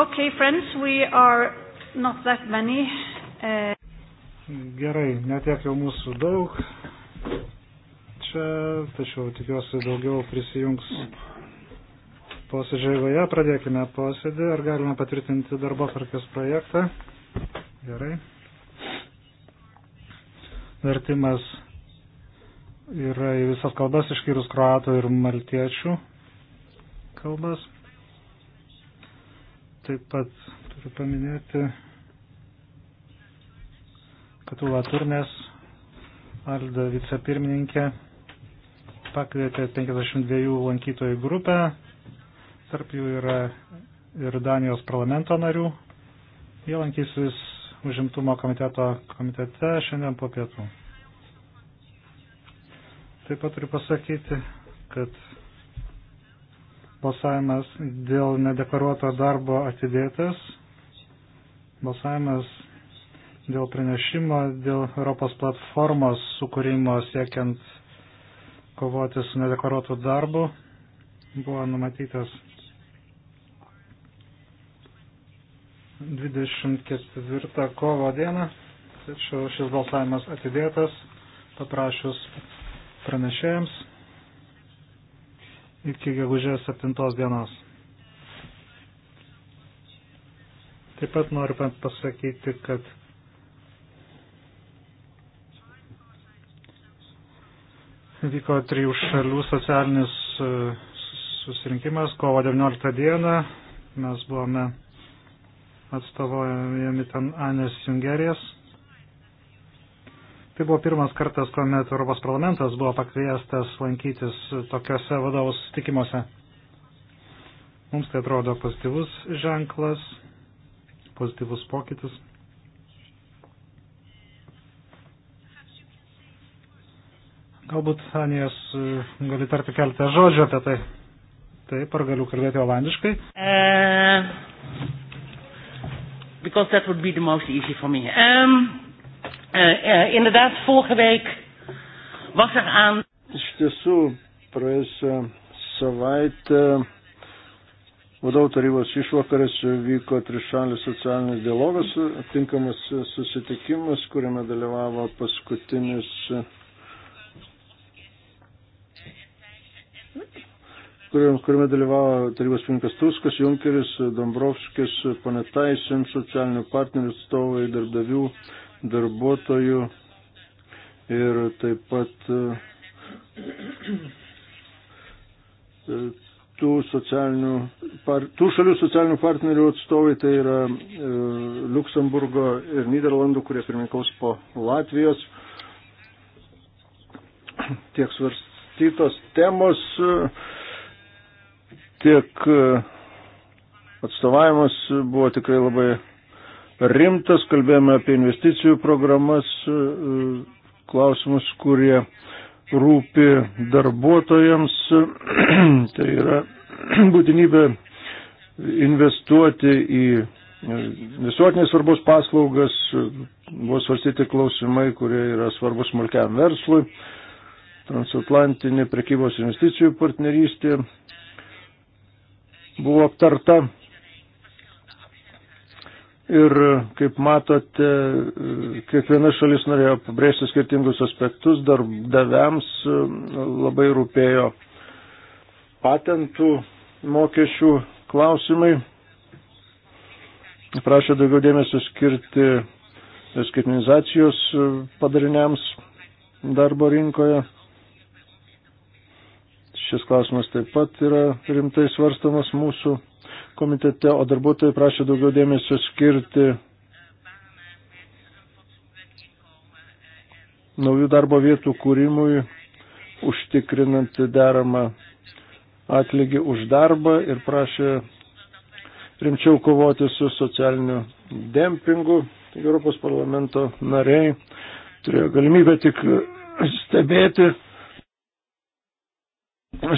Okay, friends, we are not that many. Uh... Gerai, netiek jau mūsų daug čia, tačiau tikiuosi daugiau prisijungs posėdžio eigoje. Pradėkime posėdį. Ar galime patvirtinti darbo tvarkės projektą? Gerai. Vertimas yra į visas kalbas, išskyrus kroatų ir maltiečių kalbas. Taip pat turiu paminėti, kad Ula Turnės, Alda vicepirmininkė, pakvietė 52 lankytojų grupę, tarp jų yra ir Danijos parlamento narių. Jie lankysis užimtumo komiteto komitete šiandien po pietų. Taip pat turiu pasakyti, kad Balsavimas dėl nedeklaruoto darbo atidėtas. Balsavimas dėl pranešimo, dėl Europos platformos sukūrimo siekiant kovoti su nedeklaruotu darbu buvo numatytas 24 kovo dieną, tačiau šis balsavimas atidėtas paprašus pranešėjams iki gegužės 7 dienos. Taip pat noriu pasakyti, kad vyko trijų šalių socialinis e, susirinkimas kovo 19 dieną. Mes buvome atstovojami ten Anės Jungerijas. Tai buvo pirmas kartas, kuomet Europos parlamentas buvo pakviestas lankytis tokiuose vadovų sustikimuose. Mums tai atrodo pozityvus ženklas, pozityvus pokytis. Galbūt, Anijas, gali tarti keletą žodžių apie tai. Taip, ar galiu kalbėti olandiškai? Uh, because that would be the most easy for me. Um, Uh, uh, inderdaad, vorige week was er aan. Iš tiesų, praėjusią eh, savaitę er vadovų tarybos išvakarės vyko trišalis socialinis dialogas, tinkamas susitikimas, kuriame dalyvavo paskutinis. Kuriam, kuriame dalyvavo tarybos pinkas Tuskas, Junkeris, Dombrovskis, Panetaisins, socialinių partnerių atstovai, darbdavių darbuotojų ir taip pat e, tų, par, tų šalių socialinių partnerių atstovai, tai yra e, Luksemburgo ir Niderlandų, kurie pirmininkaus po Latvijos. Tiek svarstytos temos, tiek e, atstovavimas buvo tikrai labai rimtas, kalbėjome apie investicijų programas, e, e, klausimus, kurie rūpi darbuotojams, tai yra būtinybė investuoti į e, visuotinės svarbos paslaugas, buvo svarstyti klausimai, kurie yra svarbus smulkiam verslui, transatlantinė prekybos investicijų partnerystė buvo aptarta Ir kaip matote, kiekviena šalis norėjo pabrėžti skirtingus aspektus, darbdaviams e, labai rūpėjo patentų mokesčių klausimai, prašė daugiau dėmesio skirti skaitmenizacijos padariniams darbo rinkoje. Šis klausimas taip pat yra rimtai svarstamas mūsų komitete, o darbuotojai prašė daugiau dėmesio skirti naujų darbo vietų kūrimui, užtikrinant deramą atlygį už darbą ir prašė rimčiau kovoti su socialiniu dempingu. Taigi Europos parlamento nariai turėjo galimybę tik stebėti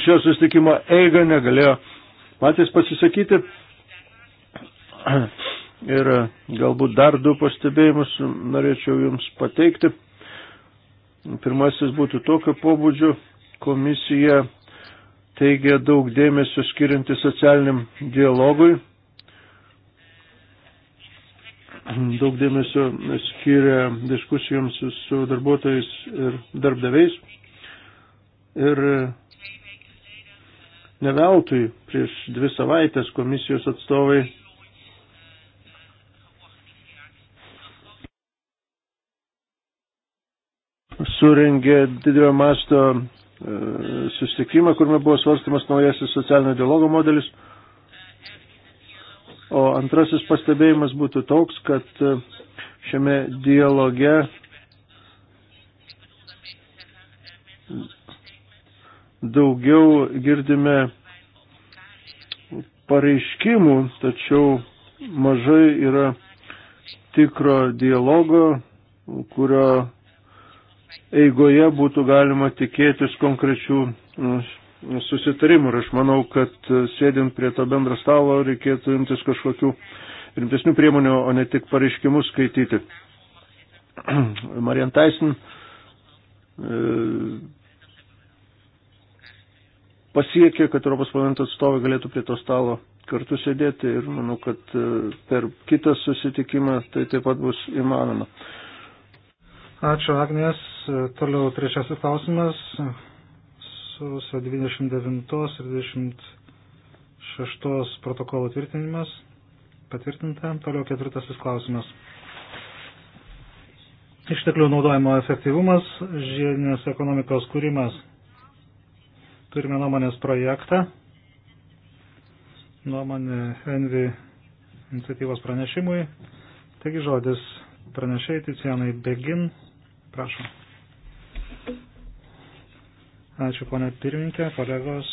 šio susitikimo eigą, negalėjo patys pasisakyti. Ir galbūt dar du pastebėjimus norėčiau Jums pateikti. Pirmasis būtų tokio pobūdžio. Komisija teigia daug dėmesio skirianti socialiniam dialogui. Daug dėmesio skiria diskusijoms su darbuotojais ir darbdaviais. Ir Neveltui prieš dvi savaitės komisijos atstovai surengė didelio masto e, susitikimą, kuriame buvo svarstamas naujasis socialinio dialogo modelis. O antrasis pastebėjimas būtų toks, kad e, šiame dialoge daugiau girdime pareiškimų, tačiau mažai yra tikro dialogo, kurio eigoje būtų galima tikėtis konkrečių mm, susitarimų. Ir aš manau, kad sėdint prie to bendro stalo reikėtų imtis kažkokių rimtesnių priemonių, o ne tik pareiškimus skaityti. Marian Taisin e, pasiekė, kad Europos parlamento atstovai galėtų prie to stalo kartu sėdėti ir manau, kad e, per kitą susitikimą tai taip pat bus įmanoma. Ačiū, Agnės. Toliau trečiasis klausimas. Sausio 29 ir 26 protokolo tvirtinimas. Patvirtinta. Toliau ketvirtasis klausimas. Išteklių naudojimo efektyvumas, žiedinės ekonomikos kūrimas. Turime nuomonės projektą. Nuomonė Envi iniciatyvos pranešimui. Taigi žodis pranešėjai Ticijanai Begin. Prašom. Ačiū, ponė pirmininkė, kolegos.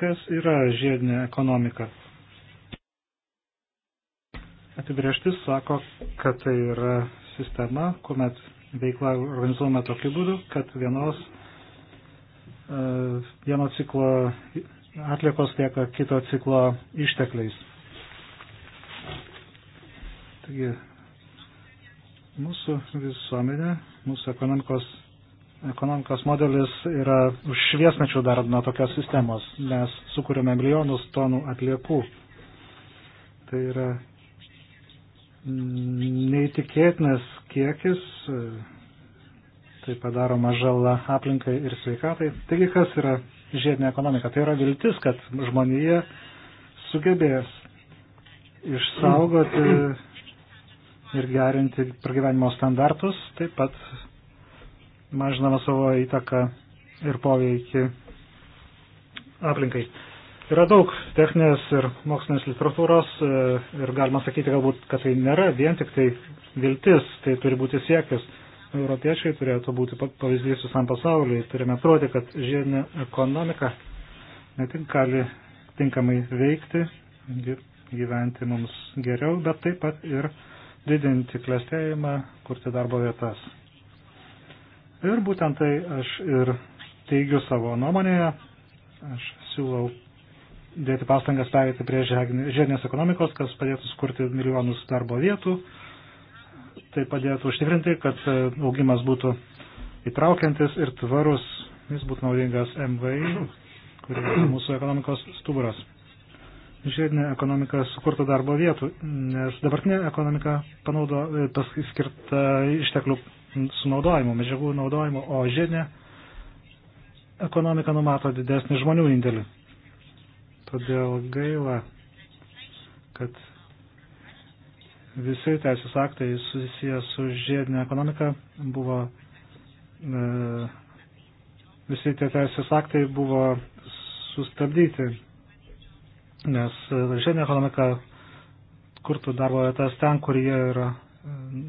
Kas yra žiedinė ekonomika? Apibrieštis sako, kad tai yra sistema, kuomet veikla organizuojama tokiu būdu, kad vienos E, vieno ciklo atliekos lieka kito ciklo ištekliais. Taigi mūsų visuomenė, mūsų ekonomikos, ekonomikos modelis yra už šviesmečių dar nuo tokios sistemos, nes sukūrėme milijonus tonų atliekų. Tai yra neįtikėtinas kiekis, tai padaroma žala aplinkai ir sveikatai. Taigi, kas yra žiedinė ekonomika? Tai yra viltis, kad žmonija sugebės išsaugoti ir gerinti pragyvenimo standartus, taip pat mažinama savo įtaką ir poveikį aplinkai. Yra daug techninės ir mokslinės literatūros e, ir galima sakyti galbūt, kad tai nėra vien tik tai viltis, tai turi būti siekis europiečiai turėtų būti pavyzdys visam pasauliui. Turime atrodyti, kad žiedinė ekonomika ne tik gali tinkamai veikti, gyventi mums geriau, bet taip pat ir didinti klestėjimą, kurti darbo vietas. Ir būtent tai aš ir teigiu savo nuomonėje. Aš siūlau dėti pastangas perėti prie žiedinės ekonomikos, kas padėtų skurti milijonus darbo vietų tai padėtų užtikrinti, kad e, augimas būtų įtraukiantis ir tvarus, jis būtų naudingas MVI, kurie yra mūsų ekonomikos stuburas. Žiedinė ekonomika sukurta darbo vietų, nes dabartinė ekonomika panaudo, e, paskirta išteklių sunaudojimu, medžiagų naudojimu, o žiedinė ekonomika numato didesnį žmonių indėlį. Todėl gaila, kad visi teisės aktai susijęs su žiedinė ekonomika buvo, e, visi tie teisės aktai buvo sustabdyti, nes e, žiedinė ekonomika kurtų darbo vietas ten, kur jie yra,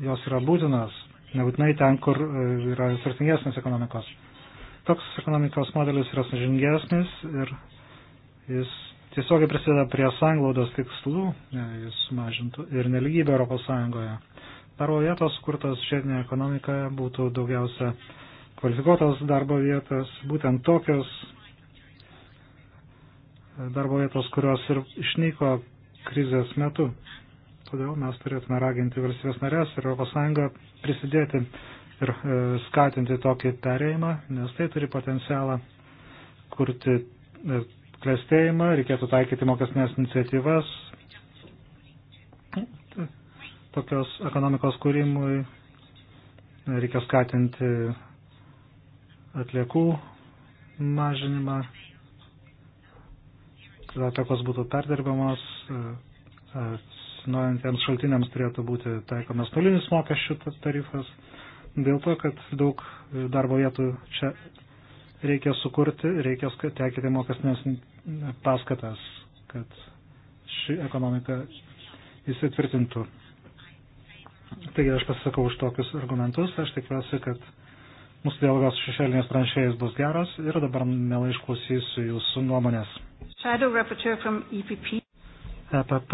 jos yra būtinas, nebūtinai ten, kur e, yra turtingesnės ekonomikos. Toks ekonomikos modelis yra sažingesnis ir jis tiesiogiai prisideda prie sanglaudos tikslų, e, jis sumažintų ir neligybę Europos Sąjungoje. Darbo vietos, kurtos žiedinė ekonomika, būtų daugiausia kvalifikuotos darbo vietos, būtent tokios e, darbo vietos, kurios ir išnyko krizės metu. Todėl mes turėtume raginti valstybės narės ir Europos Sąjungą prisidėti ir e, skatinti tokį perėjimą, nes tai turi potencialą kurti e, klėstėjimą, reikėtų taikyti mokesnės iniciatyvas tokios ekonomikos kūrimui, reikia skatinti atliekų mažinimą, kad atliekos būtų perdirbamos, atsinaujantiems šaltiniams turėtų būti taikomas nulinis mokesčių tarifas, dėl to, kad daug darbo vietų čia reikia sukurti, reikia taikyti mokesnės paskatas, kad ši ekonomika įsitvirtintų. Taigi aš pasisakau už tokius argumentus, aš tikiuosi, kad mūsų dialogas su šešėlinės pranešėjais bus geras ir dabar mielai išklausysiu jūsų nuomonės. Shadow Rapporteur from EPP. EPP.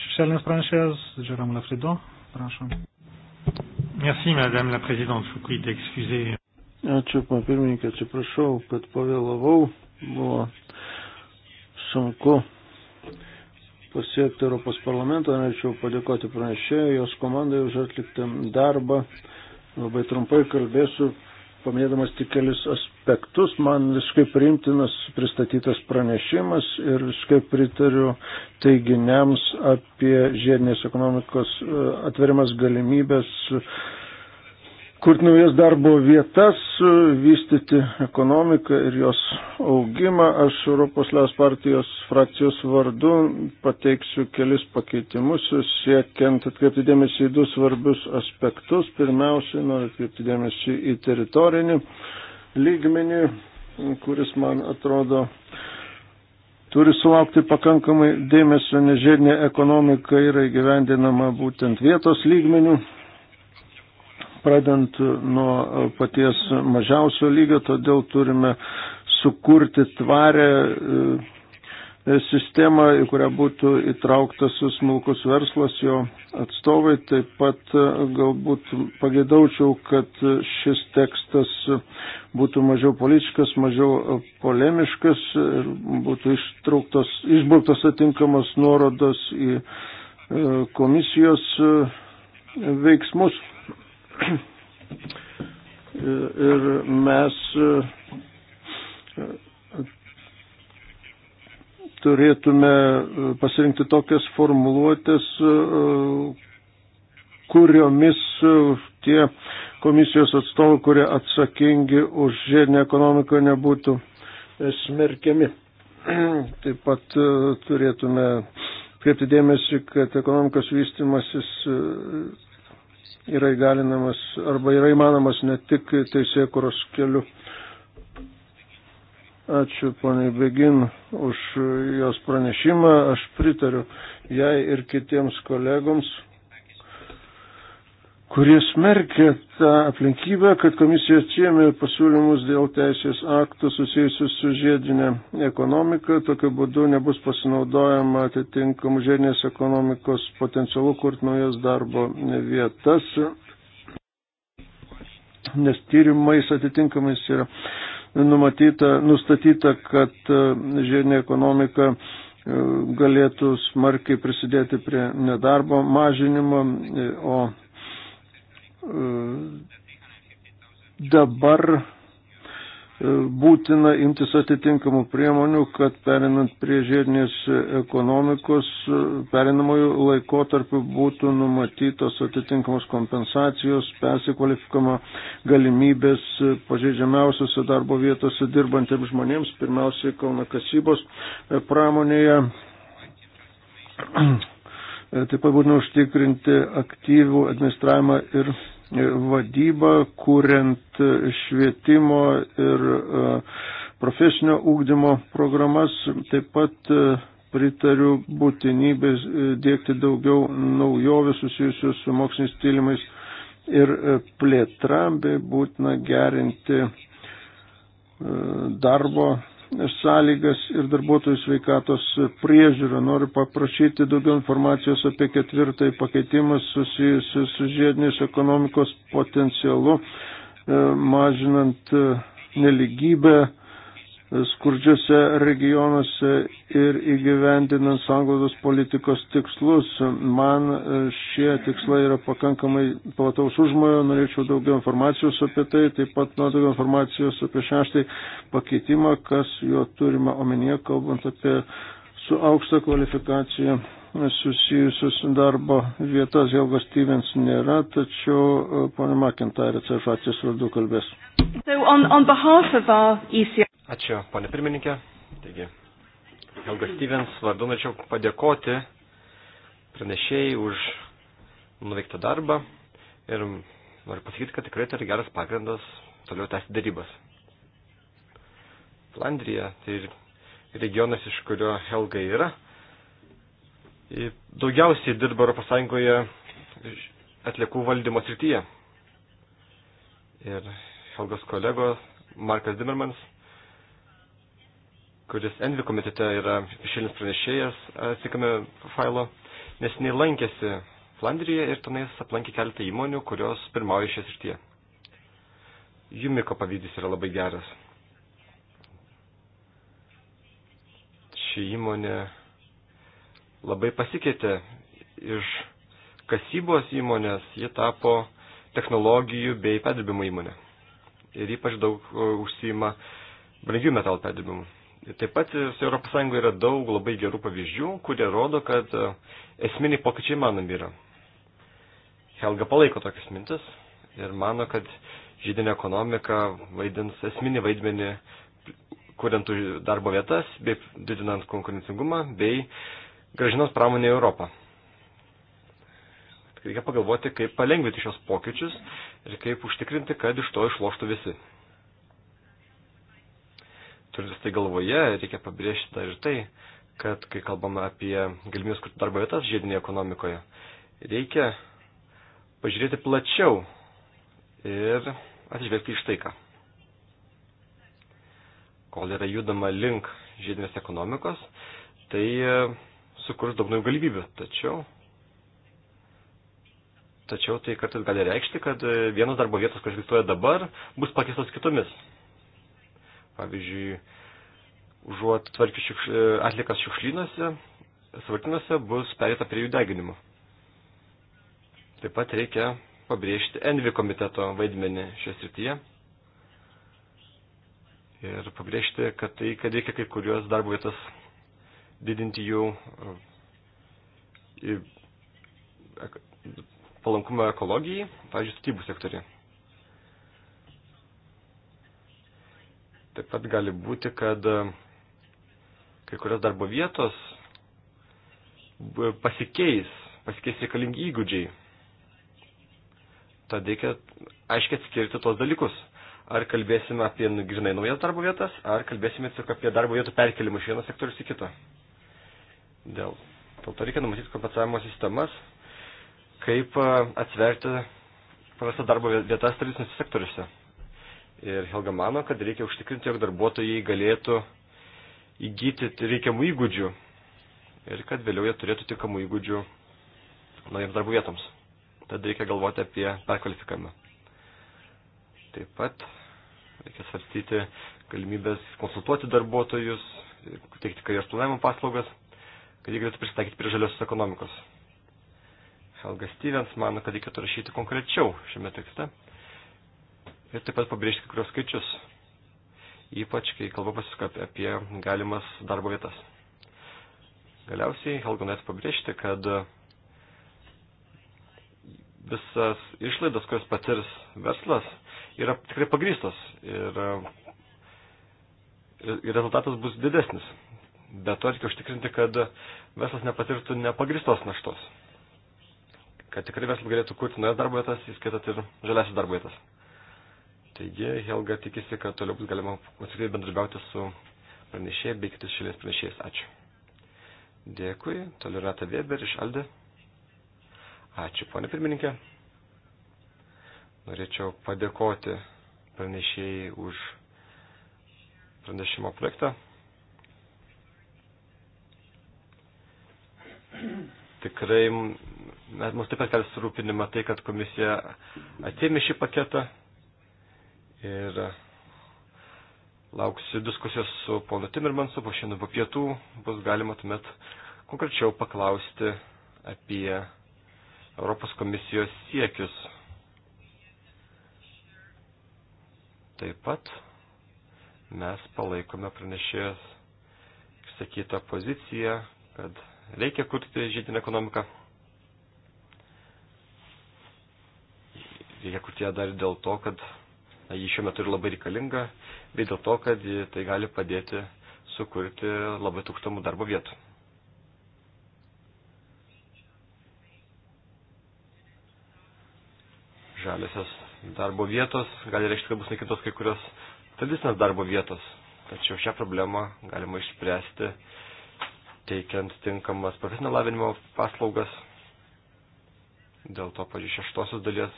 Šešėlinės pranešėjas Jerome Lefrido, prašom. Merci, Madame la Présidente, je vous prie d'excuser. Ačiū, papirmininkė, atsiprašau, kad pavėlavau buvo sunku pasiekti Europos parlamentą. Norėčiau padėkoti pranešėjai, jos komandai už atliktą darbą. Labai trumpai kalbėsiu, paminėdamas tik kelis aspektus. Man visiškai priimtinas pristatytas pranešimas ir visiškai pritariu teiginiams apie žiedinės ekonomikos e, atveriamas galimybės kurti naujas darbo vietas, vystyti ekonomiką ir jos augimą. Aš Europos Liaus partijos frakcijos vardu pateiksiu kelis pakeitimus, siekiant atkreipti dėmesį į du svarbius aspektus. Pirmiausia, noriu atkreipti dėmesį į teritorinį lygmenį, kuris man atrodo turi sulaukti pakankamai dėmesio, nes žiedinė ekonomika yra įgyvendinama būtent vietos lygmenių pradant nuo paties mažiausio lygio, todėl turime sukurti tvarę e, sistemą, į kurią būtų įtrauktas smulkus verslas, jo atstovai. Taip pat e, galbūt pagėdaučiau, kad šis tekstas būtų mažiau politiškas, mažiau polemiškas ir būtų išbrauktos atinkamos nuorodos į e, komisijos veiksmus. Ir mes e, turėtume e, pasirinkti tokias formuluotės, e, kuriomis tie komisijos atstovai, kurie atsakingi už žiedinę ekonomiką, nebūtų smerkiami. Taip pat turėtume kreipti dėmesį, kad ekonomikos vystimasis yra įgalinamas arba yra įmanomas ne tik teisėkuros keliu. Ačiū poniai Begin už jos pranešimą. Aš pritariu jai ir kitiems kolegoms kurie smerkia tą aplinkybę, kad komisija atsiemė pasiūlymus dėl teisės aktų susijusius su žiedinė ekonomika. Tokiu būdu nebus pasinaudojama atitinkamų žiedinės ekonomikos potencialu kurti naujas darbo vietas, nes tyrimais atitinkamais yra numatyta, nustatyta, kad e, žiedinė ekonomika e, galėtų smarkiai prisidėti prie nedarbo mažinimo, e, o dabar e, būtina imtis atitinkamų priemonių, kad perinant prie žiedinės ekonomikos, e, perinamojų laikotarpių būtų numatytos atitinkamos kompensacijos, persikvalifikama galimybės pažeidžiamiausiose darbo vietose dirbantiems žmonėms, pirmiausiai Kauna kasybos pramonėje E, taip pat būtina užtikrinti aktyvų administravimą ir e, vadybą, kuriant e, švietimo ir profesinio ūkdymo programas. Taip pat pritariu būtinybės dėkti daugiau naujovių susijusių su moksliniais tyrimais ir plėtra, bei būtina gerinti darbo sąlygas ir darbuotojų sveikatos priežiūrą. Noriu paprašyti daugiau informacijos apie ketvirtąjį pakeitimą susijusiu su žiedinės ekonomikos potencialu, e, mažinant e, neligybę skurdžiuose regionuose ir įgyvendinant sanglaudos politikos tikslus. Man šie tikslai yra pakankamai plataus užmojo, norėčiau daugiau informacijos apie tai, taip pat nuo daugiau informacijos apie šeštąjį pakeitimą, kas jo turima omenyje, kalbant apie su aukšta kvalifikacija susijusius darbo vietas. Jelgos Stevens nėra, tačiau e, ponia Makintarė CFACijas vardu kalbės. So on, on ECR... E Ačiū, ponia pirmininkė. Taigi, Helga Stevens vardu norėčiau padėkoti pranešėjai už nuveiktą darbą ir noriu pasakyti, kad tikrai tai yra geras pagrindas toliau tęsti darybas. Flandrija, tai regionas, iš kurio Helga yra, daugiausiai dirba ES atliekų valdymo srityje. Ir Helgos kolegos Markas Dimmermans, kuris Envi komitete yra šilinis pranešėjas, atsikame failo, nes nei lankėsi Flandrijoje ir tenais aplankė keletą įmonių, kurios pirmauja šią srityje. Jumiko pavyzdys yra labai geras. Ši įmonė labai pasikeitė iš kasybos įmonės, ji tapo technologijų bei perdirbimo įmonė. Ir ypač daug e, užsima brangių metalų perdirbimu. Taip pat e, su ES yra daug labai gerų pavyzdžių, kurie rodo, kad e, esminiai pokyčiai manami yra. Helga palaiko tokias mintis ir mano, kad žydinė ekonomika vaidins esminį vaidmenį, kuriant darbo vietas, bei didinant konkurencingumą, bei gražinos pramonė į Europą. Reikia pagalvoti, kaip palengvinti šios pokyčius ir kaip užtikrinti, kad iš to išloštų visi. Turint tai galvoje, reikia pabrėžti dar ir tai, kad kai kalbame apie galimybės kurti darbo vietas žiedinėje ekonomikoje, reikia pažiūrėti plačiau ir atsižvelgti iš tai, ką. Kol yra judama link žiedinės ekonomikos, tai sukurs daug naujų galimybių. Tačiau, tačiau tai kartais gali reikšti, kad vienos darbo vietos, kurios egzistuoja dabar, bus pakeistos kitomis. Pavyzdžiui, užuot tvarkius šiukš, atlikas šiukšlynuose, savartinuose bus perėta prie jų deginimo. Taip pat reikia pabrėžti Envi komiteto vaidmenį šioje srityje ir pabrėžti, kad tai, kad reikia kai kurios darbo vietos didinti jų e, e, e, palankumą ekologijai, pavyzdžiui, statybų sektoriai. Taip pat gali būti, kad kai kurios darbo vietos pasikeis, pasikeis reikalingi įgūdžiai. Tad reikia aiškiai atskirti tos dalykus. Ar kalbėsime apie nu, grinai naujas darbo vietas, ar kalbėsime tik apie darbo vietų perkelimą iš vieno sektoriaus į kitą. Dėl to reikia numatyti kompensavimo sistemas, kaip atsverti prasta darbo vietas tradiciniuose sektoriuose. Ir Helga mano, kad reikia užtikrinti, jog darbuotojai galėtų įgyti reikiamų įgūdžių ir kad vėliau jie turėtų tikamų įgūdžių naujiems darbų vietoms. Tad reikia galvoti apie perkvalifikavimą. Taip pat reikia svarstyti galimybės konsultuoti darbuotojus, teikti karjeros planavimo paslaugas kad jie galėtų prisitaikyti prie žaliosios ekonomikos. Helga Stevens mano, kad reikėtų rašyti konkrečiau šiame tekste ir taip pat pabrėžti kai kurios skaičius, ypač kai kalba pasisuka apie galimas darbo vietas. Galiausiai Helga norėtų pabrėžti, kad visas išlaidas, kurias patirs verslas, yra tikrai pagrystos ir, ir rezultatas bus didesnis. Bet to reikia užtikrinti, kad verslas nepatirtų nepagristos naštos. Kad tikrai verslas galėtų kurti naujas darbo vietas, įskaitant ir žaliasis darbo vietas. Taigi, Helga tikisi, kad toliau bus galima atsikrai bendradarbiauti su pranešėjai bei kitais šalies pranešėjais. Ačiū. Dėkui. Toliau Rata Weber iš Aldė. Ačiū, ponė pirmininkė. Norėčiau padėkoti pranešėjai už pranešimo projektą. Tikrai mes mus taip pat kelia surūpinimą tai, kad komisija atsėmė šį paketą ir lauksiu diskusijos su ponu Timirmansu, po šiandien po pietų bus galima tuomet konkrečiau paklausti apie Europos komisijos siekius. Taip pat mes palaikome pranešėjos išsakytą poziciją, kad Reikia kurti žiedinę ekonomiką. Reikia kurti ją dar dėl to, kad na, jį šiuo metu yra labai reikalinga, bei dėl to, kad tai gali padėti sukurti labai tūkstamų darbo vietų. Žaliasios darbo vietos gali reikšti, kad bus naikintos kai kurios tradicinės darbo vietos. Tačiau šią problemą galima išspręsti teikiant tinkamas profesinio lavinimo paslaugas. Dėl to, pažiūrėjau, šeštosios dalies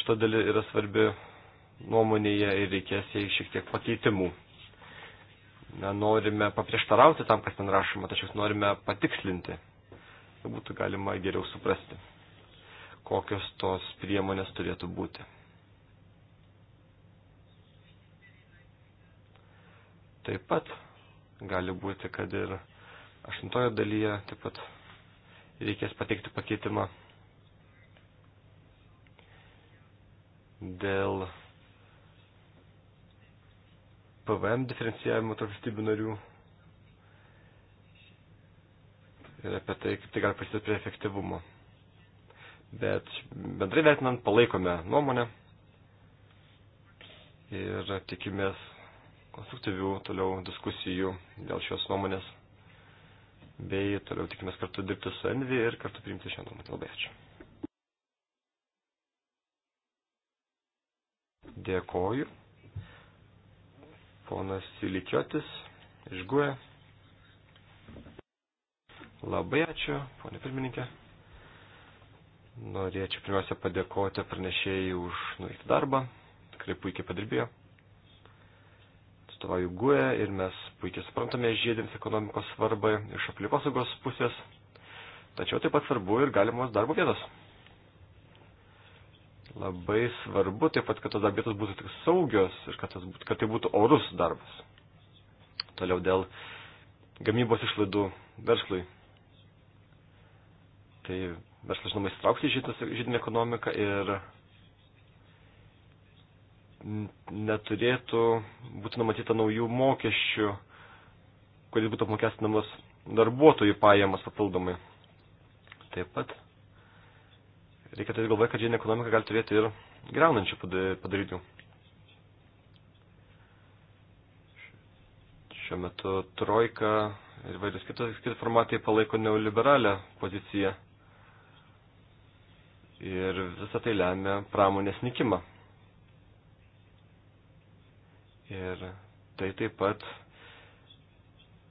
šita dalis yra svarbi nuomonėje ir reikės jai šiek tiek pakeitimų. Nenorime paprieštarauti tam, kas ten rašoma, tačiau norime patikslinti, kad tai būtų galima geriau suprasti, kokios tos priemonės turėtų būti. Taip pat gali būti, kad ir Aštuntojo dalyje taip pat reikės pateikti pakeitimą dėl PVM diferencijavimo tarp valstybių narių ir apie tai, kaip tai gali prisidėti prie efektyvumo. Bet bendrai vertinant, palaikome nuomonę ir tikimės konstruktyvių toliau diskusijų dėl šios nuomonės bei toliau tikimės kartu dirbti su Envi ir kartu priimti šią nuomonę. Labai ačiū. Dėkoju. Ponas Silikiotis iš Guė. E. Labai ačiū, ponė pirmininkė. Norėčiau pirmiausia padėkoti pranešėjai už nuveiktą darbą. Tikrai puikiai padirbėjo atstovauju GUE ir mes puikiai suprantame žiedėms ekonomikos svarbą iš aplikosaugos pusės, tačiau taip pat svarbu ir galimos darbo vietos. Labai svarbu taip pat, kad tos darbo vietos būtų tik saugios ir kad, tas, kad tai būtų orus darbas. Toliau dėl gamybos išlaidų verslui. Tai verslas, žinoma, įsitrauks į žydinę ekonomiką ir neturėtų būti numatyta naujų mokesčių, kuris būtų apmokestinamos darbuotojų pajamas papildomai. Taip pat reikia turėti galvoje, kad žiedinė ekonomika gali turėti ir greunančių padarinių. Šiuo metu trojka ir vairius kitos kiti formatai palaiko neoliberalią poziciją. Ir visą tai lemia pramonės nikimą. Ir tai taip pat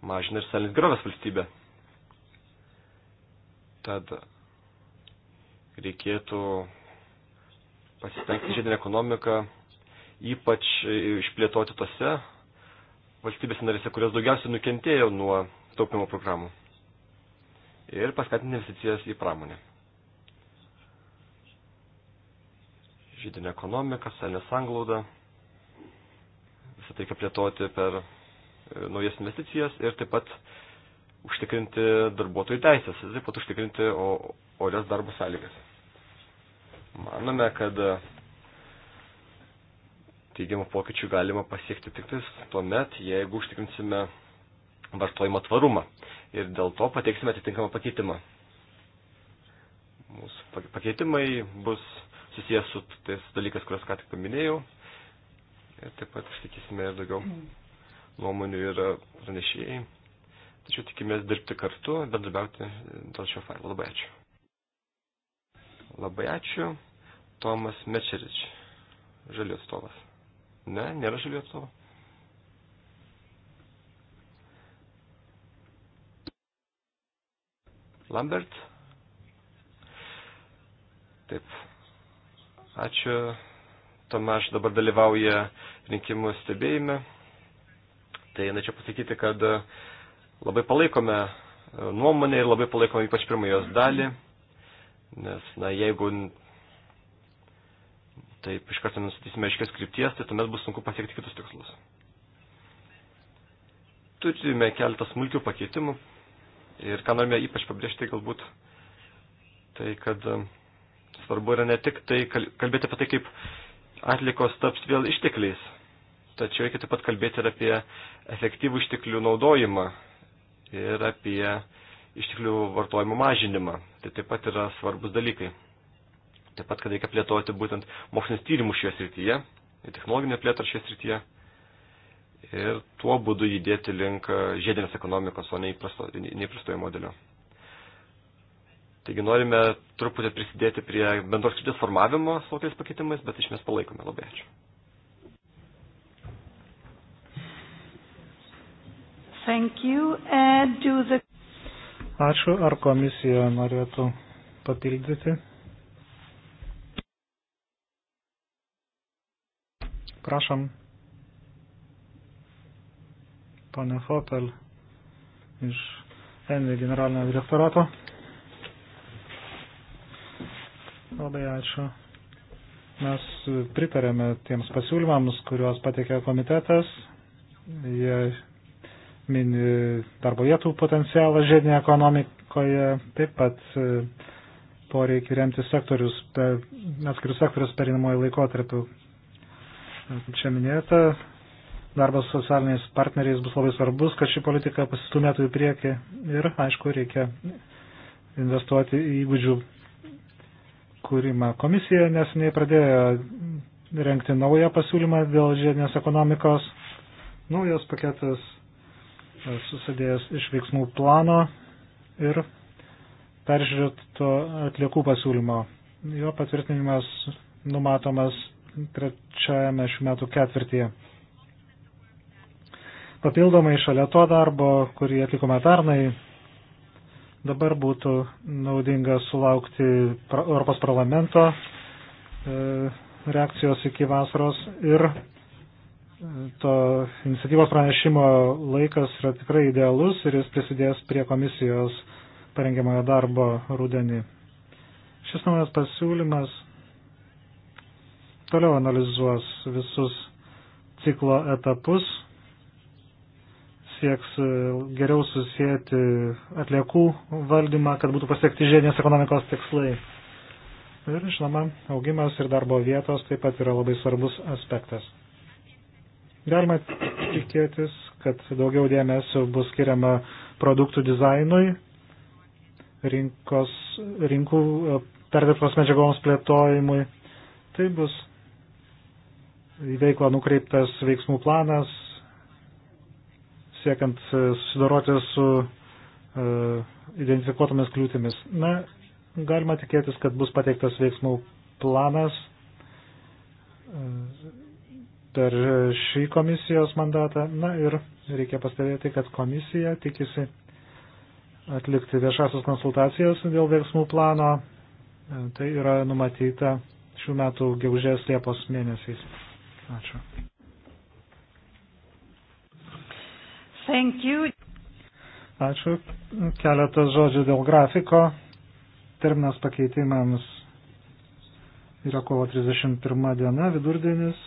mažina ir salinis grovės valstybę. Tad reikėtų pasistengti žiedinę ekonomiką ypač išplėtoti tose valstybėse narėse, kurios daugiausiai nukentėjo nuo taupimo programų ir paskatinti investicijas į pramonę. Žydinė ekonomika, senė sanglauda visą tai plėtoti per e, naujas investicijas ir taip pat užtikrinti darbuotojų teisės, taip pat užtikrinti orės darbo sąlygas. Manome, kad e, teigiamų pokyčių galima pasiekti tik tais tuomet, jeigu užtikrinsime vartojimo tvarumą ir dėl to pateiksime atitinkamą pakeitimą. Mūsų pakeitimai bus susijęs su tais dalykais, kuriuos ką tik paminėjau, ir taip pat išsakysime ir daugiau nuomonių ir pranešėjai. Tačiau tikimės dirbti kartu, bendrabiauti dėl šio failo. Labai ačiū. Labai ačiū. Tomas Mečerič, žalių atstovas. Ne, nėra žalių atstovo. Lambert. Taip. Ačiū Tomaš dabar dalyvauja rinkimų stebėjime. Tai norėčiau pasakyti, kad e, labai palaikome e, nuomonę ir labai palaikome ypač pirmą jos dalį, nes, na, jeigu taip iš karto nusitysime aiškės krypties, tai tuomet bus sunku pasiekti kitus tikslus. Turime keletą smulkių pakeitimų ir ką norime ypač pabrėžti galbūt, tai kad e, svarbu yra ne tik tai kalbėti apie tai, kaip atlikos taps vėl ištekliais. Tačiau reikia taip pat kalbėti ir apie efektyvų išteklių naudojimą ir apie išteklių vartojimo mažinimą. Tai taip pat yra svarbus dalykai. Taip pat, kad reikia plėtoti būtent mokslinis tyrimus šioje srityje, technologinė plėtra šioje srityje ir tuo būdu judėti link žiedinės ekonomikos, o neįprastojo modelio. Taigi norime truputį prisidėti prie bendros krypties formavimo su tokiais pakeitimais, bet iš mes palaikome. Labai ačiū. Thank you. And do the... Ačiū. Ar komisija norėtų papildyti? Prašom. Pane Fotel iš ENVI generalinio direktorato. Labai ačiū. Mes pritarėme tiems pasiūlymams, kuriuos pateikė komitetas. Jie mini darbo vietų potencialą žiedinėje ekonomikoje, taip pat e, poreikį remti sektorius, atskirius sektorius perinamojo laikotarpiu. Čia minėta, darbas su socialiniais partneriais bus labai svarbus, kad ši politika pasistumėtų į priekį ir, aišku, reikia investuoti į įgūdžių kūrimą. Komisija nesiniai pradėjo renkti naują pasiūlymą dėl žiedinės ekonomikos. Naujas paketas e, susidėjęs iš veiksmų plano ir peržiūrėto atliekų pasiūlymo. Jo patvirtinimas numatomas trečiajame šių metų ketvirtyje. Papildomai šalia to darbo, kurį atlikome pernai, Dabar būtų naudinga sulaukti Europos parlamento e, reakcijos iki vasaros ir e, to iniciatyvos pranešimo laikas yra tikrai idealus ir jis prisidės prie komisijos parengiamojo darbo rudenį. Šis naujas pasiūlymas toliau analizuos visus ciklo etapus sieks e, geriau susijęti atliekų valdymą, kad būtų pasiekti žiedinės ekonomikos tikslai. Ir, žinoma, augimas ir darbo vietos taip pat yra labai svarbus aspektas. Galima tikėtis, kad daugiau dėmesio bus skiriama produktų dizainui, rinkos, rinkų e, perdirbtos medžiagoms plėtojimui. Tai bus į veiklą nukreiptas veiksmų planas, siekiant e, susidoroti su e, identifikuotomis kliūtimis. Na, galima tikėtis, kad bus pateiktas veiksmų planas e, per šį komisijos mandatą. Na ir reikia pastebėti, kad komisija tikisi atlikti viešasios konsultacijas dėl veiksmų plano. Tai yra numatyta šių metų gegužės Liepos mėnesiais. Ačiū. Thank you. Ačiū. Keletas žodžių dėl grafiko. Terminas pakeitimams yra kovo 31 diena, vidurdienis.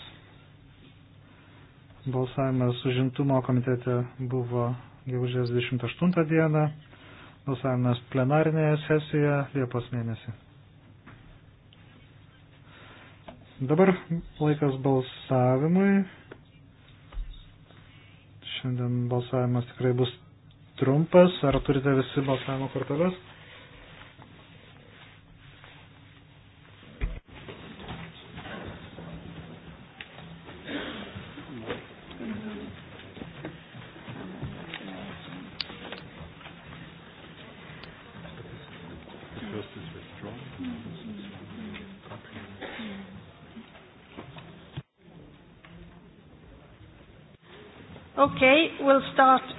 Balsavimas užimtumo komitete buvo gegužės 28 diena. Balsavimas plenarinėje sesijoje Liepos mėnesį. Dabar laikas balsavimui. Šiandien balsavimas tikrai bus trumpas. Ar turite visi balsavimo korteles?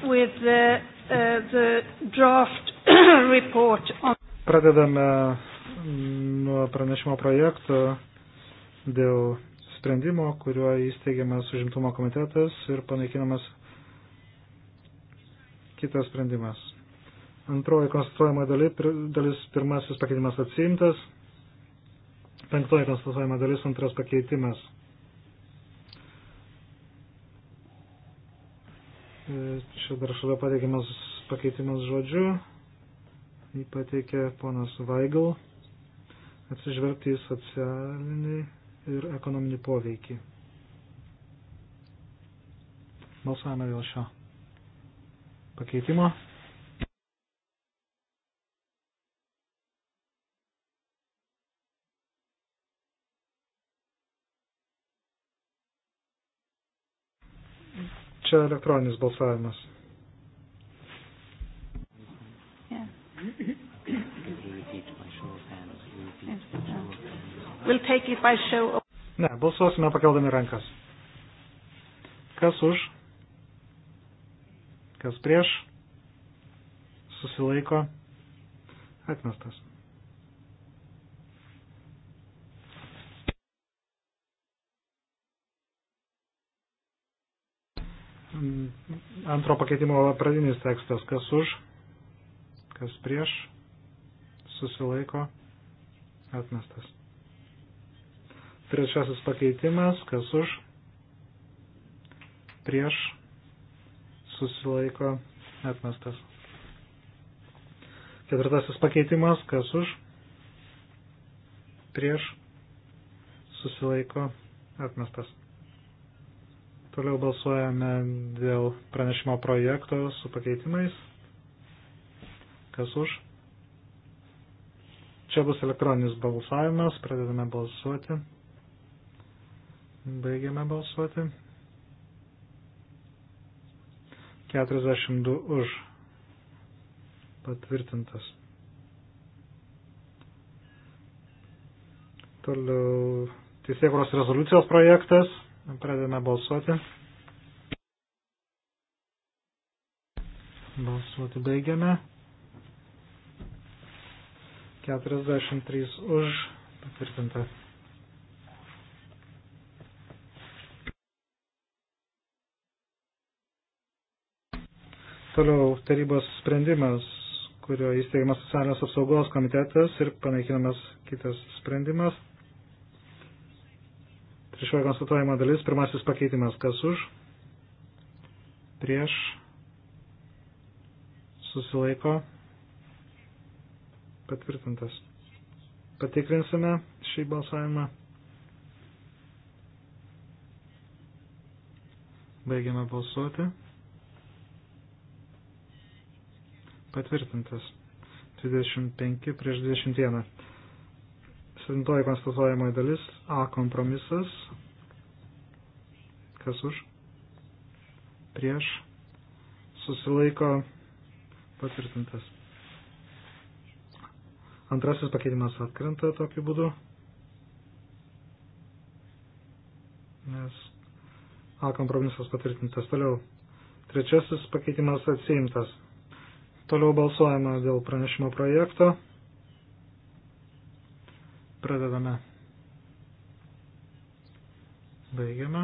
with the, uh, the draft report on. Pradedame nuo pranešimo projekto dėl sprendimo, kuriuo įsteigiamas užimtumo komitetas ir panaikinamas kitas sprendimas. Antroji konstatuojama dalis, pirmasis pakeitimas atsiimtas. Penktoji konstatuojama dalis, antras pakeitimas čia dar šalia pateikiamas pakeitimas žodžiu. Jį pateikė ponas Vaigal atsižvelgti į socialinį ir ekonominį poveikį. Balsavome dėl šio pakeitimo. Čia elektroninis balsavimas. Ne, balsuosime pakeldami rankas. Kas už? Kas prieš? Susilaiko? Atmestas. Mm, antro pakeitimo pradinis tekstas, kas už, kas prieš, susilaiko, atmestas. Trečiasis pakeitimas, kas už, prieš, susilaiko, atmestas. Ketvirtasis pakeitimas, kas už, prieš, susilaiko, atmestas. Toliau balsuojame dėl pranešimo projekto su pakeitimais. Kas už? Čia bus elektroninis balsavimas. Pradedame balsuoti. Baigiame balsuoti. 42 už. Patvirtintas. Toliau teisėkuros rezoliucijos projektas. Pradedame balsuoti. Balsuoti baigiame. 43 už patvirtinta. Toliau tarybos sprendimas, kurio įsteigimas socialinės apsaugos komitetas ir panaikinamas kitas sprendimas. Trečioji konstatuojama dalis, pirmasis pakeitimas, kas už, prieš, susilaiko, patvirtintas. Patikrinsime šį balsavimą. Baigiame balsuoti. Patvirtintas. 25 prieš 21. Septintoji konstatuojamoji dalis A kompromisas. Kas už? Prieš. Susilaiko patvirtintas. Antrasis pakeitimas atkrenta tokiu būdu. Nes A kompromisas patvirtintas. Toliau. Trečiasis pakeitimas atsiimtas. Toliau balsuojama dėl pranešimo projekto. Pradedame. Baigiame.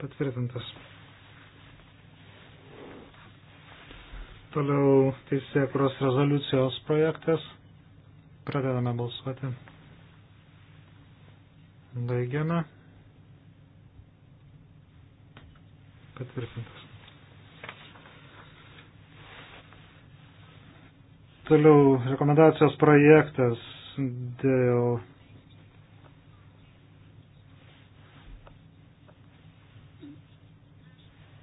Patvirtintas. Toliau teisėkuros rezoliucijos projektas. Pradedame balsuoti. Baigiame. Patvirtintas. Toliau rekomendacijos projektas dėl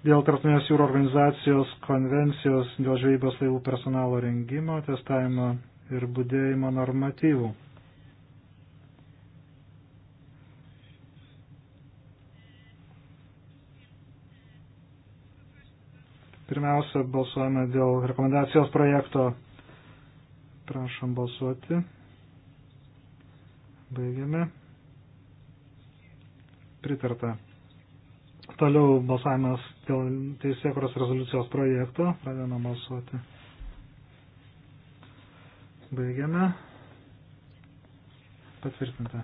dėl Tartunės jūro organizacijos konvencijos dėl žvejybos laivų personalo rengimo, testavimo ir būdėjimo normatyvų. Pirmiausia, balsuojame dėl rekomendacijos projekto Prašom balsuoti. Baigiame. Pritarta. Toliau balsavimas dėl teisėkuros rezoliucijos projekto. Pradedame balsuoti. Baigiame. Patvirtinta.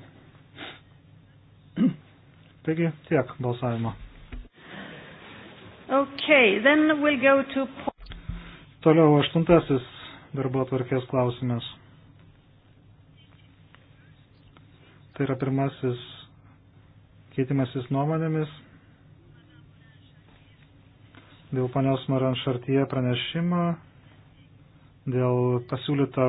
Taigi tiek balsavimo. Okay, then we'll go to... Toliau aštuntasis darbo atvarkės klausimas. Tai yra pirmasis keitimasis nuomonėmis dėl panios Maranšartyje pranešimo, dėl pasiūlyto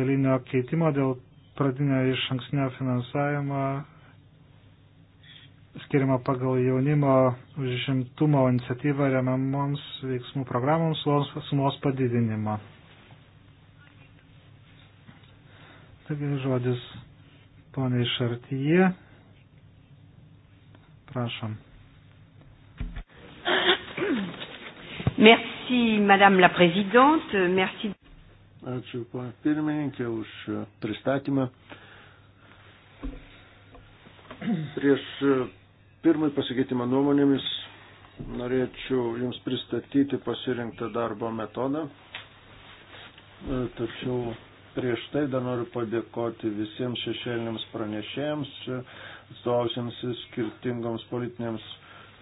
dalinio keitimo, dėl pradinio iš anksnio finansavimo skiriama pagal jaunimo užimtumo iniciatyvą remiamoms veiksmų programoms sumos padidinimo. Taigi žodis poniai Šartyje. Prašom. Merci, Madame la Présidente. Merci. Ačiū, pana pirmininkė, už pristatymą. Prieš pirmąjį pasikeitimą nuomonėmis norėčiau Jums pristatyti pasirinktą darbo metodą. E, tačiau prieš tai dar noriu padėkoti visiems šešėliniams pranešėjams, e, atstovausiems skirtingoms politinėms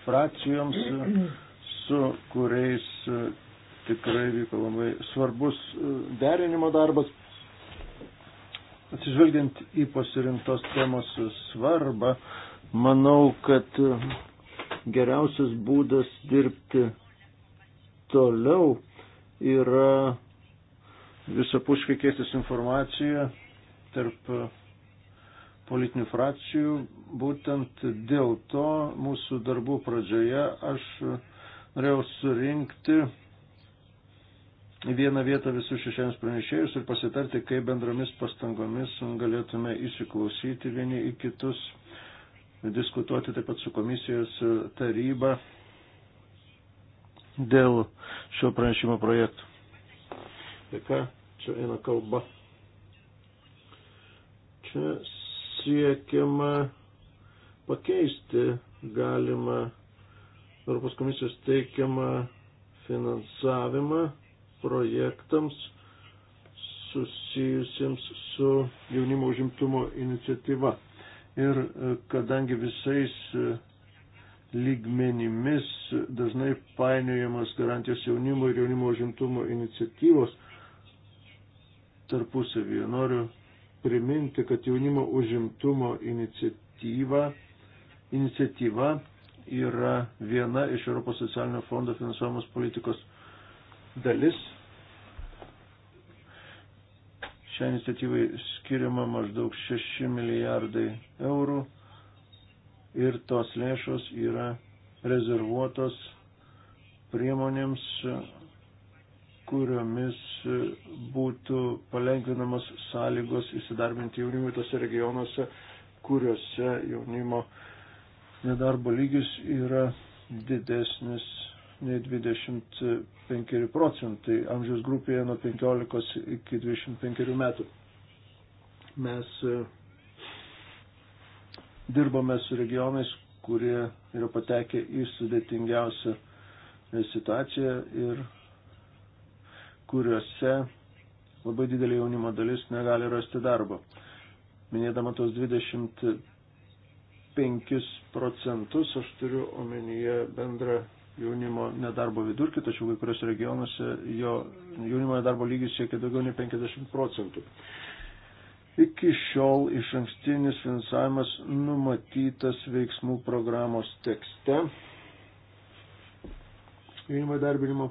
frakcijoms, e, su kuriais tikrai vyko labai svarbus derinimo darbas. Atsižvelgiant į pasirinktos temos svarbą, Manau, kad e, geriausias būdas dirbti toliau yra visapuškai keistis informacija tarp e, politinių frakcijų. Būtent dėl to mūsų darbų pradžioje aš e, norėjau surinkti į vieną vietą visus šešiems pranešėjus ir pasitarti, kaip bendromis pastangomis galėtume įsiklausyti vieni į kitus diskutuoti taip pat su komisijos e, taryba dėl šio pranešimo projektų. Tai ką čia eina kalba? Čia siekiama pakeisti galima Europos komisijos teikiamą finansavimą projektams susijusiems su jaunimo užimtumo iniciatyva ir e, kadangi visais e, lygmenimis dažnai painiojamas garantijos jaunimo ir jaunimo žimtumo iniciatyvos tarpusavyje. Noriu priminti, kad jaunimo užimtumo iniciatyva, iniciatyva yra viena iš Europos socialinio fondo finansuojamos politikos dalis Šią iniciatyvai skiriama maždaug 6 milijardai eurų ir tos lėšos yra rezervuotos priemonėms, kuriomis būtų palengvinamos sąlygos įsidarbinti jaunimui tose regionuose, kuriuose jaunimo nedarbo lygis yra didesnis nei 25 procentai amžiaus grupėje nuo 15 iki 25 metų. Mes e, dirbame su regionais, kurie yra patekę į sudėtingiausią e, situaciją ir kuriuose labai didelė jaunimo dalis negali rasti darbo. Minėdama tos 25 procentus, aš turiu omenyje bendrą jaunimo nedarbo vidurkį, tačiau kai kurios regionuose jo jaunimo nedarbo lygis siekia daugiau nei 50 procentų. Iki šiol iš ankstinis finansavimas numatytas veiksmų programos tekste. Jaunimo darbinimo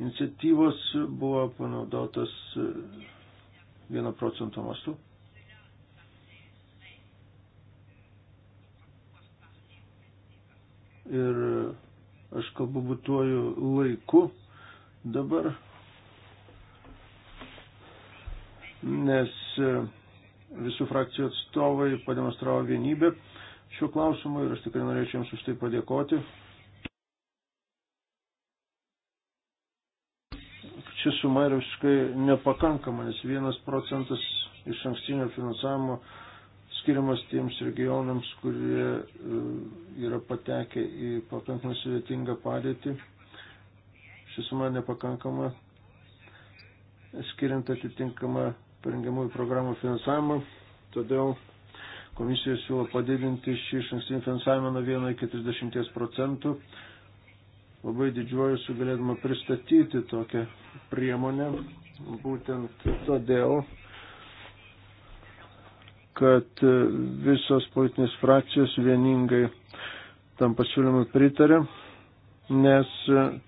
iniciatyvos buvo panaudotas 1 e, procento mastu. Ir Aš kalbu būtuoju laiku dabar, nes e, visų frakcijų atstovai pademonstravo vienybę šiuo klausimu ir aš tikrai norėčiau jums už tai padėkoti. Ši suma yra visiškai nepakankama, nes vienas procentas iš ankstinio finansavimo skiriamas tiems regionams, kurie e, yra patekę į pakankamai sudėtingą padėtį. Šis suma nepakankama, skiriant atitinkamą parengiamųjų programų finansavimą. Todėl komisija siūlo padidinti šį išankstinį finansavimą nuo 1 iki 30 procentų. Labai didžiuojuosi galėdama pristatyti tokią priemonę. Būtent todėl kad visos politinės frakcijos vieningai tam pasiūlymui pritarė, nes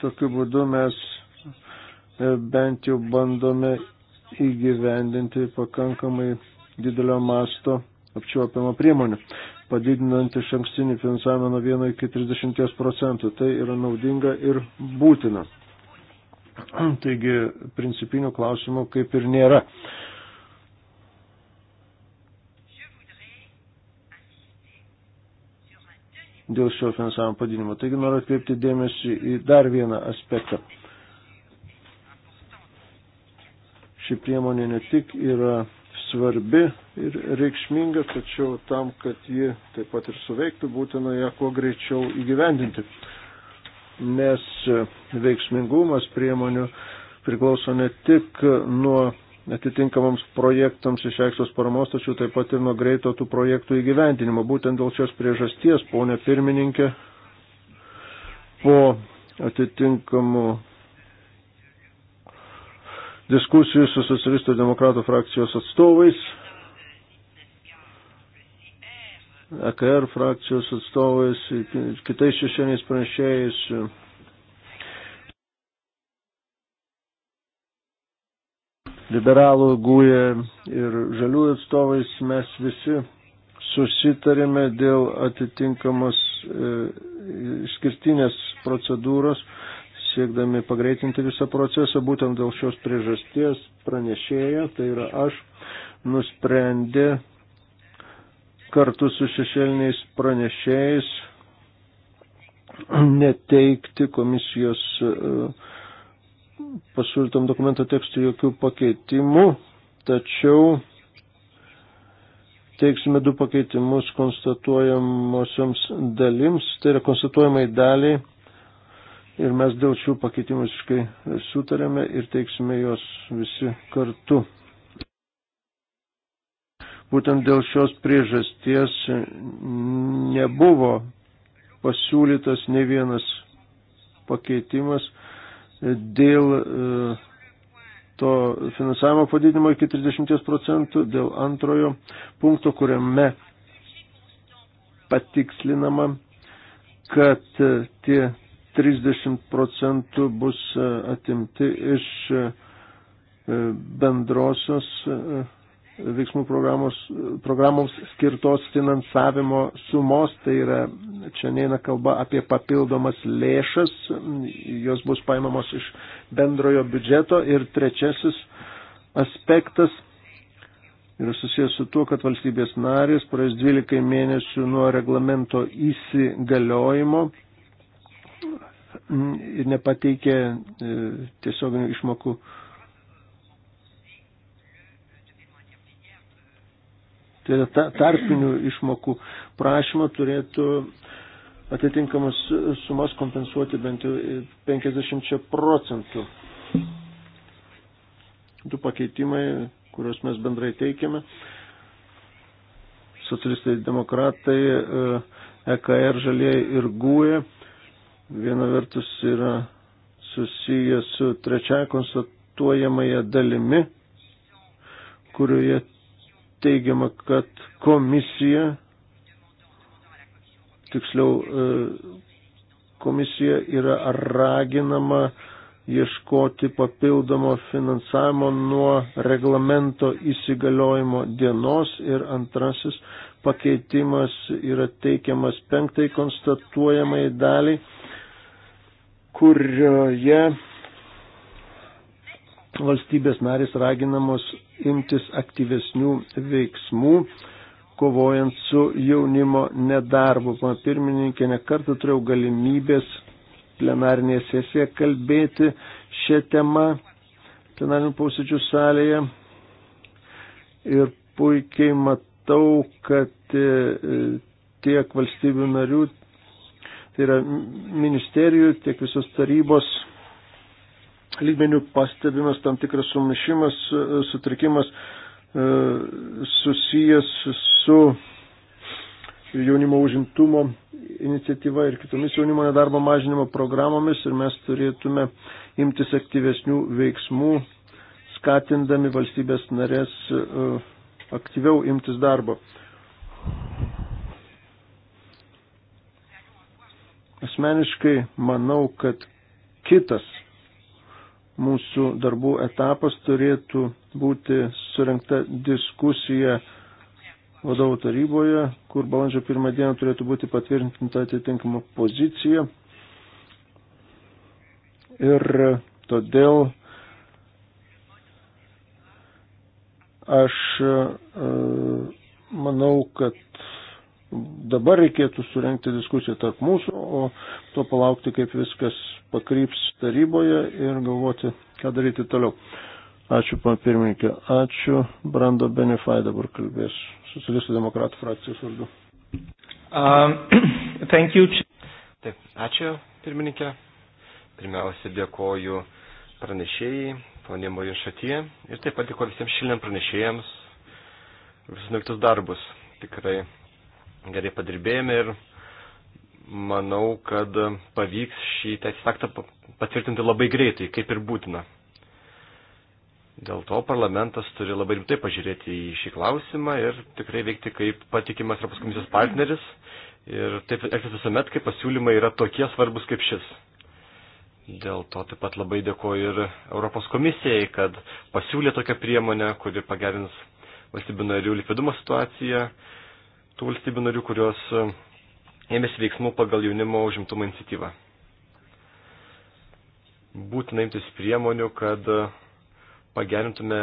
tokiu būdu mes e, bent jau bandome įgyvendinti pakankamai didelio masto apčiuopiamą priemonę, padidinant iš ankstinį finansavimą nuo 1 iki 30 procentų. Tai yra naudinga ir būtina. Taigi principinių klausimų kaip ir nėra. dėl šio finansavimo padinimo. Taigi noriu atkreipti dėmesį į dar vieną aspektą. Ši priemonė ne tik yra svarbi ir reikšminga, tačiau tam, kad ji taip pat ir suveiktų, būtina ją kuo greičiau įgyvendinti. Nes veiksmingumas priemonių priklauso ne tik nuo atitinkamams projektams išreikštos paramos, tačiau taip pat ir nuo greito tų projektų įgyvendinimo. Būtent dėl šios priežasties, ponė pirmininkė, po atitinkamų diskusijų su socialistų demokratų frakcijos atstovais, EKR frakcijos atstovais, kitais šešėniais pranešėjais, liberalų gūje ir žaliųjų atstovais mes visi susitarėme dėl atitinkamos e, išskirtinės procedūros, siekdami pagreitinti visą procesą. Būtent dėl šios priežasties pranešėja, tai yra aš, nusprendė kartu su šešėliniais pranešėjais neteikti komisijos uh, pasiūlytam dokumento tekstui jokių pakeitimų, tačiau teiksime du pakeitimus konstatuojamosioms dalims, tai yra konstatuojamai daliai ir mes dėl šių pakeitimų visiškai sutarėme ir teiksime juos visi kartu. Būtent dėl šios priežasties nebuvo pasiūlytas ne vienas pakeitimas dėl e, to finansavimo padidinimo iki 30 procentų, dėl antrojo punkto, kuriame patikslinama, kad e, tie 30 procentų bus e, atimti iš bendrosios veiksmų programos, programoms skirtos finansavimo sumos, tai yra, čia neina kalba apie papildomas lėšas, jos bus paimamos iš bendrojo biudžeto ir trečiasis aspektas yra susijęs su tuo, kad valstybės narės praėjus 12 mėnesių nuo reglamento įsigaliojimo ir nepateikė e, tiesioginių išmokų tai yra ta, tarpinių išmokų prašymą turėtų atitinkamas sumas kompensuoti bent jau 50 procentų. Du pakeitimai, kuriuos mes bendrai teikiame. Socialistai, demokratai, EKR, e žalieji ir gūje. Viena vertus yra susiję su trečia konstatuojamąją dalimi, kurioje teigiama, kad komisija, tiksliau, e, komisija yra raginama ieškoti papildomo finansavimo nuo reglamento įsigaliojimo dienos ir antrasis pakeitimas yra teikiamas penktai konstatuojamai daliai, kurioje valstybės narės raginamos imtis aktyvesnių veiksmų kovojant su jaunimo nedarbu. Pana pirmininkė, nekartą turėjau galimybės plenarnėje sesijoje kalbėti šią temą plenarinių posėdžių salėje ir puikiai matau, kad e, tiek valstybių narių, tai yra ministerijų, tiek visos tarybos lygmenių pastebimas tam tikras sumišimas, e, sutrikimas e, susijęs su jaunimo užimtumo iniciatyva ir kitomis jaunimo nedarbo mažinimo programomis ir mes turėtume imtis aktyvesnių veiksmų, skatindami valstybės narės e, aktyviau imtis darbo. Asmeniškai manau, kad kitas mūsų darbų etapas turėtų būti surinkta diskusija vadovų taryboje, kur balandžio pirmą dieną turėtų būti patvirtinta atitinkama pozicija. Ir todėl aš e, manau, kad dabar reikėtų surenkti diskusiją tarp mūsų, o to palaukti, kaip viskas pakryps taryboje ir galvoti, ką daryti toliau. Ačiū, pan pirmininkė. Ačiū. Brando Benefai dabar kalbės. Socialistų demokratų frakcijos vardu. Um, thank you. Taip, ačiū, pirmininkė. Pirmiausia, dėkoju pranešėjai, ponė Mojo Šatie, ir taip pat dėkoju visiems šiandien pranešėjams visus nuveiktus darbus. Tikrai gerai padirbėjome ir manau, kad pavyks šį teisės aktą patvirtinti labai greitai, kaip ir būtina. Dėl to parlamentas turi labai rimtai pažiūrėti į šį klausimą ir tikrai veikti kaip patikimas Europos komisijos partneris ir taip elgtis visuomet, kai pasiūlymai yra tokie svarbus kaip šis. Dėl to taip pat labai dėkoju ir Europos komisijai, kad pasiūlė tokią priemonę, kuri pagerins valstybių narių likvidumo situaciją, tų valstybių narių, kurios e, ėmėsi veiksmų pagal jaunimo užimtumo iniciatyvą. Būtina imtis priemonių, kad e, pagerintume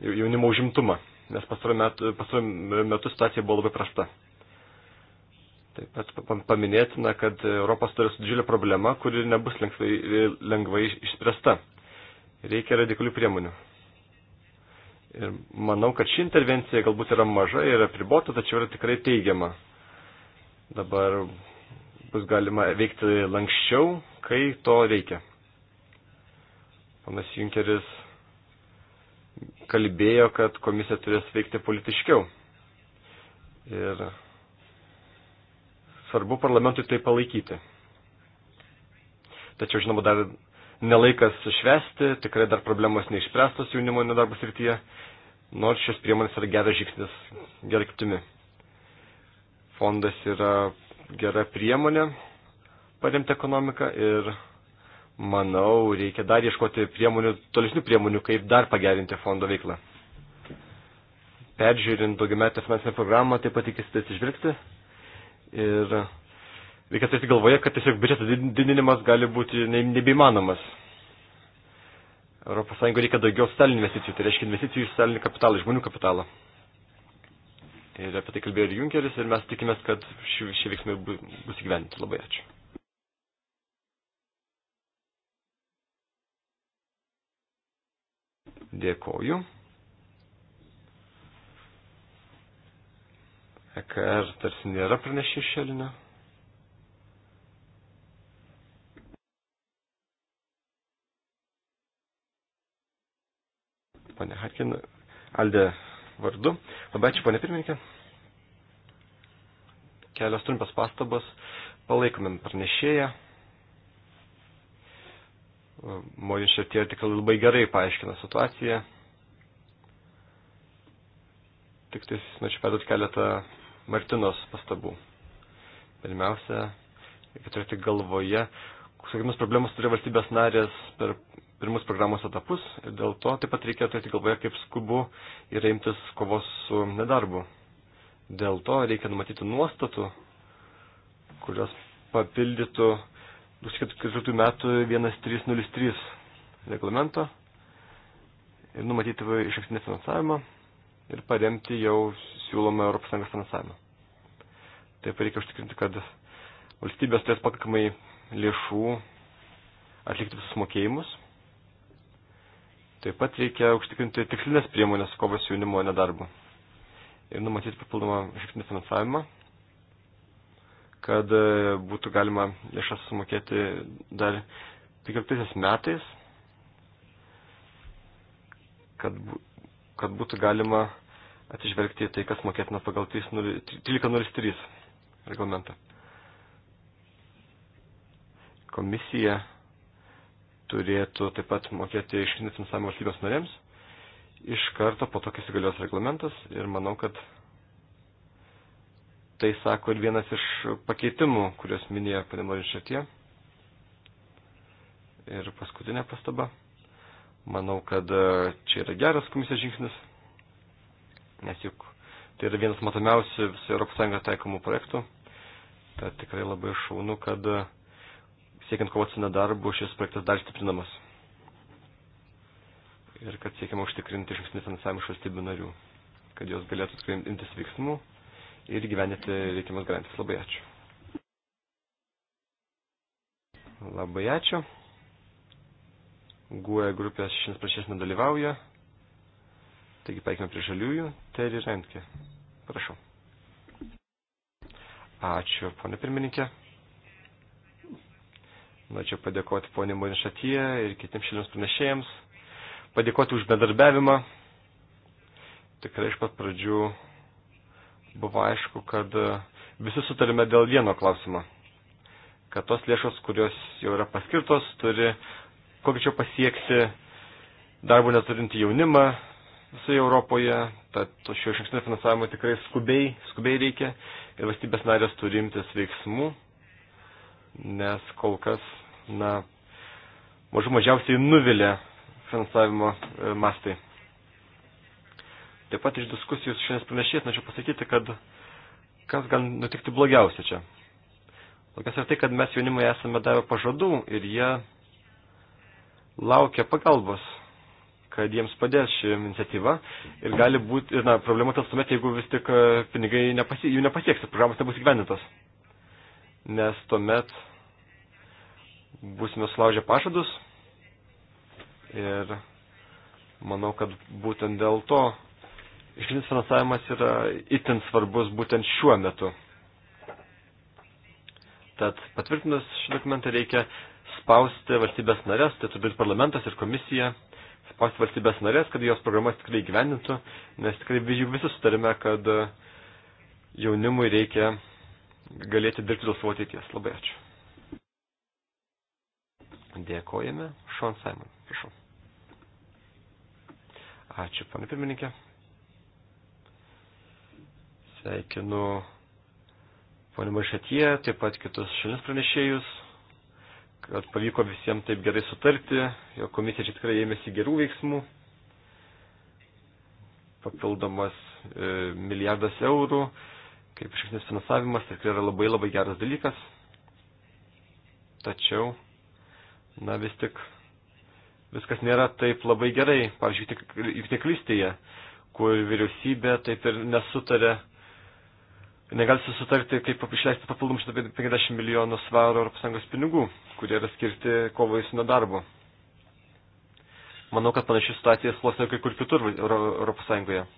jaunimo užimtumą, nes pastaruoju metu, pastaruoju metu situacija buvo labai prasta. Taip pat paminėtina, kad Europas turi su didžiulė problema, kuri nebus lengvai, lengvai išspręsta. Reikia radikalių priemonių. Ir manau, kad ši intervencija galbūt yra maža ir apribota, tačiau yra tikrai teigiama. Dabar bus galima veikti lankščiau, kai to reikia. Panas Junkeris kalbėjo, kad komisija turės veikti politiškiau. Ir svarbu parlamentui tai palaikyti. Tačiau, žinoma, dar nelaikas švesti, tikrai dar problemos neišspręstos jaunimo nedarbo srityje, nors šios priemonės yra geras žingsnis gerai kryptimi. Fondas yra gera priemonė paremti ekonomiką ir manau, reikia dar ieškoti priemonių, tolesnių priemonių, kaip dar pagerinti fondo veiklą. Peržiūrint daugiametę finansinę programą, taip pat reikės tai atsižvelgti ir reikia turėti galvoje, kad tiesiog biudžeto didinimas gali būti nebeįmanomas. Europos Sąjungoje reikia daugiau socialinių investicijų, tai reiškia investicijų į socialinį kapitalą, žmonių kapitalą. Ir apie tai kalbėjo ir Junkeris, ir mes tikimės, kad šie, šie veiksmai bus įgyvendinti. Labai ačiū. Dėkoju. EKR tarsi nėra pranešė šelinio. ponė Harkin, Aldė vardu. Labai ačiū, ponė pirmininkė. Kelios trumpas pastabas. Palaikomėm pranešėją. Morin Šertier tikrai labai gerai paaiškina situaciją. Tik tais norėčiau perduoti keletą Martinos pastabų. Pirmiausia, reikia turėti galvoje, kokiamis problemas turi valstybės narės per pirmus programos etapus ir dėl to taip pat reikia turėti galvoje, kaip skubu yra imtis kovos su nedarbu. Dėl to reikia numatyti nuostatų, kurios papildytų 2004 metų 1303 reglamento ir numatyti iš aksinį finansavimą ir paremti jau siūlomą ES finansavimą. Taip reikia užtikrinti, kad valstybės turės pakankamai lėšų atlikti visus mokėjimus Taip pat reikia užtikrinti tikslinės priemonės kovas jaunimo nedarbu ir numatyti papildomą iškrinį finansavimą, kad e, būtų galima lėšas sumokėti dar 15 metais, kad, kad būtų galima atsižvelgti tai, kas mokėtina pagal 1303 reglamentą. Komisija turėtų taip pat mokėti išminį finansavimą valstybės norėms. Iš karto po to, kai įsigalios reglamentas ir manau, kad tai sako ir vienas iš pakeitimų, kuriuos minėjo panimorių šitie. Ir paskutinė pastaba. Manau, kad e, čia yra geras komisijos žingsnis, nes juk tai yra vienas matomiausių visoje Europos Sąjungoje taikomų projektų. Tad tikrai labai šaunu, kad uh, siekiant kovoti su nedarbu, šis projektas dar stiprinamas. Ir kad siekiama užtikrinti išankstinį finansavimą iš valstybių narių, kad jos galėtų tikrai imtis veiksmų ir gyvenėti reikiamas garantijas. Labai ačiū. Labai ačiū. GUE grupės šiandien prašės nedalyvauja. Taigi paikime prie žaliųjų. Terry Rentke. Prašau. Ačiū, ponė pirmininkė. Norėčiau padėkoti ponė Morinšatyje ir kitiems šiliniams pranešėjams, padėkoti už bendarbiavimą. Tikrai iš pat pradžių buvo aišku, kad visi sutarime dėl vieno klausimo, kad tos lėšos, kurios jau yra paskirtos, turi kokičiau pasiekti darbo neturinti jaunimą visoje Europoje, tad šio išankstinio finansavimo tikrai skubiai, skubiai reikia ir valstybės narės turi imtis veiksmų nes kol kas, na, mažų mažiausiai nuvilia finansavimo e, mastai. Taip pat iš diskusijų su šiandien pranešėjais norėčiau pasakyti, kad kas gali nutikti blogiausia čia. Blogiausia yra tai, kad mes jaunimui esame davę pažadų ir jie laukia pagalbos, kad jiems padės ši iniciatyva ir gali būti, na, problema tas tuomet, jeigu vis tik e, pinigai nepasi, jų nepasieks, programos nebus įgyvendintos mes tuomet būsime sulaužę pažadus ir manau, kad būtent dėl to išlinis finansavimas yra itin svarbus būtent šiuo metu. Tad patvirtinus šį dokumentą reikia spausti valstybės narės, tai turi parlamentas ir komisija, spausti valstybės narės, kad jos programas tikrai gyvenintų, nes tikrai visi sutarime, kad jaunimui reikia galėti dirbti dėl savo ateities. Labai ačiū. Dėkojame. Sean Simon, prašau. Ačiū, pane pirmininkė. Sveikinu ponį Maršatie, taip pat kitus šalinis pranešėjus, kad pavyko visiems taip gerai sutarti, jo komisija čia tikrai ėmėsi gerų veiksmų. Papildomas e, milijardas eurų kaip išankstinis finansavimas tikrai tai yra labai labai geras dalykas, tačiau, na vis tik, viskas nėra taip labai gerai, pavyzdžiui, jungtiklystėje, kur vyriausybė taip ir nesutarė, negali susitarti, kaip išleisti papildomų 150 milijonų svarų ES pinigų, kurie yra skirti kovai su nedarbu. Manau, kad panaši situacija sluosnė kai kur kitur ES.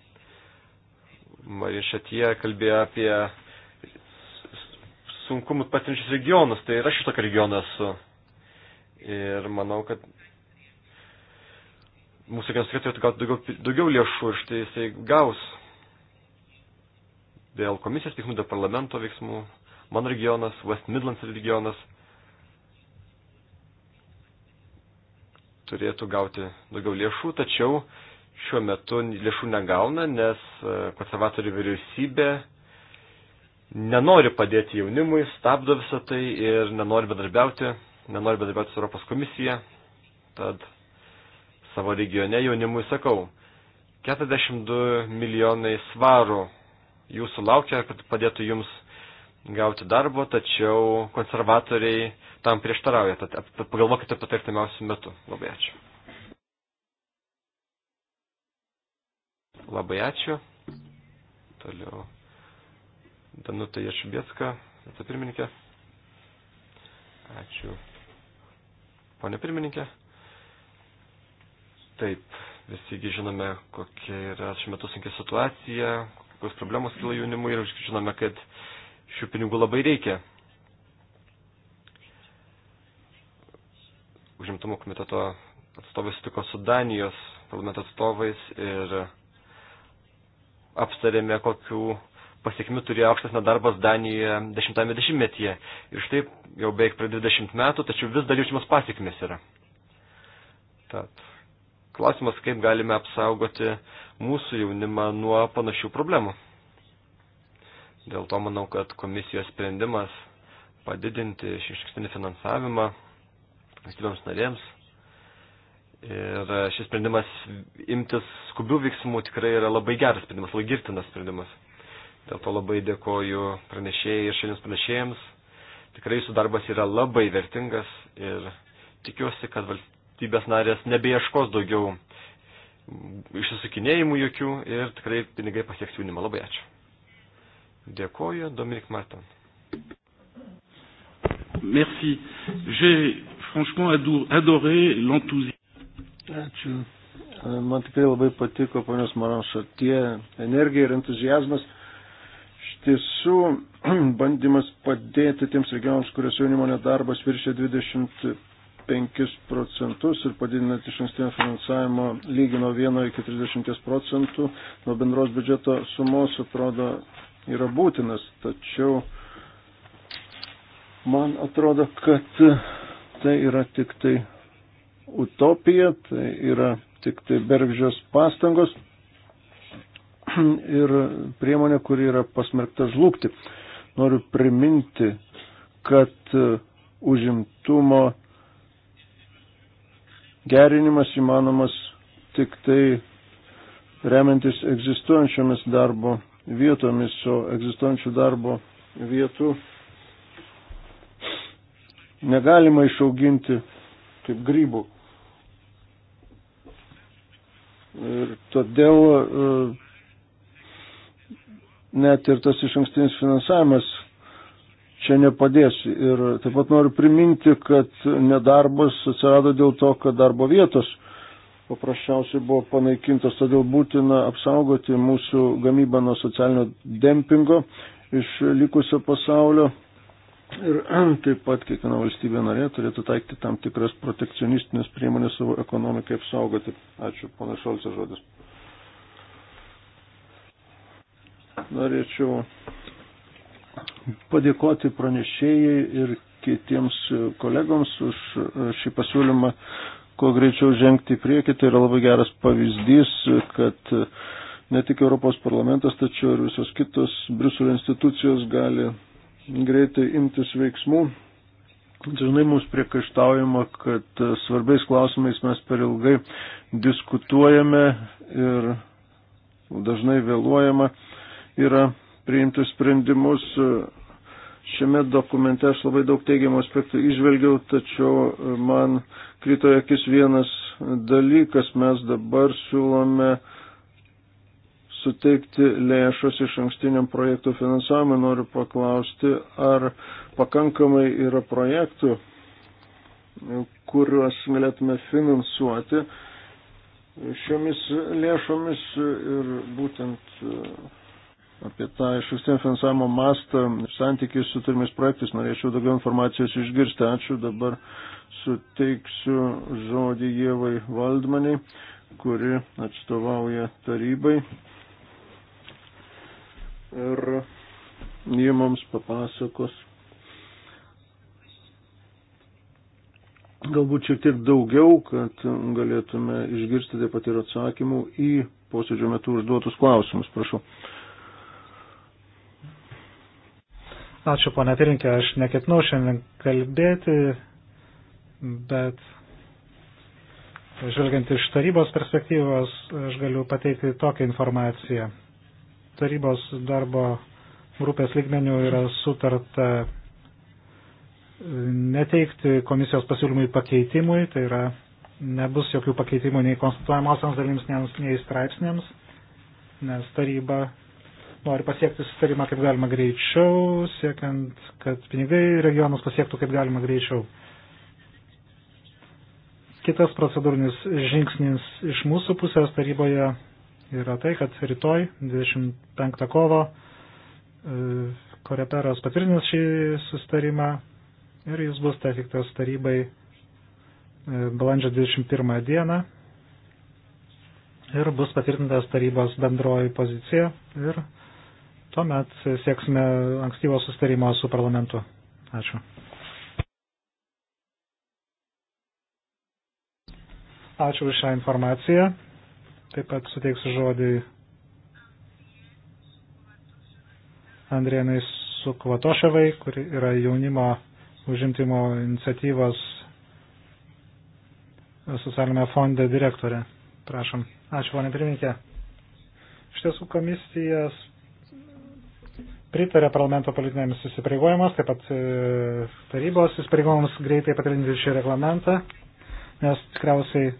Marin Šatie kalbėjo apie sunkumus patirinčius regionus, tai ir aš iš tokio regiono esu. Ir manau, kad mūsų regionas tikrai turėtų gauti daugiau, daugiau lėšų ir štai jisai gaus dėl komisijos veiksmų, dėl parlamento veiksmų. Mano regionas, West Midlands regionas turėtų gauti daugiau lėšų, tačiau šiuo metu lėšų negauna, nes e, konservatorių vyriausybė nenori padėti jaunimui, stabdo visą tai ir nenori bedarbiauti, nenori bedarbiauti su Europos komisija. Tad savo regione jaunimui sakau, 42 milijonai svarų jūsų laukia, kad padėtų jums gauti darbo, tačiau konservatoriai tam prieštarauja. Tad pagalvokite apie tai artimiausių metų. Labai ačiū. Labai ačiū. Toliau Danutė Jašubieska, vicepirmininkė. Ačiū. Pone pirmininkė. Taip, visigi žinome, kokia yra šiuo metu sunkia situacija, kokios problemos kyla jaunimui ir žinome, kad šių pinigų labai reikia. Užimtumo komiteto atstovai sutiko su Danijos parlamento atstovais ir aptarėme, kokių pasiekmių turėjo aukštas nedarbas Danijoje 10-ame dešimtmetyje. Ir štai jau beveik prie 20 metų, tačiau vis dar jaučiamas pasiekmes yra. Tad klausimas, kaip galime apsaugoti mūsų jaunimą nuo panašių problemų. Dėl to manau, kad komisijos sprendimas padidinti šeškinį finansavimą valstybėms narėms Ir šis sprendimas imtis skubių veiksmų tikrai yra labai geras sprendimas, labai girtinas sprendimas. Dėl to labai dėkoju pranešėjai ir šiandienos pranešėjams. Tikrai jūsų darbas yra labai vertingas ir tikiuosi, kad valstybės narės nebeieškos daugiau išsisukinėjimų jokių ir tikrai pinigai pasieks jaunimą. Labai ačiū. Dėkoju, Dominik Martin. Merci. J'ai franchement adoré l'enthousiasme. Ačiū. Man tikrai labai patiko ponios Maranšo tie energija ir entuzijazmas. Iš tiesų, bandymas padėti tiems regionams, kuriuose jaunimo nedarbas viršė 25 procentus ir padidinant iš ankstinio finansavimo lygį nuo 1 iki 30 procentų nuo bendros biudžeto sumos atrodo yra būtinas. Tačiau man atrodo, kad tai yra tik tai utopija, tai yra tik tai bergždžios pastangos ir priemonė, kuri yra pasmerkta žlugti. Noriu priminti, kad e, užimtumo gerinimas įmanomas tik tai remiantis egzistuojančiomis darbo vietomis, o egzistuojančių darbo vietų negalima išauginti kaip grybų. Ir todėl e, net ir tas iš ankstinis finansavimas čia nepadės. Ir taip pat noriu priminti, kad nedarbas atsirado dėl to, kad darbo vietos paprasčiausiai buvo panaikintos, todėl būtina apsaugoti mūsų gamybą nuo socialinio dempingo iš likusio pasaulio. Ir taip pat kiekviena valstybė narė turėtų taikyti tam tikras protekcionistinės priemonės savo ekonomikai apsaugoti. Ačiū, pana Šolcė žodis. Norėčiau padėkoti pranešėjai ir kitiems kolegoms už šį pasiūlymą, kuo greičiau žengti į priekį. Tai yra labai geras pavyzdys, kad ne tik Europos parlamentas, tačiau ir visos kitos Briuselio institucijos gali greitai imtis veiksmų. Dažnai mums priekaištaujama, kad e, svarbiais klausimais mes per ilgai diskutuojame ir dažnai vėluojama yra priimti sprendimus. E, šiame dokumente aš labai daug teigiamų aspektų išvelgiau, tačiau e, man krito akis vienas dalykas. Mes dabar siūlome uh, suteikti lėšas iš ankstiniam projektų finansavimui, noriu paklausti, ar pakankamai yra projektų, kuriuos galėtume finansuoti šiomis lėšomis ir būtent e, apie tą iš ankstiniam finansavimo mastą, santykius su turimis projektais, norėčiau daugiau informacijos išgirsti. Ačiū, dabar suteiksiu žodį Jėvai Valdmaniai kuri atstovauja tarybai ir jie mums papasakos galbūt šiek tiek daugiau, kad galėtume išgirsti taip pat ir atsakymų į posėdžio metu užduotus klausimus. Prašau. Ačiū, ponia Pirinkė, aš neketinau šiandien kalbėti, bet žvelgiant iš tarybos perspektyvos, aš galiu pateikti tokią informaciją tarybos darbo grupės lygmenių yra sutarta e, neteikti komisijos pasiūlymui pakeitimui, tai yra nebus jokių pakeitimų nei konstatuojamosiams dalims, nei straipsnėms, nes taryba nori pasiekti sustarimą kaip galima greičiau, siekiant, kad pinigai regionus pasiektų kaip galima greičiau. Kitas procedūrinis žingsnis iš mūsų pusės taryboje yra tai, kad rytoj, 25 kovo, e, koreperas patvirtins šį sustarimą ir jis bus teiktas tarybai e, balandžio 21 dieną ir bus patvirtintas tarybos bendroji pozicija ir tuomet sieksime ankstyvo sustarimo su parlamentu. Ačiū. Ačiū už šią informaciją. Taip pat suteiksiu žodį Andrienai Sukvatoševai, kuri yra jaunimo užimtimo iniciatyvos socialinėme fonde direktorė. Prašom. Ačiū, ponė pirmininkė. Iš tiesų komisijas pritarė parlamento politinėms įsipareigojimas, taip pat e, tarybos įsipareigojimams greitai patvirtinti šį reglamentą, nes tikriausiai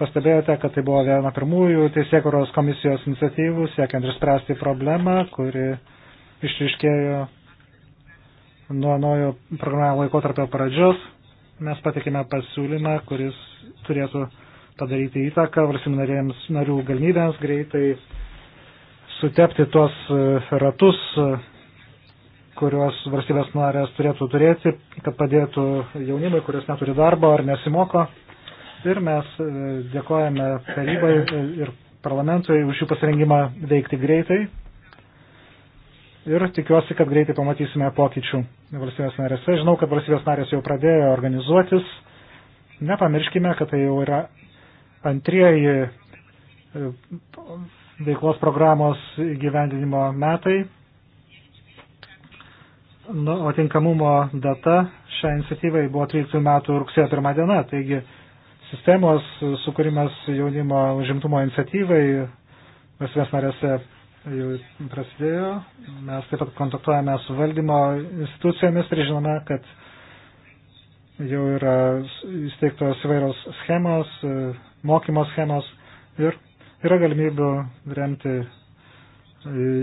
Pastebėjote, kad tai buvo viena pirmųjų Teisėkuros komisijos iniciatyvų, siekiant išspręsti problemą, kuri išriškėjo nuo naujo programavimo laikotarpio pradžios. Mes patikime pasiūlymą, kuris turėtų padaryti įtaką valstybinarėms narių galimybėms greitai sutepti tuos ratus, kuriuos valstybės narės turėtų turėti, kad padėtų jaunimui, kuris neturi darbo ar nesimoko ir mes e, dėkojame tarybai ir parlamentui už jų pasirengimą veikti greitai. Ir tikiuosi, kad greitai pamatysime pokyčių valstybės narėse. Žinau, kad valstybės narės jau pradėjo organizuotis. Nepamirškime, kad tai jau yra antrieji e, veiklos programos gyvendinimo metai. Nu, o tinkamumo data šią iniciatyvai buvo 13 metų rugsėjo 1 diena, taigi sistemos sukūrimas jaunimo užimtumo iniciatyvai valstybės narėse jau prasidėjo. Mes taip pat kontaktuojame su valdymo institucijomis ir žinome, kad jau yra įsteigtos įvairios schemos, mokymo schemos ir yra galimybių remti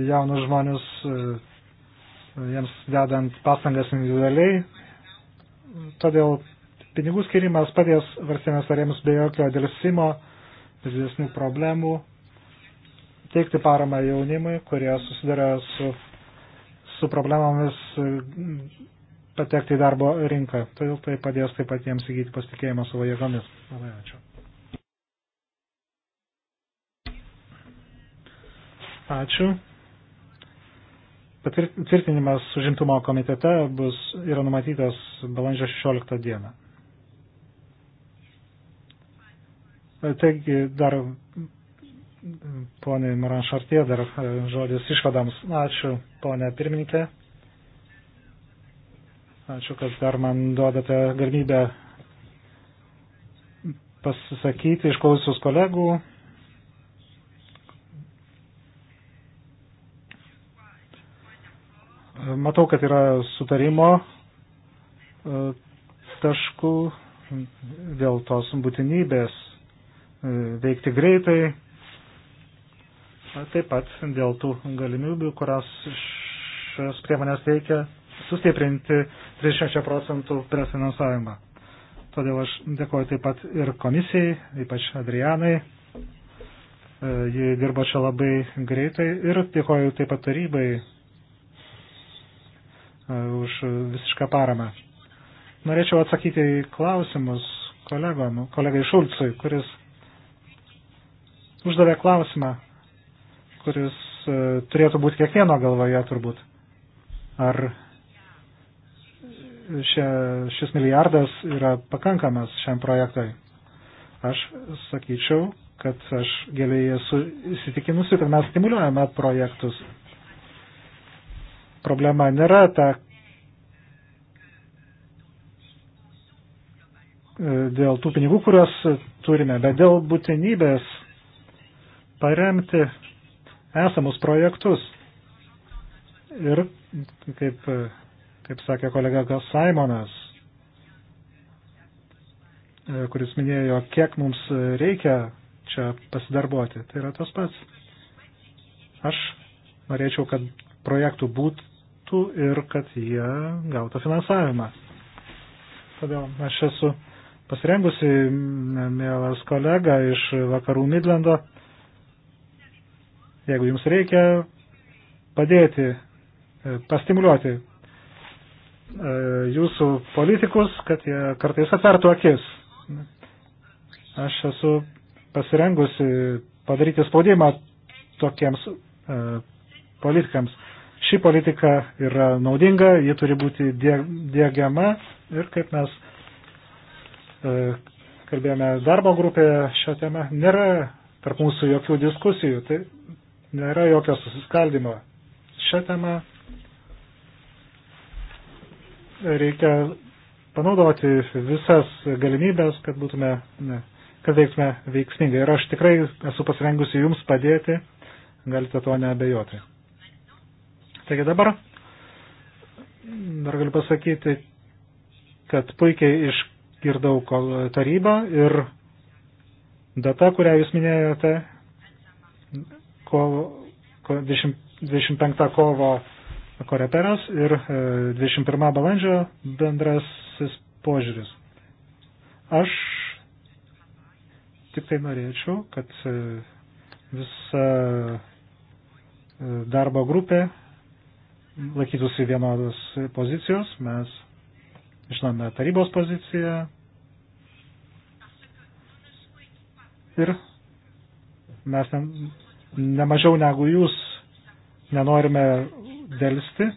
jaunus žmonės, jiems dedant pastangas individualiai. Todėl Pinigų skirimas padės varstėmės arėms be jokio dėlsimo, didesnių problemų, teikti paramą jaunimui, kurie susiduria su, su problemomis patekti į darbo rinką. Todėl tai padės taip pat jiems įgyti pasitikėjimą savo jėgomis. Labai ačiū. Ačiū. Patvirtinimas užimtumo komitete bus, yra numatytas balandžio 16 dieną. Taigi dar poniai Maran Šartie dar e, žodis išvadams. Ačiū, ponė pirmininkė. Ačiū, kad dar man duodate galimybę pasisakyti išklausius kolegų. Matau, kad yra sutarimo e, taškų dėl tos būtinybės veikti greitai. Taip pat dėl tų galimybių, kurios šios priemonės teikia, sustiprinti 36 procentų prefinansavimą. Todėl aš dėkoju taip pat ir komisijai, ypač Adrianai. E, ji dirbo čia labai greitai ir dėkoju taip pat tarybai e, už visišką paramą. Norėčiau atsakyti į klausimus kolegom, kolegai Šulcui, kuris uždavė klausimą, kuris e, turėtų būti kiekvieno galvoje turbūt. Ar šia, šis milijardas yra pakankamas šiam projektui? Aš sakyčiau, kad aš giliai esu įsitikinusi, kad mes stimuliuojame projektus. Problema nėra ta, e, dėl tų pinigų, kuriuos turime, bet dėl būtinybės paremti esamus projektus. Ir kaip, kaip sakė kolega Simonas, kuris minėjo, kiek mums reikia čia pasidarbuoti, tai yra tas pats. Aš norėčiau, kad projektų būtų ir kad jie gautų finansavimą. Todėl aš esu pasirengusi, mielas kolega iš vakarų Midlando, Jeigu jums reikia padėti, e, pastimuliuoti e, jūsų politikus, kad jie kartais atvertų akis. Aš esu pasirengusi padaryti spaudimą tokiems e, politikams. Ši politika yra naudinga, ji turi būti dėgiama ir kaip mes kalbėjome darbo grupėje šią temą, nėra tarp mūsų jokių diskusijų. Tai nėra jokio susiskaldimo. Šią temą reikia panaudoti visas galimybės, kad būtume, ne, kad veiksme veiksmingai. Ir aš tikrai esu pasirengusi jums padėti, galite to neabejoti. Taigi dabar dar galiu pasakyti, kad puikiai išgirdau tarybą ir data, kurią jūs minėjote, kovo, 20, 25 kovo koreperas ir 21 e, balandžio bendrasis požiūris. Aš tik tai norėčiau, kad e, visa e, darbo grupė laikytųsi vienodos pozicijos. Mes žinome tarybos poziciją ir mes ten nemažiau negu jūs nenorime dėlsti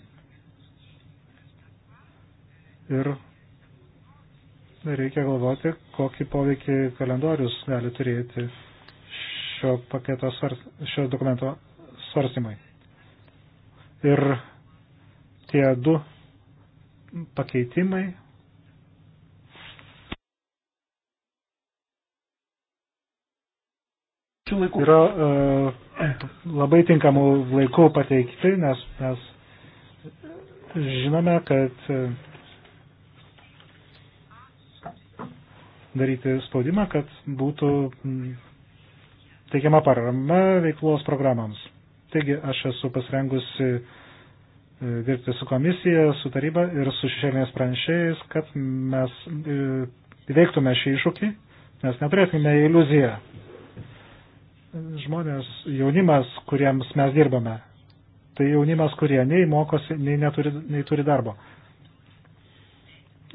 ir reikia galvoti, kokį poveikį kalendorius gali turėti šio paketo, šio dokumento svarstymai. Ir tie du pakeitimai yra uh, labai tinkamų laikų pateikti, nes mes žinome, kad e, daryti spaudimą, kad būtų teikiama parama veiklos programams. Taigi aš esu pasirengusi e, dirbti su komisija, su taryba ir su šešėliniais pranešėjais, kad mes e, įveiktume šį iššūkį, nes neturėtume iliuziją žmonės, jaunimas, kuriems mes dirbame. Tai jaunimas, kurie nei mokosi, nei, neturi, nei turi darbo.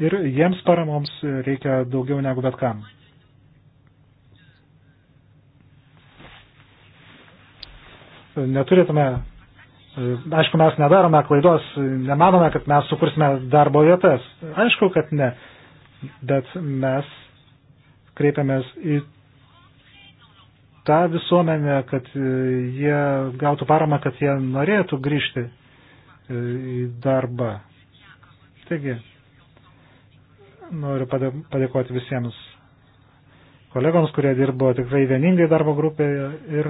Ir jiems paramoms reikia daugiau negu bet kam. Neturėtume, aišku, mes nedarome klaidos, nemanome, kad mes sukursime darbo vietas. Aišku, kad ne. Bet mes kreipiamės į tą visuomenę, kad e, jie gautų paramą, kad jie norėtų grįžti e, į darbą. Taigi, noriu padėkoti visiems kolegoms, kurie dirbo tikrai vieningai darbo grupėje ir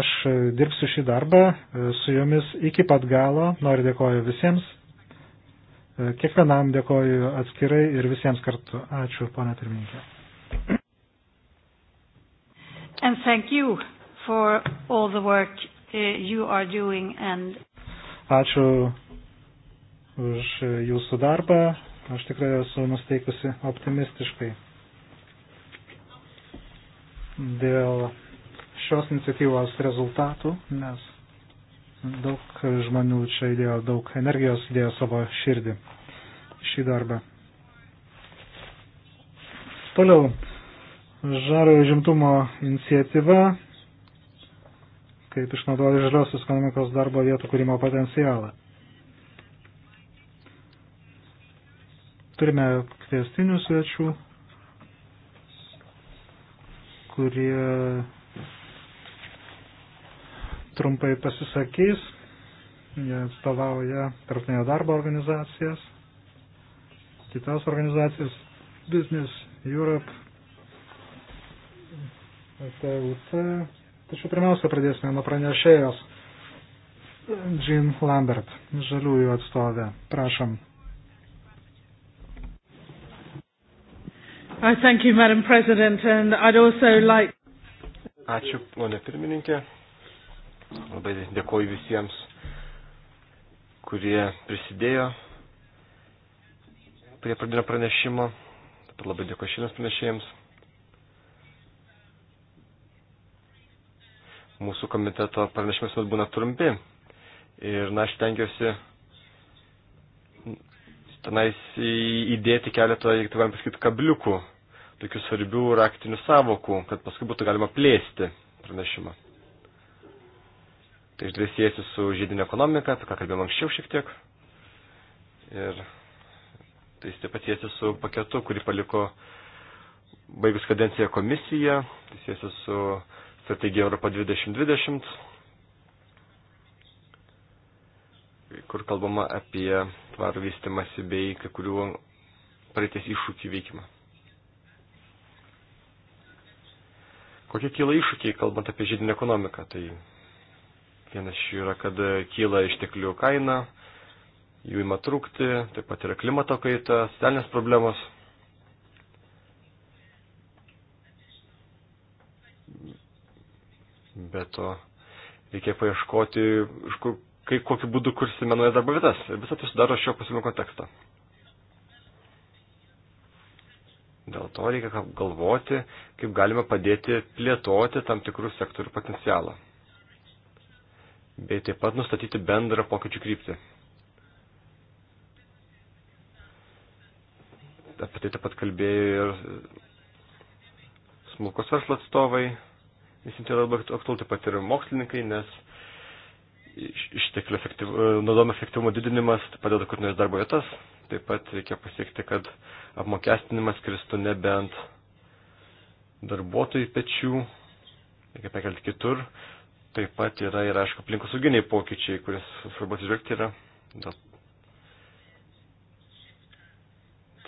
aš e, dirbsiu šį darbą su jumis iki pat galo. Noriu dėkoju visiems. Kiekvienam dėkoju atskirai ir visiems kartu. Ačiū, pana pirmininkė and thank you for all the work uh, you are doing and Ačiū už jūsų darbą. Aš tikrai esu nusteikusi optimistiškai dėl šios iniciatyvos rezultatų, nes daug žmonių čia įdėjo daug energijos, įdėjo savo širdį šį darbą. Toliau Žaliojo žimtumo iniciatyva, kaip išnaudoti žaliosios ekonomikos darbo vietų kūrimo potencialą. Turime kviestinių svečių, kurie trumpai pasisakys, jie atstovauja tarptautinio darbo organizacijas, kitas organizacijas, Business Europe, TUT. Tačiau pirmiausia pradėsime nuo pranešėjos. Jean Lambert, žaliųjų atstovė. Prašom. Thank you, Madam President, and I'd also like. Ačiū, ponė pirmininkė. Labai dėkoju visiems, kurie prisidėjo prie pradinio pranešimo. Taip pat labai dėkoju šiandienos pranešėjams. mūsų komiteto pranešimas mat būna trumpi. Ir, na, aš tengiuosi tenais įdėti keletą, jeigu tai galim pasakyti, kabliukų, tokių svarbių raktinių savokų, kad paskui būtų galima plėsti pranešimą. Tai iš dvies siejasi su žiedinė ekonomika, apie ką kalbėjom anksčiau šiek tiek. Ir tai taip pat siejasi su paketu, kurį paliko baigus kadenciją komisija, tai siejasi su strategija Europa 2020, kur kalbama apie tvarų vystimąsi bei kai kurių praeities iššūkių veikimą. Kokie kyla iššūkiai, kalbant apie žydinę ekonomiką? Tai vienas iš jų yra, kad kyla išteklių kaina, jų ima trūkti, taip pat yra klimato kaita, socialinės problemos. Be to, reikia paieškoti, kur, kaip kokiu būdu kursime naujas darbo vietas. Ir visą tai sudaro šio pasiūlymo kontekstą. Dėl to reikia galvoti, kaip galime padėti plėtoti tam tikrų sektorių potencialą. Bei taip pat nustatyti bendrą pokyčių kryptį. Apie tai taip pat kalbėjo ir smulkos verslo atstovai, visiems yra labai aktualu, taip pat ir mokslininkai, nes išteklių efektyv, naudojimo efektyvumo didinimas padeda kurti naujas darbo vietas, taip pat reikia pasiekti, kad apmokestinimas kristų nebent darbuotojų pečių, reikia perkelti kitur, taip pat yra ir, aišku, aplinkosauginiai pokyčiai, kuris svarbu atsižvelgti yra. Dėl...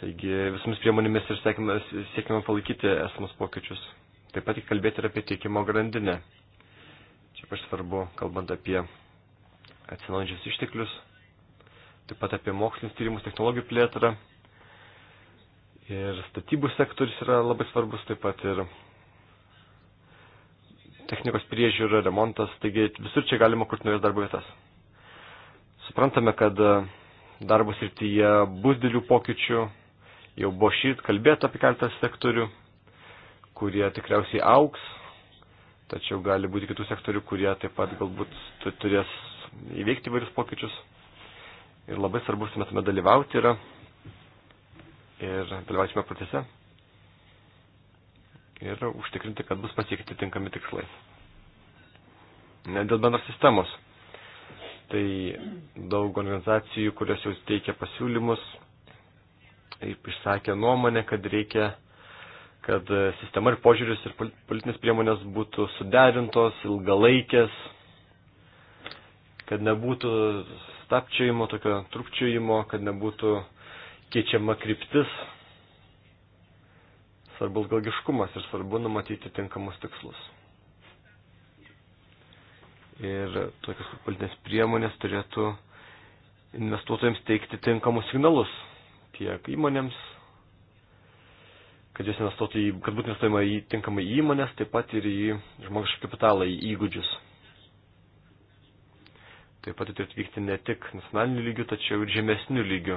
Taigi visomis priemonėmis ir siekime, siekime palaikyti esamus pokyčius. Taip pat kalbėti ir apie tiekimo grandinę. Čia ypač svarbu, kalbant apie atsinaujančius išteklius, taip pat apie mokslinis tyrimus, technologijų plėtrą. Ir statybų sektorius yra labai svarbus, taip pat ir technikos priežiūra, remontas, taigi visur čia galima kurti naujas darbo vietas. Suprantame, kad darbo srityje bus didelių pokyčių, jau buvo šit kalbėta apie keletą sektorių, kurie tikriausiai auks, tačiau gali būti kitų sektorių, kurie taip pat galbūt turės įveikti vairius pokyčius. Ir labai svarbu, kad mes tame dalyvauti yra ir dalyvausime procese ir užtikrinti, kad bus pasiekti tinkami tikslai. Ne dėl bendros sistemos. Tai daug organizacijų, kurios jau teikia pasiūlymus, išsakė nuomonę, kad reikia kad e, sistema ir požiūris ir politinės priemonės būtų suderintos, ilgalaikės, kad nebūtų stapčiojimo, tokio trukčiojimo, kad nebūtų keičiama kryptis. Svarbus galgiškumas ir svarbu numatyti tinkamus tikslus. Ir tokios politinės priemonės turėtų investuotojams teikti tinkamus signalus tiek įmonėms, kad jūs investuotų į, kad būtų investuojama į tinkamai į įmonės, taip pat ir į žmogišką kapitalą, į įgūdžius. Taip pat tai turėtų vykti ne tik nacionaliniu lygiu, tačiau ir žemesniu lygiu.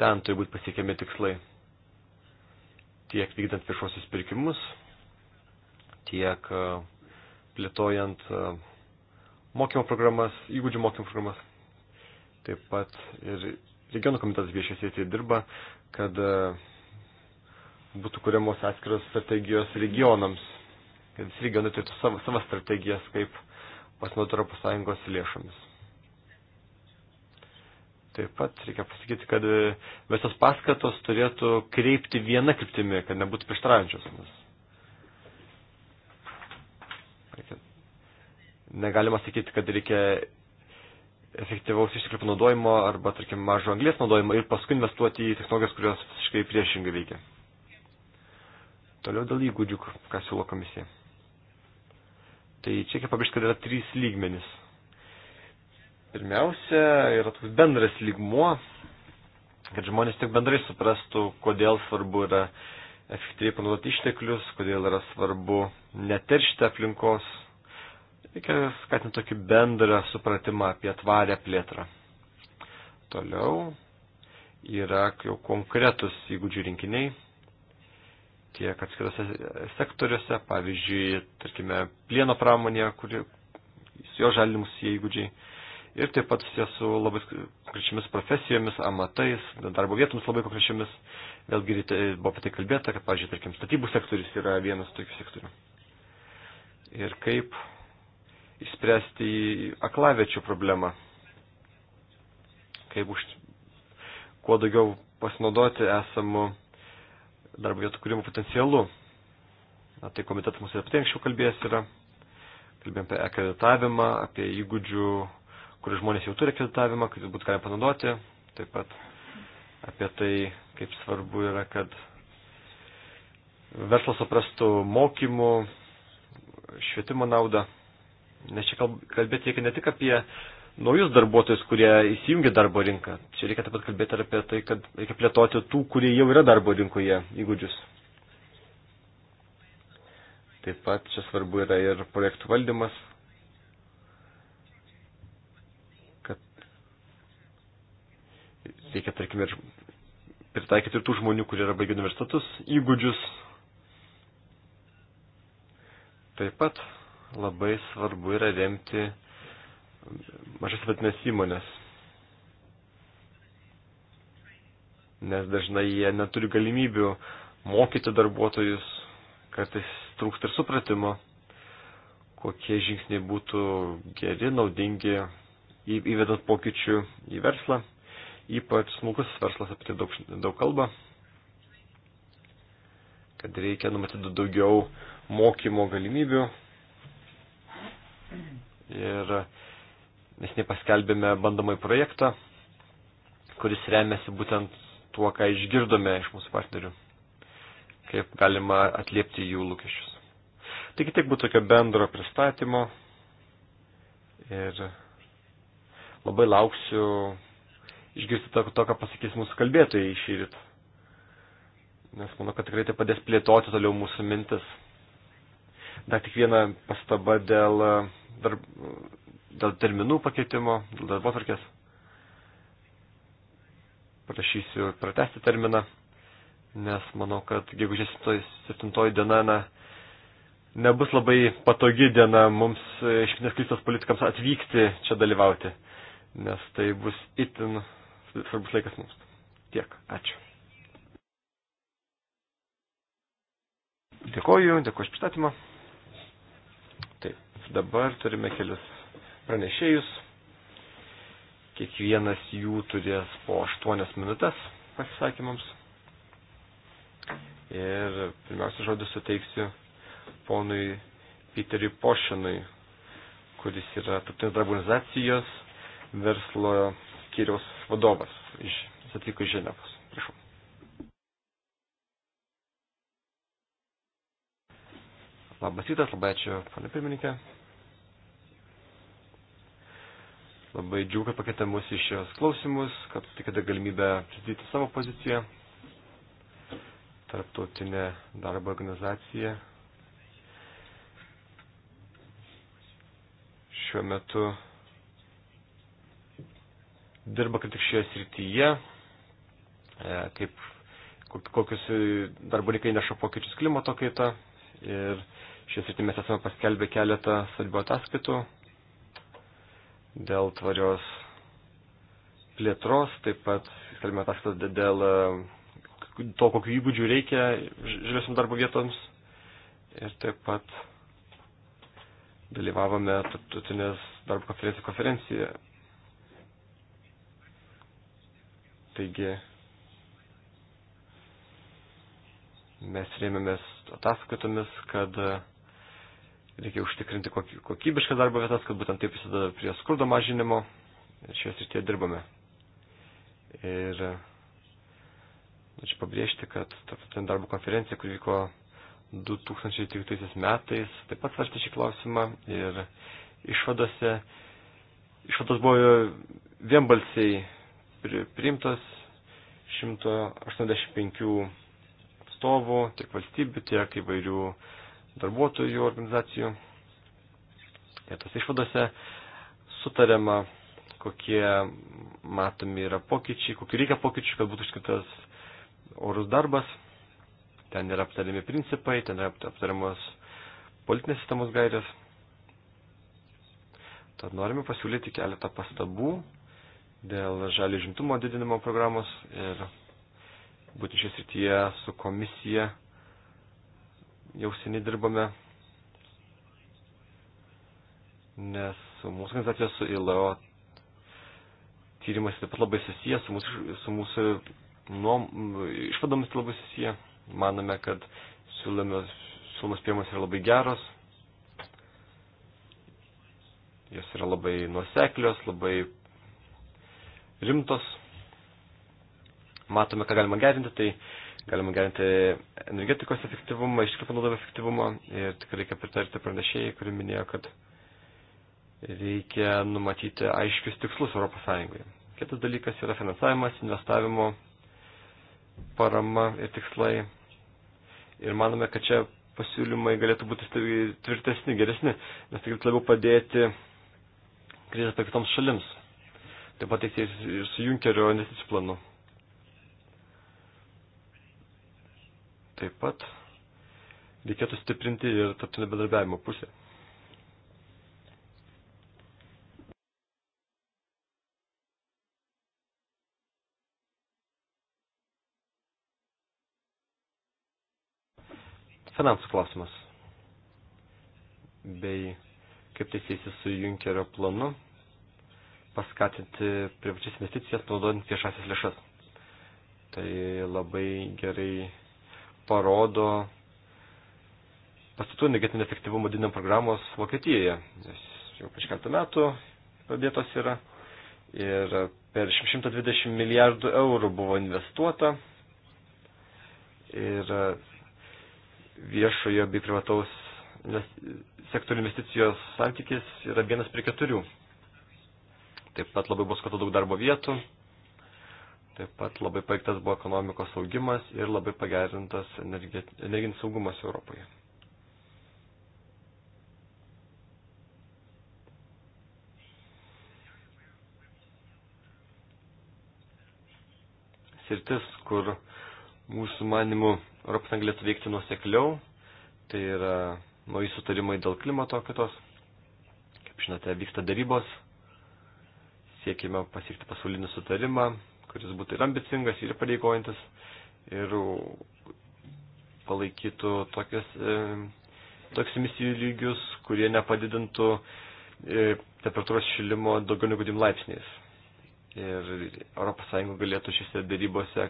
Ten turi būti pasiekiami tikslai. Tiek vykdant viešuosius pirkimus, tiek e, plėtojant e, mokymo programas, įgūdžių mokymo programas. Taip pat ir regionų komitetas viešai sėti dirba, kad uh, būtų kuriamos atskiros strategijos regionams, kad visi regionai turėtų savo, savo strategijas, kaip pasinaudoti Europos Sąjungos lėšomis. Taip pat reikia pasakyti, kad e, visos paskatos turėtų kreipti vieną kryptimį, kad nebūtų prieštraujančios mus. Negalima sakyti, kad reikia efektyvaus išteklių panaudojimo arba, tarkim, mažo anglės naudojimo ir paskui investuoti į technologijas, kurios visiškai priešingai veikia. Toliau dėl įgūdžių, ką siūlo komisija. Tai čia reikia pabrėžti, kad yra trys lygmenys. Pirmiausia, yra toks bendras lygmuo, kad žmonės tik bendrai suprastų, kodėl svarbu yra efektyviai panaudoti išteklius, kodėl yra svarbu neteršti aplinkos. Reikia skatinti tokį bendrą supratimą apie tvarę plėtrą. Toliau yra jau konkretus įgūdžių rinkiniai, tiek atskirose sektoriuose, pavyzdžiui, tarkime, plieno pramonėje, kuri su jo žalimus įgūdžiai. Ir taip pat susijęs su labai konkrečiamis profesijomis, amatais, darbo vietomis labai konkrečiamis. Vėlgi buvo apie tai kalbėta, kad, pavyzdžiui, tarkim, statybų sektorius yra vienas tokių sektorių. Ir kaip įspręsti aklavečių problemą. Kaip už kuo daugiau pasinaudoti esamų darbo vietų kūrimo potencialu. Na, tai komitetas mūsų apie tai anksčiau kalbėjęs yra. Kalbėjom apie akreditavimą, apie įgūdžių, kur žmonės jau turi akreditavimą, kad jis būtų galima panaudoti. Taip pat apie tai, kaip svarbu yra, kad verslas suprastų mokymų, švietimo naudą. Nes čia kalbėti reikia ne tik apie naujus darbuotojus, kurie įsijungia darbo rinką. Čia reikia taip pat kalbėti ir apie tai, kad reikia plėtoti tų, kurie jau yra darbo rinkoje įgūdžius. Taip pat čia svarbu yra ir projektų valdymas, kad reikia, tarkim, ir pritaikyti ir tų žmonių, kurie yra baigę universitetus, įgūdžius. Taip pat labai svarbu yra remti mažas vatinės įmonės. Nes dažnai jie neturi galimybių mokyti darbuotojus, kartais trūksta ir supratimo, kokie žingsniai būtų geri, naudingi įvedant pokyčių į verslą. Ypač smulkus verslas apie tai daug, daug kalba, kad reikia numatyti daugiau mokymo galimybių. Ir nesnei paskelbėme bandomai projektą, kuris remiasi būtent tuo, ką išgirdome iš mūsų partnerių, kaip galima atliepti jų lūkesčius. Taigi tiek būtų tokio bendro pristatymo ir labai lauksiu išgirsti to, to ką pasakys mūsų kalbėtojai šį rytą. Nes manau, kad tikrai tai padės plėtoti toliau mūsų mintis. Dar tik viena pastaba dėl darb, dėl terminų pakeitimo, dėl darbo tvarkės. Prašysiu pratesti terminą, nes manau, kad gegužės 7 diena na, nebus labai patogi diena mums e, iš Kinės krystos politikams atvykti čia dalyvauti, nes tai bus itin svarbus laikas mums. Tiek. Ačiū. Dėkoju, dėkoju iš pristatymą. Taip, dabar turime kelius pranešėjus. Kiekvienas jų turės po 8 minutės pasisakymams. Ir pirmiausia žodį suteiksiu ponui Piteriui Pošinui, kuris yra tarptautinės darbo organizacijos verslo skyriaus vadovas. Iš, jis atvyko iš Ženevos. Prašau. Labas rytas, labai ačiū, ponė pirmininkė. Labai džiugu, kad pakvietė mus į šios klausimus, kad tikėta galimybę pristatyti savo poziciją. Tarptautinė darbo organizacija šiuo metu dirba kaip tik šioje srityje, e, kaip kokius e, darbo reikai neša pokyčius klimato kaita. Ir šioje srityje mes esame paskelbę keletą svarbių ataskaitų dėl tvarios plėtros, taip pat skelbime ataskaitą dėl e, to, kokiu įgūdžiu reikia žaliosiam darbo vietoms. Ir taip pat dalyvavome tarptautinės darbo konferencijų konferencijoje. Taigi mes rėmėmės ataskaitomis, kad Reikia užtikrinti kokybišką darbo vietas, kad būtent taip visada prie skurdo mažinimo ir šioje srityje dirbame. Ir Ačiū pabrėžti, kad tarptautinė darbo konferencija, kur vyko 2013 metais, taip pat svarstė šį klausimą ir išvadose, išvados buvo vienbalsiai priimtos 185 atstovų, tiek valstybių, tiek įvairių darbuotojų organizacijų. Ir tas išvadose sutariama, kokie matomi yra pokyčiai, kokiu reikia pokyčių, kad būtų iškitas orus darbas. Ten yra aptariami principai, ten yra aptariamos politinės sistemos gairės. Tad norime pasiūlyti keletą pastabų dėl žalį žimtumo didinimo programos ir būtent šią srityje su komisija jau seniai dirbame, nes mūsų organizacija su ILO tyrimas taip pat labai susijęs, su mūsų, su mūsų nuom, išvadomis labai susiję. Manome, kad siūlomis, siūlomis priemonės yra labai geros, jos yra labai nuoseklios, labai rimtos. Matome, ką galima gerinti, tai galima gerinti energetikos efektyvumą, išteklių panaudojimo efektyvumą ir tikrai reikia pritarti pranešėjai, kuri minėjo, kad reikia numatyti aiškius tikslus Europos Sąjungoje. Kitas dalykas yra finansavimas, investavimo parama ir tikslai. Ir manome, kad čia pasiūlymai galėtų būti tvirtesni, geresni, nes tai labiau padėti krizės pakitoms šalims. Taip pat tai ir su Junkerio investicijų planu. Taip pat reikėtų stiprinti ir tarptinio bedarbiavimo pusę. Finansų klausimas. Bei kaip tai siejasi su Junkerio planu paskatinti privačias investicijas naudojant viešasias lėšas. Tai labai gerai parodo pastatų energetinio efektyvumo didinimo programos Vokietijoje. Nes jau prieš keletą metų pradėtos yra ir per 120 milijardų eurų buvo investuota ir viešojo bei privataus sektorių investicijos santykis yra vienas prie keturių. Taip pat labai bus skato daug darbo vietų Taip pat labai paiktas buvo ekonomikos augimas ir labai pagerintas energinis saugumas Europoje. Sirtis, kur mūsų manimų Europos galėtų veikti nuosekliau, tai yra nauji sutarimai dėl klimato kitos. Kaip žinote, vyksta darybos, siekime pasiekti pasaulinį sutarimą, kuris būtų ir ambicingas, ir pareigojantis, ir palaikytų tokias, e, tokius emisijų lygius, kurie nepadidintų e, temperatūros šilimo daugiau negu 2 laipsniais. Ir ES galėtų šiose darybose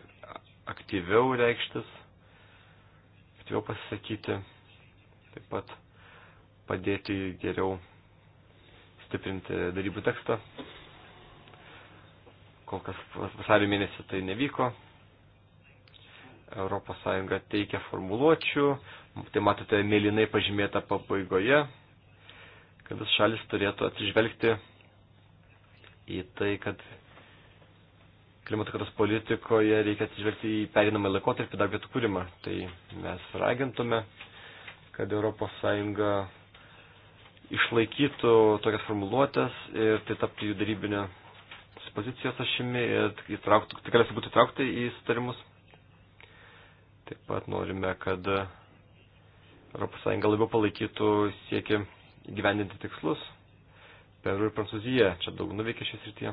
aktyviau reikštis, aktyviau pasisakyti, taip pat padėti geriau stiprinti darybų tekstą kol kas vasario mėnesį tai nevyko. ES teikia formuluočių, tai matote mėlynai pažymėta pabaigoje, kad vis šalis turėtų atsižvelgti į tai, kad klimato kaitos politikoje reikia atsižvelgti į perinamą laikotarpį dar vietų kūrimą. Tai mes ragintume, kad ES išlaikytų tokias formuluotės ir tai taptų jų darybinio pozicijos ašimi ir įtrauktų, tikriausiai būtų įtraukti į sutarimus. Taip pat norime, kad ES labiau palaikytų siekį gyvendinti tikslus. Peru ir Prancūzija čia daug nuveikė šis rytyje.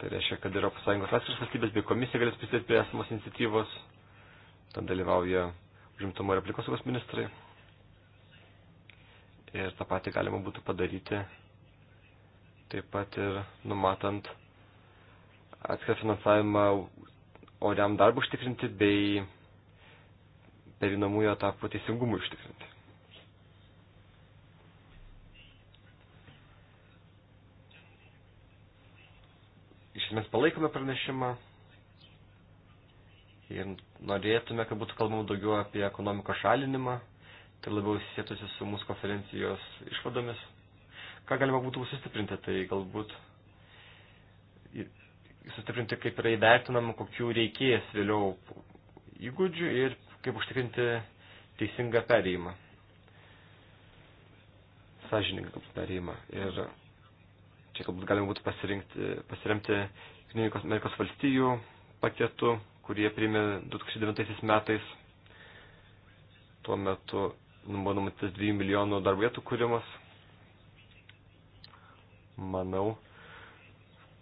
Tai reiškia, kad ES atskiras valstybės bei komisija galės prisidėti prie esamos iniciatyvos. Ten dalyvauja užimtumo ir aplikosaugos ministrai. Ir tą patį galima būtų padaryti taip pat ir numatant atskirą finansavimą oriam darbų užtikrinti bei perinamųjų etapų teisingumų užtikrinti. Iš esmės palaikome pranešimą ir norėtume, kad būtų kalbama daugiau apie ekonomikos šalinimą tai labiau sėtųsi su mūsų konferencijos išvadomis. Ką galima būtų sustiprinti, tai galbūt sustiprinti, kaip yra įvertinama, kokių reikės vėliau įgūdžių ir kaip užtikrinti teisingą perėjimą. Sąžiningą perėjimą. Ir čia galbūt galima būtų pasiremti Junktinės Amerikos valstijų paketu, kurie priėmė 2009 metais. Tuo metu buvo numatytas 2 milijonų darbo vietų kūrimas. Manau,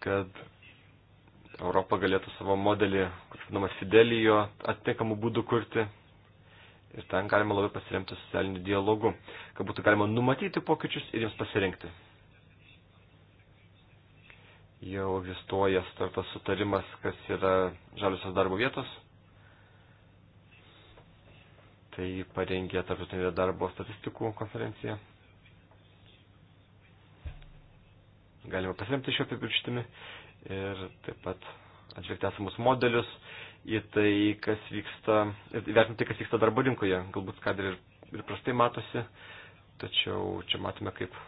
kad Europa galėtų savo modelį, kuris vadinamas Fidelijo, atitinkamų būdų kurti. Ir ten galima labai pasiremti socialiniu dialogu, kad būtų galima numatyti pokyčius ir jiems pasirinkti. Jau egzistuoja startas sutarimas, kas yra žaliosios darbo vietos Tai parengė tarptautinė darbo statistikų konferencija. Galima pasiremti šio apibrištimi ir taip pat atžvelgti esamus modelius į tai, kas vyksta, įvertinti, tai, kas vyksta darbo rinkoje. Galbūt kadri ir, ir prastai matosi, tačiau čia matome, kaip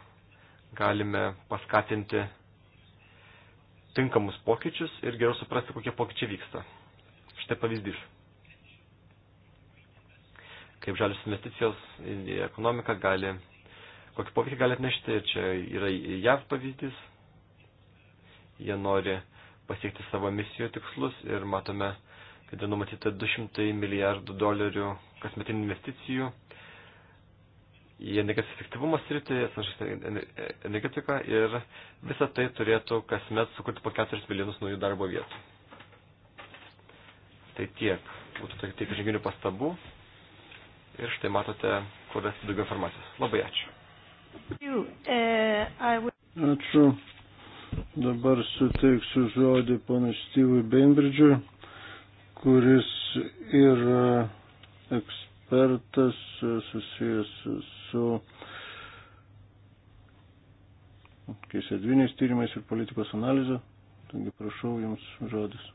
galime paskatinti tinkamus pokyčius ir geriau suprasti, kokie pokyčiai vyksta. Štai pavyzdys kaip žalis investicijos į ekonomiką gali, kokį poveikį gali atnešti. Ir čia yra JAV pavyzdys. Jie nori pasiekti savo misijų tikslus ir matome, kad yra numatyta 200 milijardų dolerių kasmetinių investicijų į energetikos efektyvumo sritį, energetiką ir visą tai turėtų kasmet sukurti po 4 milijonus naujų darbo vietų. Tai tiek būtų tokių tiek žinginių pastabų ir štai matote, kur rasti daugiau informacijos. Labai ačiū. Ačiū. Dabar suteiksiu žodį ponui Steve'ui Bainbridžiui, kuris yra ekspertas susijęs su kaisėdviniais tyrimais ir politikos analizė. Taigi prašau jums žodis.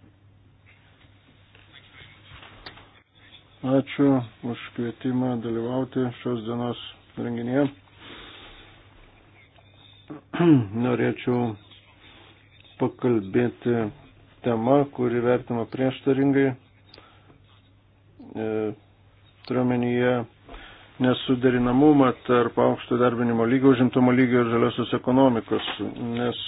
Ačiū už kvietimą dalyvauti šios dienos renginėje. Norėčiau pakalbėti tema, kuri vertima prieštaringai. E, Turiuomenyje nesuderinamumą tarp aukšto darbinimo lygio, užimtumo lygio ir žaliosios ekonomikos, nes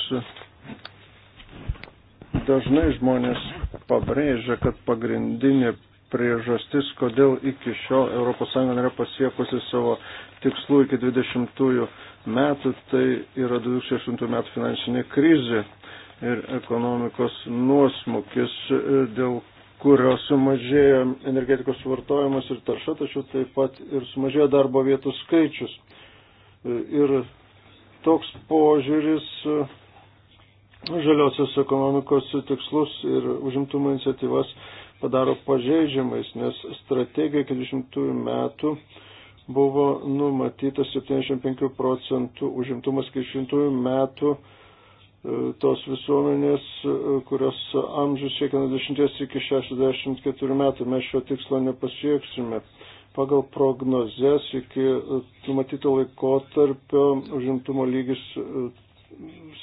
dažnai žmonės pabrėžia, kad pagrindinė priežastis, kodėl iki šiol ES nėra pasiekusi savo tikslų iki 20 metų, tai yra 2008 metų finansinė krizė ir ekonomikos nuosmukis, e, dėl kurio sumažėjo energetikos suvartojimas ir tarša, tačiau taip pat ir sumažėjo darbo vietų skaičius. E, ir toks požiūris e, žaliosios ekonomikos tikslus ir užimtumo iniciatyvas padaro pažeidžiamais, nes strategija 40 metų buvo numatytas 75 procentų užimtumas 40 metų e, tos visuomenės, e, kurios amžius siekia nuo 10 iki 64 metų. Mes šio tikslo nepasieksime. Pagal prognozes iki e, numatyto laikotarpio užimtumo lygis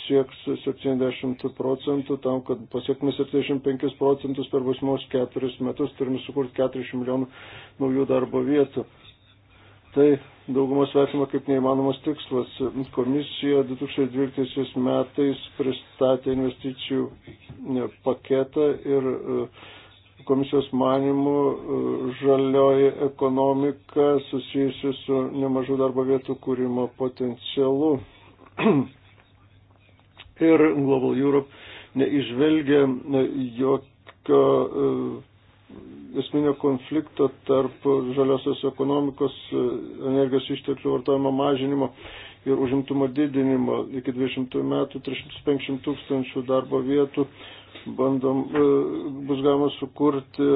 sieks 70 procentų, tam, kad pasiektume 75 procentus per būsimus keturis metus, turime sukurti 40 milijonų naujų darbo vietų. Tai daugumas vertima kaip neįmanomas tikslas. Komisija 2012 metais pristatė investicijų e, paketą ir e, komisijos manimų e, žalioji ekonomika susijusi su nemažu darbo vietų kūrimo potencialu. ir Global Europe neižvelgia jokio e, esminio konflikto tarp žaliosios ekonomikos, e, energijos išteklių vartojimo mažinimo ir užimtumo didinimo. Iki 20 metų 350 tūkstančių darbo vietų bandom, e, bus galima sukurti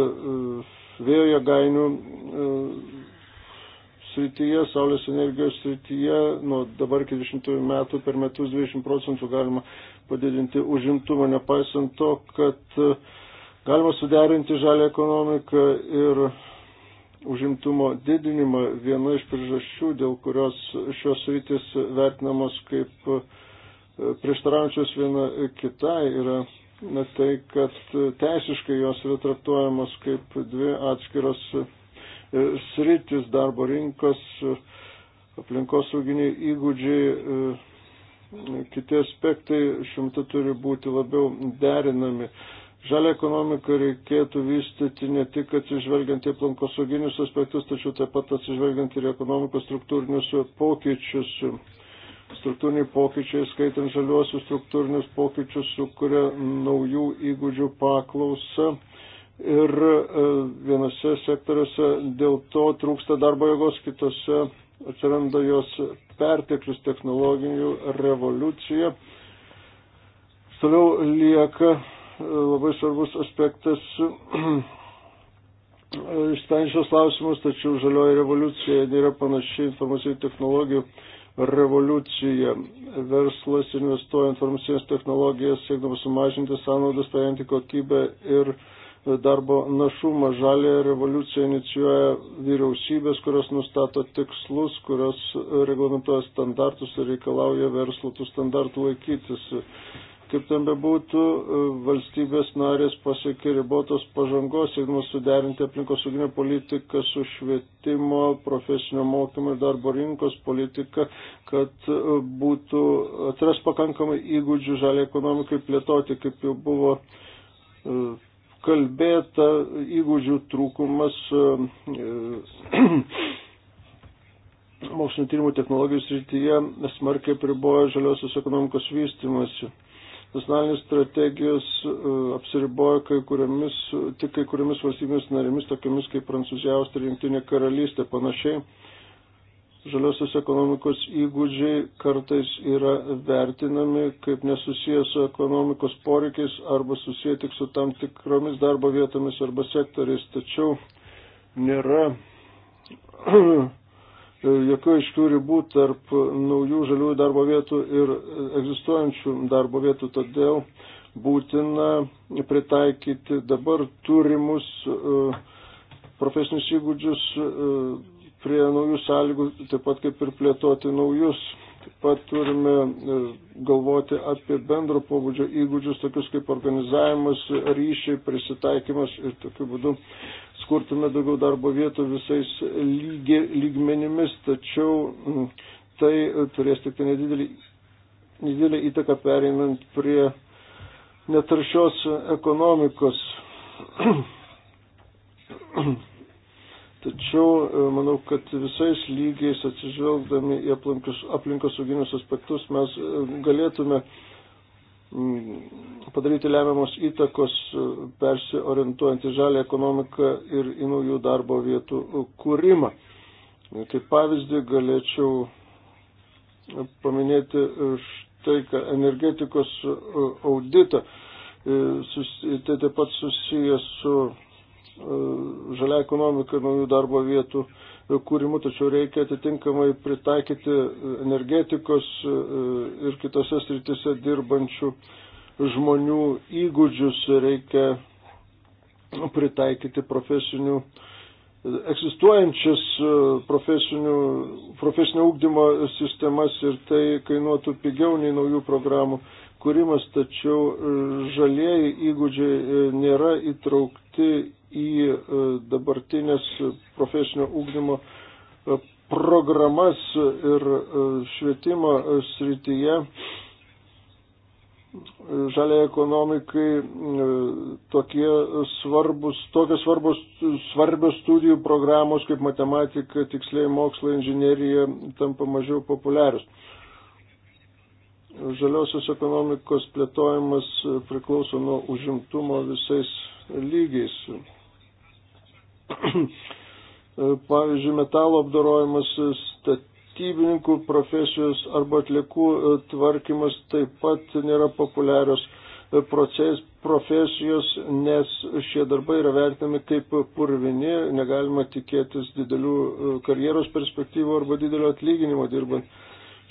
vėjo jėgainių srityje, saulės energijos srityje, nuo dabar iki 20 metų per metus 20 procentų galima padidinti užimtumą, nepaisant to, kad e, galima suderinti žalę ekonomiką ir užimtumo didinimą. Viena iš priežasčių, dėl kurios šios sritis vertinamos kaip e, prieštaraujančios viena kitai, yra tai, kad e, teisiškai jos yra traktuojamos kaip dvi atskiros E, sritis darbo rinkos, e, aplinkosauginiai įgūdžiai, e, kiti aspektai šimta turi būti labiau derinami. Žalia ekonomika reikėtų vystyti ne tik atsižvelgiant į aplinkosauginius aspektus, tačiau taip pat atsižvelgiant ir ekonomikos struktūrinius pokyčius. Struktūriniai pokyčiai, skaitant žaliuosius struktūrinius pokyčius, sukuria naujų įgūdžių paklausą ir e, vienose sektoriuose dėl to trūksta darbo jėgos, kitose atsiranda jos perteklius technologijų revoliucija. Toliau lieka e, labai svarbus aspektas išsprendžios klausimus, tačiau žalioji revoliucija yra panaši informacinių technologijų revoliucija. Verslas investuoja informacinės technologijas, siekdamas sumažinti sąnaudas, pajamti tai kokybę ir uh, darbo našumą. Žalė revoliucija inicijuoja vyriausybės, kurios nustato tikslus, kurios reglamentuoja standartus ir reikalauja verslo tų standartų laikytis. Kaip ten bebūtų, valstybės narės pasiekė ribotos pažangos, siekdamas suderinti aplinkosauginę politiką su švietimo, profesinio mokymo ir darbo rinkos politika, kad būtų atras pakankamai įgūdžių žalį ekonomikai plėtoti, kaip jau buvo e, kalbėta, įgūdžių trūkumas e, mokslinio tyrimų technologijų srityje smarkiai priboja žaliosios ekonomikos vystimasi. Nacionalinės strategijos e, apsiriboja kai kuriamis, tik kai kuriamis valstybėmis narėmis, tokiamis kaip Prancūzija, Austrija, Junktinė karalystė. Panašiai žaliosios ekonomikos įgūdžiai kartais yra vertinami kaip nesusijęs su ekonomikos poreikiais arba susiję tik su tam tikromis darbo vietomis arba sektoriais, tačiau nėra jokių aiškių ribų tarp naujų žaliųjų darbo vietų ir egzistuojančių darbo vietų, todėl būtina pritaikyti dabar turimus uh, profesinius įgūdžius uh, prie naujų sąlygų, taip pat kaip ir plėtoti naujus. Taip pat turime e, galvoti apie bendro pobūdžio įgūdžius, tokius kaip organizavimas, ryšiai, prisitaikymas ir tokiu būdu skurtume daugiau darbo vietų visais lygi, lygmenimis, tačiau tai turės tik tai nedidelį, nedidelį įtaką pereinant prie netaršios ekonomikos. Tačiau e, manau, kad visais lygiais atsižvelgdami į aplinkosauginius aspektus mes e, galėtume padaryti lemiamos įtakos e, persiorientuojant į žalę ekonomiką ir į naujų darbo vietų kūrimą. Kaip pavyzdį galėčiau paminėti štai ką energetikos auditą. Tai taip pat susijęs su E, žalia ekonomika ir naujų darbo vietų kūrimu, tačiau reikia atitinkamai pritaikyti energetikos e, ir kitose sritise dirbančių žmonių įgūdžius, reikia pritaikyti profesinių egzistuojančias e, profesinio ūkdymo sistemas ir tai kainuotų pigiau nei naujų programų kūrimas, tačiau žalieji įgūdžiai nėra įtrauk, įtraukti į e, dabartinės profesinio ūkdymo e, programas ir e, švietimo srityje žaliai ekonomikai tokie svarbus, tokios svarbus, svarbios studijų programos kaip matematika, tiksliai mokslai, inžinierija tampa mažiau populiarius. Žaliosios ekonomikos plėtojimas priklauso nuo užimtumo visais lygiais. Pavyzdžiui, metalo apdarojimas statybininkų profesijos arba atliekų e, tvarkymas taip pat nėra populiarios e, proces, profesijos, nes šie darbai yra vertinami kaip purvini, negalima tikėtis didelių e, karjeros perspektyvų arba didelio atlyginimo dirbant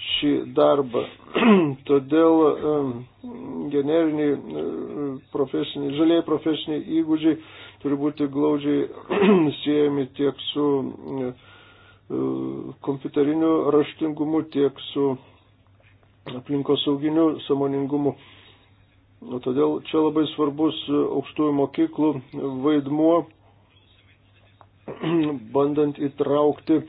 šį darbą. Todėl generiniai e, profesiniai, žalieji profesiniai įgūdžiai turi būti glaudžiai siejami tiek su e, e, kompiuteriniu raštingumu, tiek su aplinkosauginiu samoningumu. Todėl čia labai svarbus aukštųjų mokyklų vaidmuo, bandant įtraukti uh,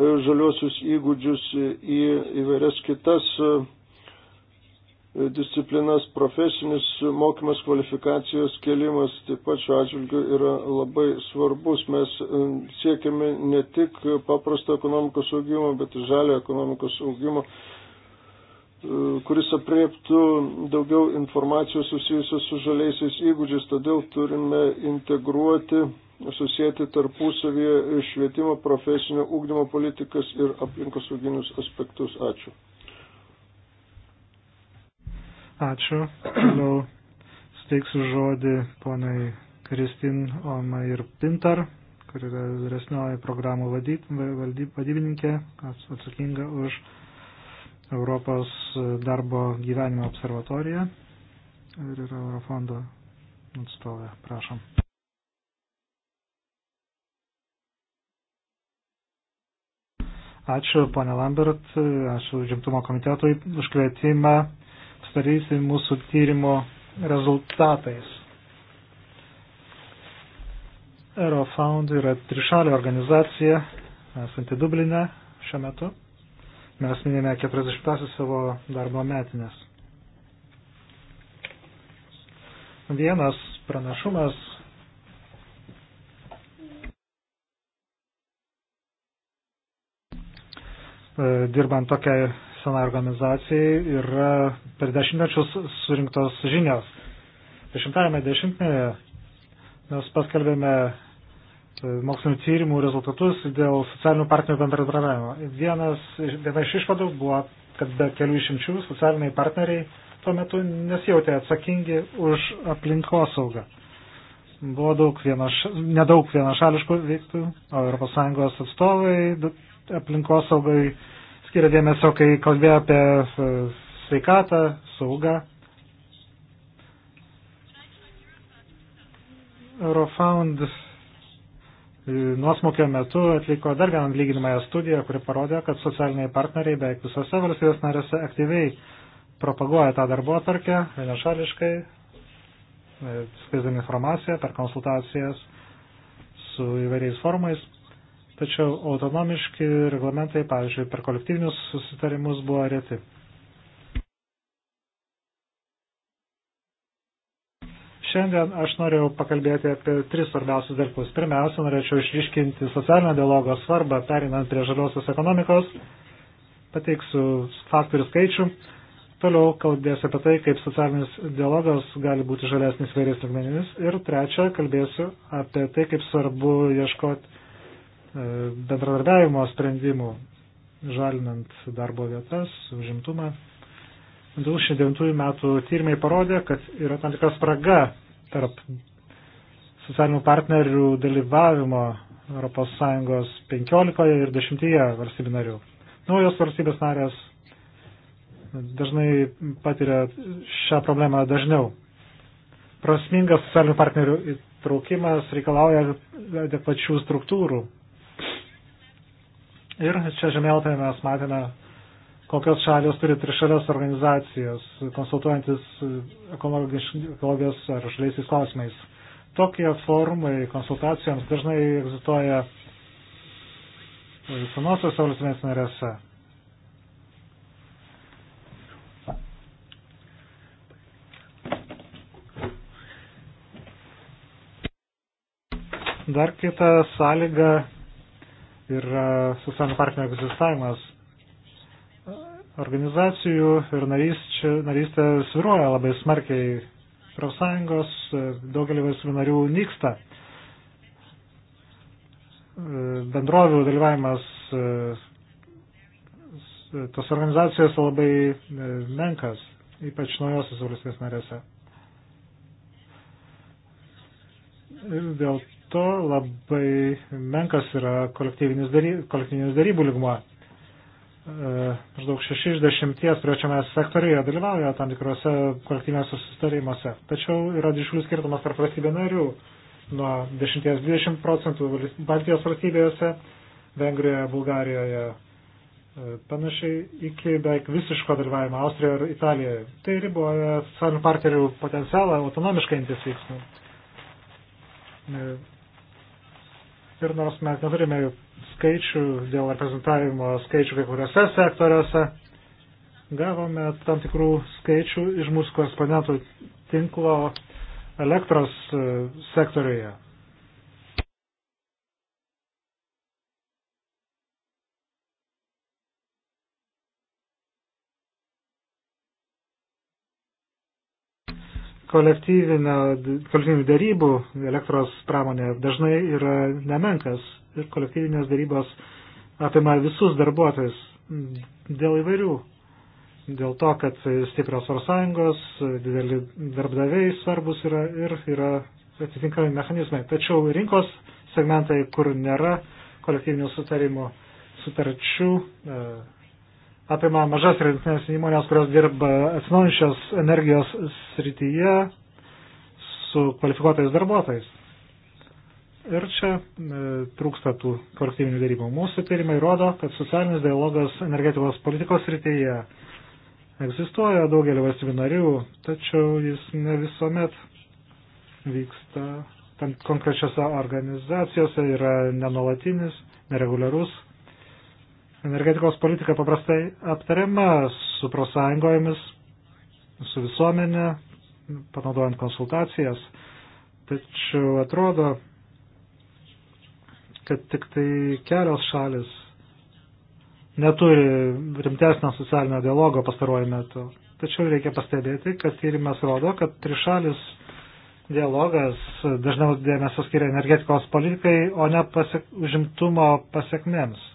žaliosius įgūdžius į įvairias kitas e, disciplinas, profesinis mokymas, kvalifikacijos kelimas taip pat šiuo atžvilgiu yra labai svarbus. Mes e, siekiame ne tik paprasto ekonomikos augimo, bet ir žalio ekonomikos augimo e, kuris apriektų daugiau informacijos susijusios su žaliaisiais įgūdžiais, todėl turime integruoti susijęti tarpusavyje švietimo, profesinio ūkdymo politikas ir aplinkosauginius aspektus. Ačiū. Ačiū. Toliau steiksiu žodį ponai Kristin Oma ir Pintar, kuri yra vyresnioji programų vadyb, vadybininkė, atsakinga už Europos darbo gyvenimo observatoriją ir yra Eurofondo atstovė. Prašom. Ačiū, ponė Lambert, ačiū Žimtumo komitetui už kvietimą starysi mūsų tyrimo rezultatais. Eurofound yra trišalė organizacija, esanti Dublinė šiuo metu. Mes minėjome 40-asias savo darbo metinės. Vienas pranašumas E, dirbant tokiai senai organizacijai yra per dešimtmečius surinktos žinios. Dešimtajame dešimtmetyje mes paskelbėme e, mokslinių tyrimų rezultatus dėl socialinių partnerių bendradarbiavimo. Viena iš išvadų buvo, kad be kelių išimčių socialiniai partneriai tuo metu nesijautė atsakingi už aplinkosaugą. Buvo daug vienaš, nedaug vienašališkų veiksmų, o ES atstovai aplinkosaugai skiria dėmesio, kai kalbėjo apie e, sveikatą, saugą. Eurofound e, nuosmukio metu atliko dar vieną lyginamąją studiją, kuri parodė, kad socialiniai partneriai beveik visose valstybės narėse aktyviai propaguoja tą darbo atvarkę vienašališkai, e, skaisdami informaciją per konsultacijas su įvairiais formais tačiau autonomiški reglamentai, pavyzdžiui, per kolektyvinius susitarimus buvo reti. Šiandien aš norėjau pakalbėti apie tris svarbiausius dalykus. Pirmiausia, norėčiau išriškinti socialinio dialogo svarbą, perinant prie žaliosios ekonomikos. Pateiksiu faktorių skaičių. Toliau kalbėsiu apie tai, kaip socialinis dialogas gali būti žalesnis vairiais lygmenimis. Ir trečia, kalbėsiu apie tai, kaip svarbu ieškoti E, bendradarbiavimo sprendimų, žalinant darbo vietas, užimtumą. 2009 metų tyrimai parodė, kad yra tam tikra spraga tarp socialinių partnerių dalyvavimo ES 15 ir 10 valstybių narių. Naujos valstybės narės dažnai patiria šią problemą dažniau. Prasmingas socialinių partnerių įtraukimas reikalauja adekvačių struktūrų Ir čia žemėlapėje mes matėme, kokios šalios turi trišalės organizacijas, konsultuojantis ekologijos ar žaliaisiais klausimais. Tokie formai konsultacijoms dažnai egzistuoja senosios valstybės narėse. Dar kita sąlyga yra socialinių partnerių egzistavimas. Organizacijų ir narystė sviruoja labai smarkiai. Profsąjungos daugelį valstybių narių nyksta. Bendrovių dalyvavimas tos organizacijos labai menkas, ypač naujosios valstybės narėse. Ir dėl to labai menkas yra kolektyvinis darybų lygmo. E, maždaug 6 iš 10 privačiame sektoriuje dalyvauja tam tikrose kolektyvinėse susitarimuose. Tačiau yra didžiulis skirtumas tarp valstybių narių nuo 10-20 procentų Baltijos valstybėse, Vengrijoje, Bulgarijoje, e, panašiai iki beveik visiško dalyvavimo Austrijoje ir Italijoje. Tai riboja socialinių partnerių potencialą autonomiškai imtis veiksmų. E, Ir nors mes neturime skaičių dėl reprezentavimo skaičių kai kuriuose sektoriuose, gavome tam tikrų skaičių iš mūsų korespondentų tinklo elektros e, sektoriuje. kolektyvinių darybų elektros pramonė dažnai yra nemenkas ir kolektyvinės darybos apima visus darbuotojus dėl įvairių. Dėl to, kad stiprios sąjungos, dideli darbdaviai svarbus yra ir yra atitinkami mechanizmai. Tačiau rinkos segmentai, kur nėra kolektyvinių sutarimų, sutarčių, e, apima mažas ir vidutinės įmonės, kurios dirba atsinaujančios energijos srityje su kvalifikuotais darbuotojais. Ir čia e, trūksta tų kolektyvinių darybų. Mūsų tyrimai rodo, kad socialinis dialogas energetikos politikos srityje egzistuoja daugelį valstybių narių, tačiau jis ne visuomet vyksta tam konkrečiose organizacijose, yra nenolatinis, nereguliarus Energetikos politika paprastai aptariama su profsąjungomis, su visuomenė, panaudojant konsultacijas. Tačiau atrodo, kad tik tai kelios šalis neturi rimtesnio socialinio dialogo pastaruoju metu. Tačiau reikia pastebėti, kad tyrimas rodo, kad trišalis dialogas dažniau dėmesio skiria energetikos politikai, o ne pasiek, užimtumo pasiekmėms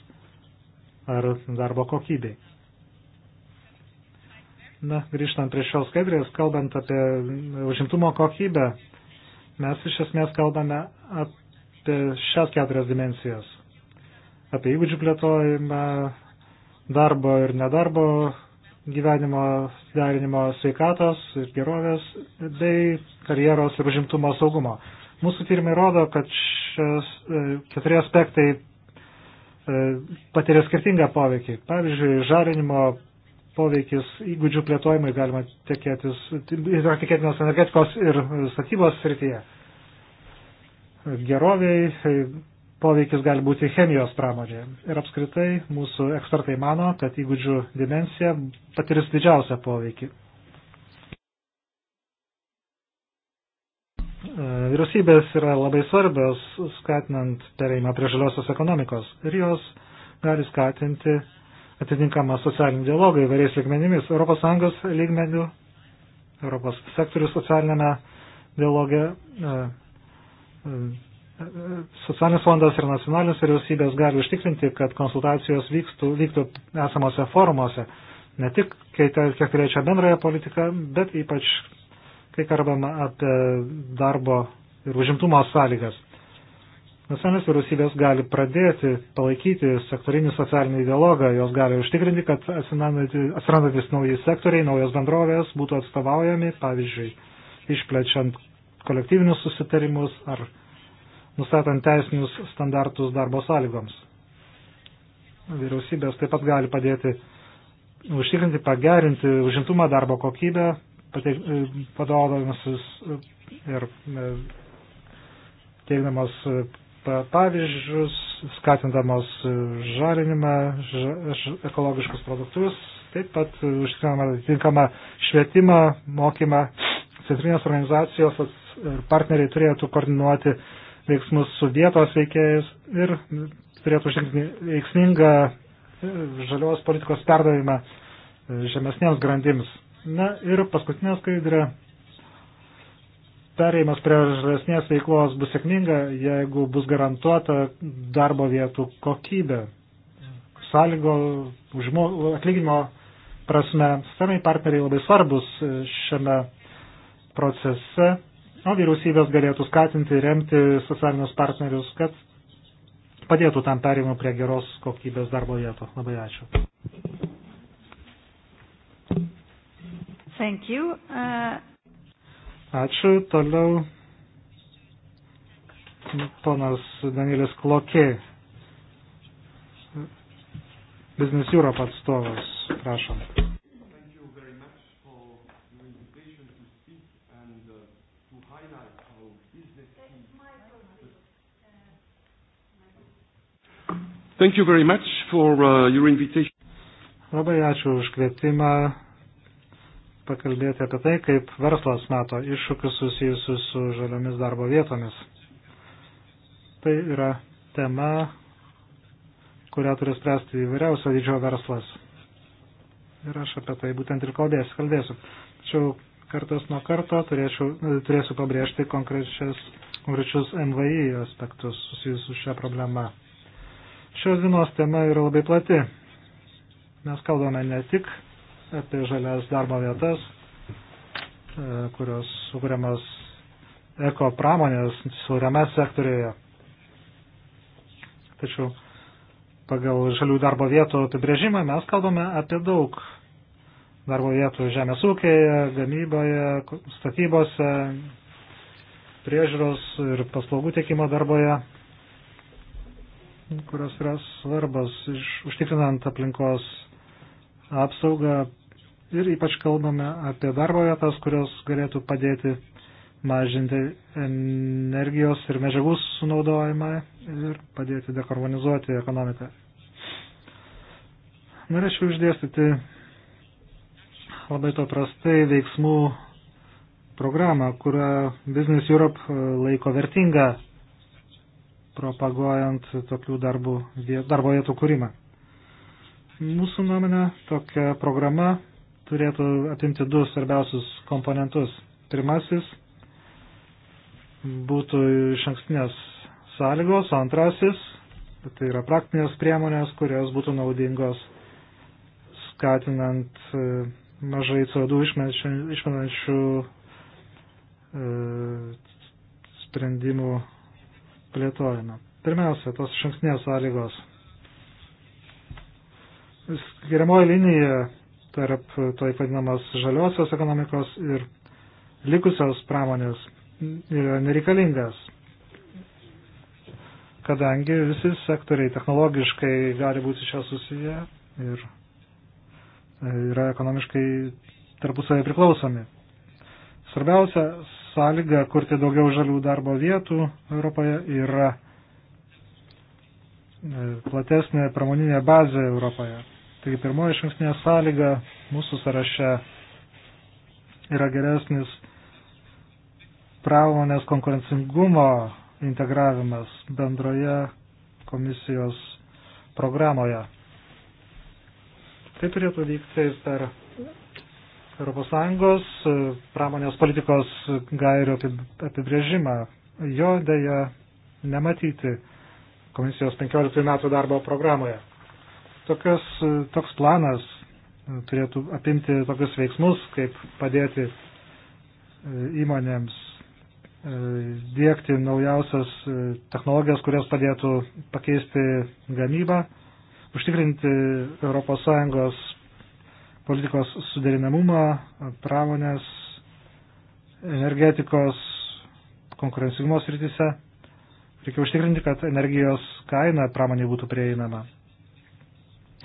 ar darbo kokybei. Na, grįžtant prie šios skaidrės, kalbant apie užimtumo kokybę, mes iš esmės kalbame apie šias keturias dimensijas. Apie įgūdžių plėtojimą, darbo ir nedarbo gyvenimo derinimo sveikatos ir gerovės bei karjeros ir užimtumo saugumo. Mūsų tyrimai rodo, kad šios e, keturi aspektai E, patiria skirtingą poveikį. Pavyzdžiui, žarinimo poveikis įgūdžių plėtojimai galima tikėtis, yra tikėtinas energetikos ir statybos srityje. Geroviai e, poveikis gali būti chemijos pramonėje. Ir apskritai mūsų ekspertai mano, kad įgūdžių dimensija patiris didžiausią poveikį. Vyriausybės yra labai svarbios skatinant pereimą prie žaliosios ekonomikos ir jos gali skatinti atitinkamą socialinį dialogą įvairiais lygmenimis. ES lygmenių, Europos sektorių socialinėme dialoge, e, e, socialinis fondas ir nacionalinis vyriausybės gali užtikrinti, kad konsultacijos vykstų, vyktų esamose formose, ne tik kiek turėčia bendrąją politiką, bet ypač kai kalbama apie darbo ir užimtumo sąlygas. Nacionalinės vyriausybės gali pradėti palaikyti sektorinį socialinį dialogą, jos gali užtikrinti, kad atsirandantis nauji sektoriai, naujos bendrovės būtų atstovaujami, pavyzdžiui, išplečiant kolektyvinius susitarimus ar nustatant teisinius standartus darbo sąlygoms. Vyriausybės taip pat gali padėti užtikrinti, pagerinti užimtumą darbo kokybę, vadovaudomis ir e, teikdamos e, pavyzdžius, skatindamos e, žalinimą, ekologiškus produktus, taip pat e, užtikrinama atitinkamą švietimą, mokymą. Centrinės organizacijos ir partneriai turėtų koordinuoti veiksmus su vietos veikėjais ir turėtų užtikrinti veiksmingą žalios politikos perdavimą žemesniems grandims. Na ir paskutinė skaidrė pereimas prie žalesnės veiklos bus sėkminga, jeigu bus garantuota darbo vietų kokybė. Sąlygo žmo, atlyginimo prasme, sistemai partneriai labai svarbus šiame procese, o vyriausybės galėtų skatinti ir remti socialinius partnerius, kad padėtų tam pereimui prie geros kokybės darbo vietos. Labai ačiū. Thank you. Uh... Ačiū. Toliau ponas Danielis Klokė, Business Europe atstovas. Prašom. Thank you very much for uh, uh, your invitation. Labai ačiū už kvietimą pakalbėti apie tai, kaip verslas mato iššūkius susijusius su žaliomis darbo vietomis. Tai yra tema, kurią turi spręsti įvairiausio didžio verslas. Ir aš apie tai būtent ir kalbėsiu. kalbėsiu. Tačiau kartas nuo karto turėčiau, turėsiu pabrėžti konkrečius MVI aspektus susijusius su šia problema. Šios dienos tema yra labai plati. Mes kalbame ne tik apie žalias darbo vietas, e, kurios sukūriamas eko pramonės siauriame sektorėje. Tačiau pagal žalių darbo vietų apibrėžimą mes kalbame apie daug darbo vietų žemės ūkėje, gamyboje, statybose, priežiūros ir paslaugų tiekimo darboje, kurios yra svarbos iš, užtikrinant aplinkos apsaugą, ir ypač kalbame apie darbo vietas, kurios galėtų padėti mažinti energijos ir medžiagų sunaudojimą ir padėti dekarbonizuoti ekonomiką. Norėčiau išdėstyti labai paprastai veiksmų programą, kurią Business Europe e, laiko vertinga propaguojant tokių darbų, darbo vietų kūrimą. Mūsų nuomenė tokia programa turėtų apimti du svarbiausius komponentus. Pirmasis būtų iš ankstinės sąlygos, o antrasis tai yra praktinės priemonės, kurios būtų naudingos skatinant e, mažai CO2 išmenančių e, sprendimų plėtojimą. Pirmiausia, tos šanksnės sąlygos. Skiriamoji linija tarp taip vadinamos žaliosios ekonomikos ir likusios pramonės yra nereikalingas, kadangi visi sektoriai technologiškai gali būti čia susiję ir e, yra ekonomiškai tarpusavai priklausomi. Svarbiausia sąlyga kurti daugiau žalių darbo vietų Europoje yra e, platesnė pramoninė bazė Europoje. Taigi pirmoji išankstinė sąlyga mūsų sąraše yra geresnis pramonės konkurencingumo integravimas bendroje komisijos programoje. Tai turėtų vykti per ES e, pramonės politikos gairių apibrėžimą. Jo dėja nematyti komisijos 15 metų darbo programoje. Tokios, e, toks planas e, turėtų apimti tokius veiksmus, kaip padėti e, įmonėms dėkti naujausias technologijas, kurios padėtų pakeisti gamybą, užtikrinti ES politikos suderinamumą, pramonės, energetikos, konkurencingumo srityse. Reikia užtikrinti, kad energijos kaina pramonė būtų prieinama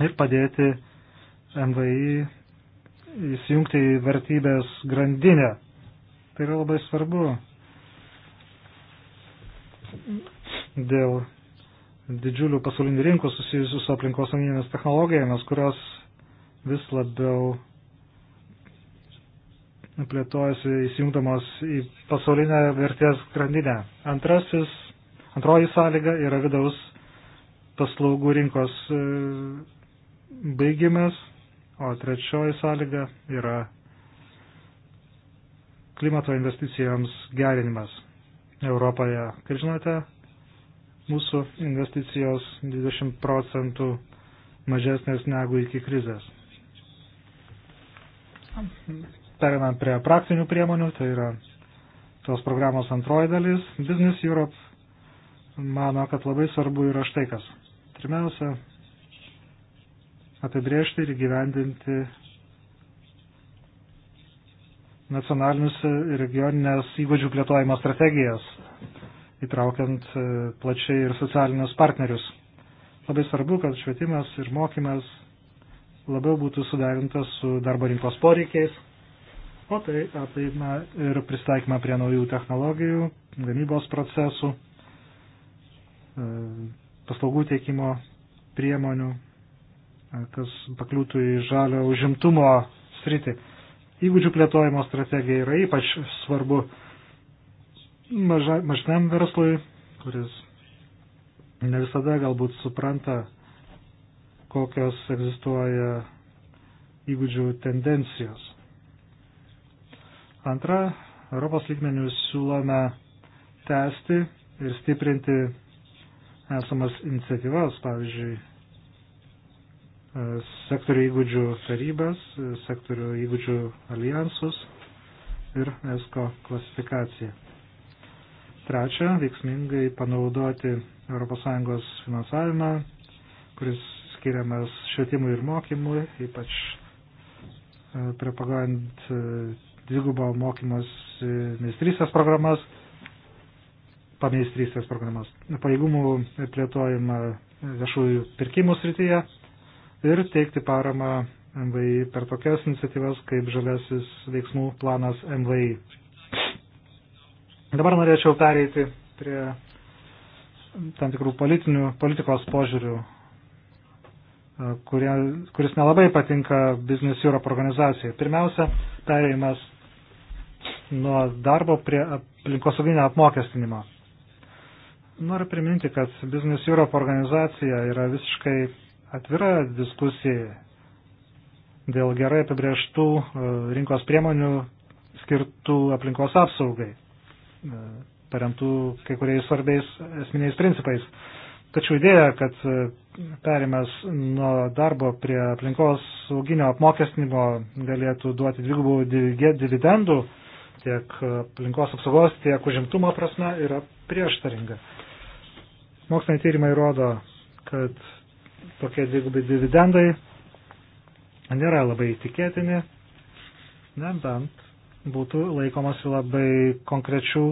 ir padėti MVI įsijungti į vertybės grandinę. Tai yra labai svarbu dėl didžiulių pasaulinių rinkų susijusių su aplinkosauginėmis technologijomis, kurios vis labiau plėtojasi įsijungdamos į pasaulinę vertės grandinę. Antrasis, antroji sąlyga yra vidaus paslaugų rinkos baigimas, o trečioji sąlyga yra klimato investicijoms gerinimas Europoje. Kaip žinote, mūsų investicijos 20 procentų mažesnės negu iki krizės. Perinant prie praktinių priemonių, tai yra tos programos antroji dalis, Business Europe mano, kad labai svarbu yra štai kas. Pirmiausia, apibriežti ir gyvendinti nacionalinius ir regioninės įgūdžių plėtojimo strategijas, įtraukiant e, plačiai ir socialinius partnerius. Labai svarbu, kad švietimas ir mokymas labiau būtų suderintas su darbo rinkos poreikiais, o tai apima ir pristaikymą prie naujų technologijų, gamybos procesų, e, paslaugų teikimo priemonių kas pakliūtų į žalio užimtumo sritį. Įgūdžių plėtojimo strategija yra ypač svarbu maža, mažnam verslui, kuris ne visada galbūt supranta, kokios egzistuoja įgūdžių tendencijos. Antra, Europos lygmenių siūlome tęsti ir stiprinti esamas iniciatyvas, pavyzdžiui, sektorių įgūdžių tarybas, sektorių įgūdžių alijansus ir ESCO klasifikaciją. Trečia, veiksmingai panaudoti ES finansavimą, kuris skiriamas švietimui ir mokymui, ypač e, propagant e, dvigubo mokymos meistrystės programas, pameistrystės programas, pajėgumų plėtojimą viešųjų pirkimų srityje ir teikti paramą MVI per tokias iniciatyvas kaip žalesis veiksmų planas MVI. Dabar norėčiau pereiti prie tam tikrų politinių, politikos požiūrių, kurie, kuris nelabai patinka Business Europe organizacijai. Pirmiausia, perėjimas nuo darbo prie aplinkosauginio apmokestinimo. Noriu priminti, kad Business Europe organizacija yra visiškai atvira diskusija dėl gerai apibrieštų e, rinkos priemonių skirtų aplinkos apsaugai, e, paremtų kai kuriais svarbiais esminiais principais. Tačiau idėja, kad e, perimės nuo darbo prie aplinkos sauginio apmokestinimo galėtų duoti dvigubų dividendų tiek aplinkos apsaugos, tiek užimtumo prasme yra prieštaringa. Moksliniai tyrimai rodo, kad tokie dvigubi dividendai nėra labai tikėtini, nebent būtų laikomasi labai konkrečių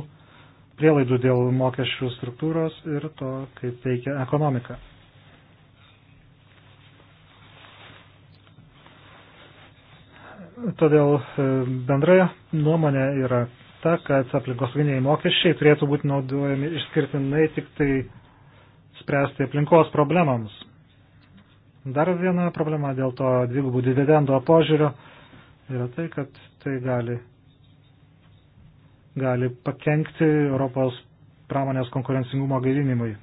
prielaidų dėl mokesčių struktūros ir to, kaip veikia ekonomika. Todėl e, bendra nuomonė yra ta, kad aplinkosauginiai mokesčiai turėtų būti naudojami išskirtinai tik tai spręsti aplinkos problemams. Dar viena problema dėl to dvigubų dividendo požiūrio yra tai, kad tai gali, gali pakengti Europos pramonės konkurencingumo gaivinimui.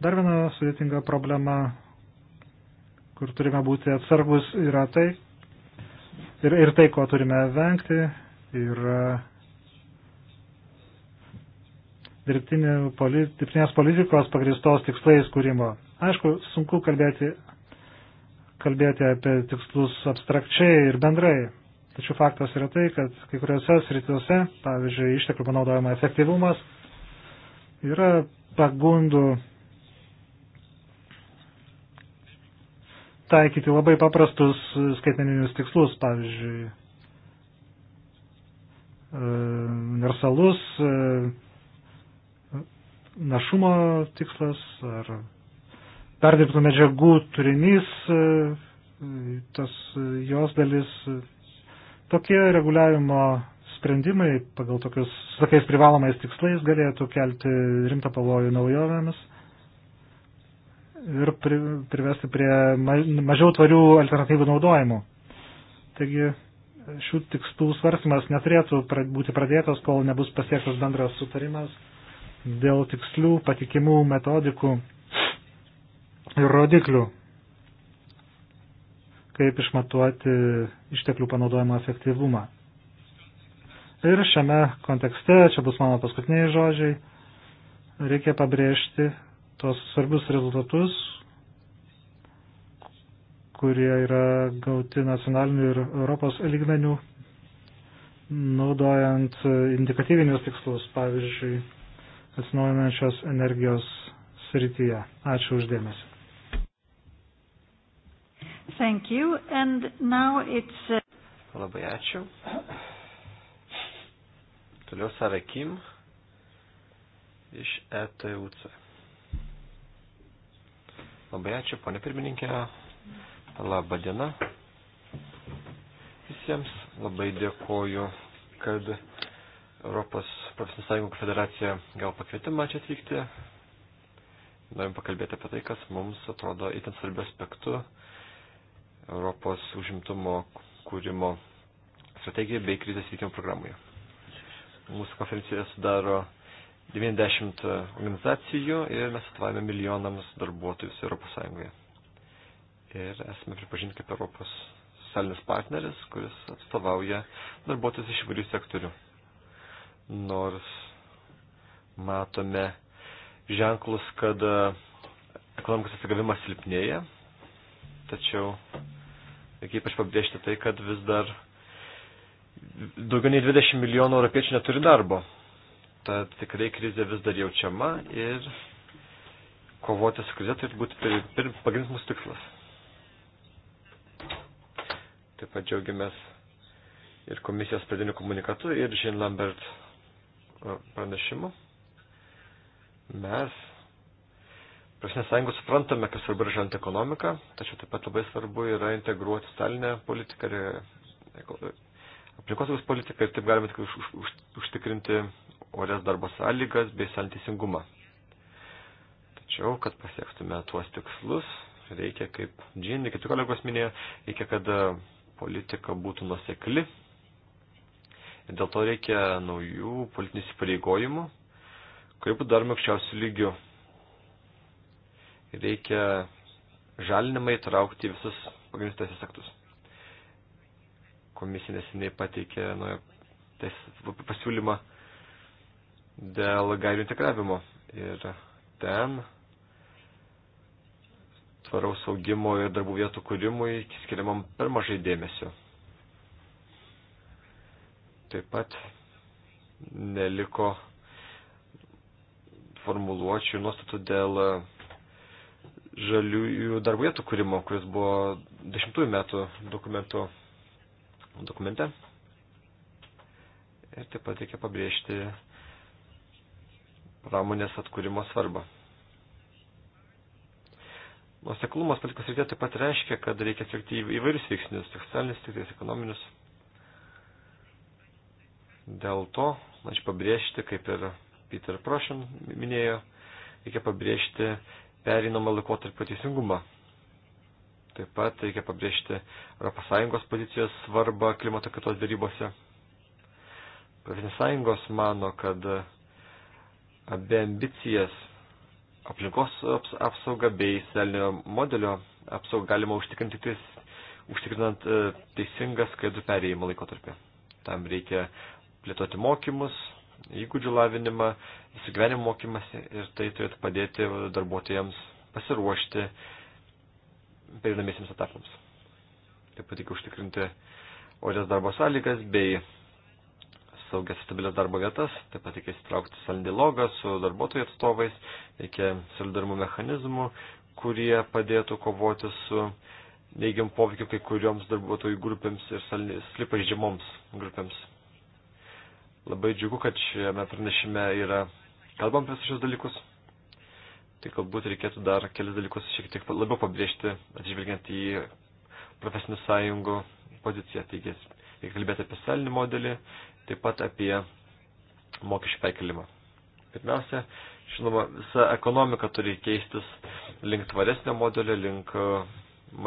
Dar viena sudėtinga problema, kur turime būti atsargus, yra tai, ir, ir tai, ko turime vengti, yra dirbtinės politikos pagristos tikslais kūrimo. Aišku, sunku kalbėti, kalbėti apie tikslus abstrakčiai ir bendrai, tačiau faktas yra tai, kad kai kuriuose srityse, pavyzdžiui, išteklių panaudojimo efektyvumas, yra pagundų taikyti labai paprastus skaitmeninius tikslus, pavyzdžiui, e, universalus e, našumo tikslas ar perdirbtų medžiagų turinys, e, tas e, jos dalis. E, tokie reguliavimo sprendimai pagal tokius, su tokiais privalomais tikslais galėtų kelti rimtą pavojų naujovėmis ir pri, privesti prie mažiau tvarių alternatyvų naudojimų. Taigi šių tikslų svarstymas neturėtų būti pradėtas, kol nebus pasiektas bendras sutarimas dėl tikslių patikimų metodikų ir rodiklių, kaip išmatuoti išteklių panaudojimo efektyvumą. Ir šiame kontekste, čia bus mano paskutiniai žodžiai, reikia pabrėžti tos svarbius rezultatus, kurie yra gauti nacionalinių ir Europos lygmenių, naudojant indikatyvinius tikslus, pavyzdžiui, atsinaujinančios energijos srityje. Ačiū uždėmesi. Thank you. And now it's. Uh, labai ačiū. Toliau Sarekim iš ETUC. Labai ačiū, ponė pirmininkė. Labą dieną. Visiems labai dėkoju, kad Europos profesinių sąjungų federacija gal pakvietimą čia atvykti. Norim pakalbėti apie tai, kas mums atrodo itin svarbiu aspektu Europos užimtumo kūrimo strategijoje bei krizės veikimo programoje. Mūsų konferencija sudaro 90 organizacijų ir mes atvavome milijonams darbuotojus Europos Sąjungoje. Ir esame pripažinti kaip Europos socialinis partneris, kuris atstovauja darbuotojus iš įvairių sektorių. Nors matome ženklus, kad ekonomikos atsigavimas silpnėja, tačiau Reikia ypač pabrėžti tai, kad vis dar daugiau nei 20 milijonų europiečių neturi darbo. Tad tikrai krizė vis dar jaučiama ir kovoti su krize turėtų būti pagrindinis mūsų tikslas. Taip pat džiaugiamės ir komisijos pradinių komunikatų ir Žin Lambert pranešimu. Mes Profesinės sąjungos suprantame, kas svarbu yra žalinti ekonomiką, tačiau taip pat labai svarbu yra integruoti socialinę politiką ir e, e, aplinkosaugos politiką ir taip galime tik už, už, užtikrinti orės darbo sąlygas bei santisingumą. Tačiau, kad pasiektume tuos tikslus, reikia, kaip Džin ir kiti kolegos minėjo, reikia, kad e, politika būtų nusekli. Ir dėl to reikia naujų politinių įsipareigojimų, kaip darome aukščiausių lygių reikia žalinimą įtraukti visus pagrindinius teisės aktus. Komisija nesiniai pateikė nu, pasiūlymą dėl gairių integravimo. Ir ten tvaraus augimo ir darbų vietų kūrimui skiriamam per mažai dėmesio. Taip pat neliko formuluočių nuostatų dėl žaliųjų darbo vietų kūrimo, kuris buvo dešimtųjų metų dokumentų dokumente. Ir taip pat reikia pabrėžti pramonės atkūrimo svarbą. Nuoseklumas politikos srityje taip pat reiškia, kad reikia atlikti įvairius veiksnius, tiek socialinius, tiek ekonominius. Dėl to, man čia pabrėžti, kaip ir Peter Proshin minėjo, reikia pabrėžti perinamą laikotarpio teisingumą. Taip pat reikia pabrėžti ES pozicijos svarbą klimato kitos dėrybose. Profesinės sąjungos mano, kad abi ambicijas aplinkos apsauga bei selinio modelio apsauga galima užtikrinti tik užtikrinant e, teisingą skaidrų perėjimo laikotarpį. Tam reikia plėtoti mokymus, įgūdžių lavinimą, visų gyvenimo mokymasi ir tai turėtų padėti darbuotojams pasiruošti perinamiesiams etapams. Taip pat reikia užtikrinti orės darbo sąlygas bei saugias stabilias darbo vietas, taip pat reikia įsitraukti sandilogą su darbuotojų atstovais, reikia solidarumo mechanizmų, kurie padėtų kovoti su neigiam poveikiu kai kurioms darbuotojų grupėms ir slipažydžiamoms grupėms. Labai džiugu, kad šiame pranešime yra kalbam apie šios dalykus. Tai galbūt reikėtų dar kelis dalykus šiek tiek labiau pabrėžti, atsižvelgiant į profesinių sąjungų poziciją. Taigi, reikia kalbėti apie salinį modelį, taip pat apie mokesčių perkelimą. Pirmiausia, žinoma, visa ekonomika turi keistis link tvaresnio modelio, link uh,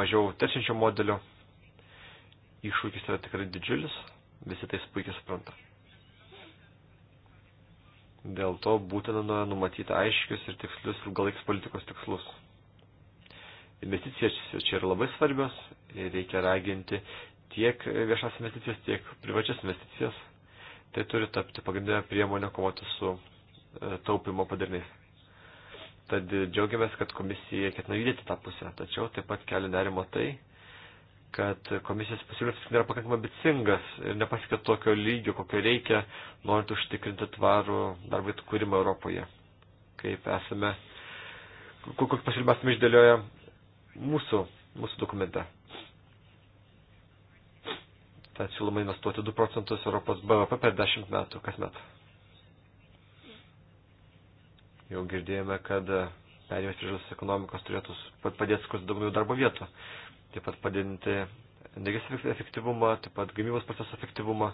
mažiau teršinčio modelio. Iššūkis yra tikrai didžiulis, visi tai puikiai supranta. Dėl to būtina numatyti aiškius ir tikslius ilgalaikis politikos tikslus. Investicijos čia yra labai svarbios ir reikia raginti tiek viešas investicijas, tiek privačias investicijas. Tai turi tapti pagrindinę priemonę kovoti su e, taupimo padarniais. Tad džiaugiamės, kad komisija ketina judėti tą pusę, tačiau taip pat kelia nerimo tai, kad komisijos pasiūlymas yra pakankamai ambicingas ir nepasiekia tokio lygio, kokio reikia, norint užtikrinti tvarų darbo vietų kūrimą Europoje. Kaip esame, kokį pasiūlymą esame išdėlioję mūsų, mūsų dokumente. Tad siūloma investuoti 2 procentus Europos BVP per 10 metų kasmet. Jau girdėjome, kad perėjimas priežas ekonomikos turėtų padėti skursti daugiau darbo vietų taip pat padidinti energijos efektyvumą, taip pat gamybos proceso efektyvumą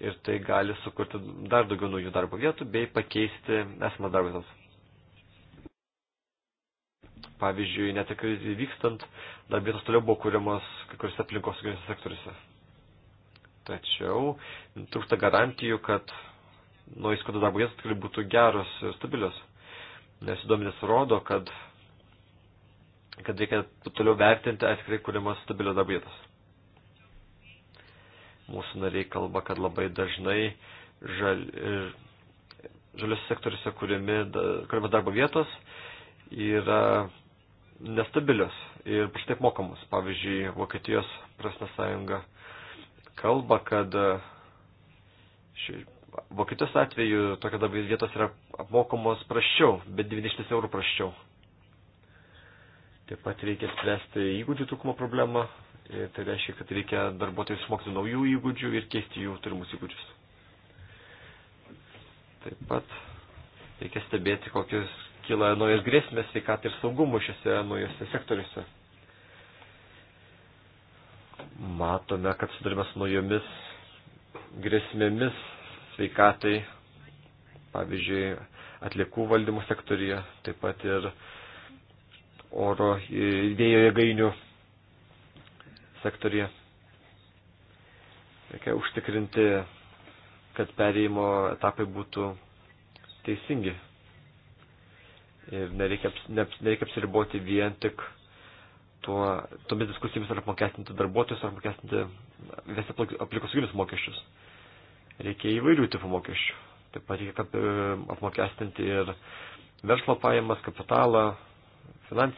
ir tai gali sukurti dar daugiau naujų darbo vietų bei pakeisti esamą darbo vietas. Pavyzdžiui, net ir vykstant, darbo vietos toliau buvo kūriamos kai kuriuose aplinkos sektoriuose. Tačiau trūksta garantijų, kad nuo įskodų darbo vietos tikrai būtų geros ir stabilios. Nes duomenys rodo, kad kad reikia toliau vertinti atskirai kūrimas stabilios darbo vietos. Mūsų nariai kalba, kad labai dažnai žal, žaliuose sektoriuose kūrimi, kūrimas darbo vietos yra nestabilios ir šitaip mokamos. Pavyzdžiui, Vokietijos prasme sąjunga kalba, kad e, ši, Vokietijos atveju tokia darbo vietos yra apmokamos praščiau, bet 90 eurų praščiau. Taip pat reikia spręsti įgūdžių trūkumo problemą. Ir tai reiškia, kad reikia darbuotojus išmokti naujų įgūdžių ir keisti jų turimus įgūdžius. Taip pat reikia stebėti, kokius kyla naujas grėsmės sveikatai ir saugumų šiuose naujose sektoriuose. Matome, kad sudarime su naujomis grėsmėmis sveikatai, pavyzdžiui, atliekų valdymo sektorija, taip pat ir uh, oro e, vėjo jėgainių sektorija. Reikia užtikrinti, kad perėjimo etapai būtų teisingi. Ir nereikia, nereikia apsiriboti vien tik tuo, tomis diskusijomis ar apmokestinti darbuotojus, ar apmokestinti visi aplikosuginius mokesčius. Reikia įvairių tipų mokesčių. Taip pat reikia e, apmokestinti ir verslo pajamas, kapitalą, finans,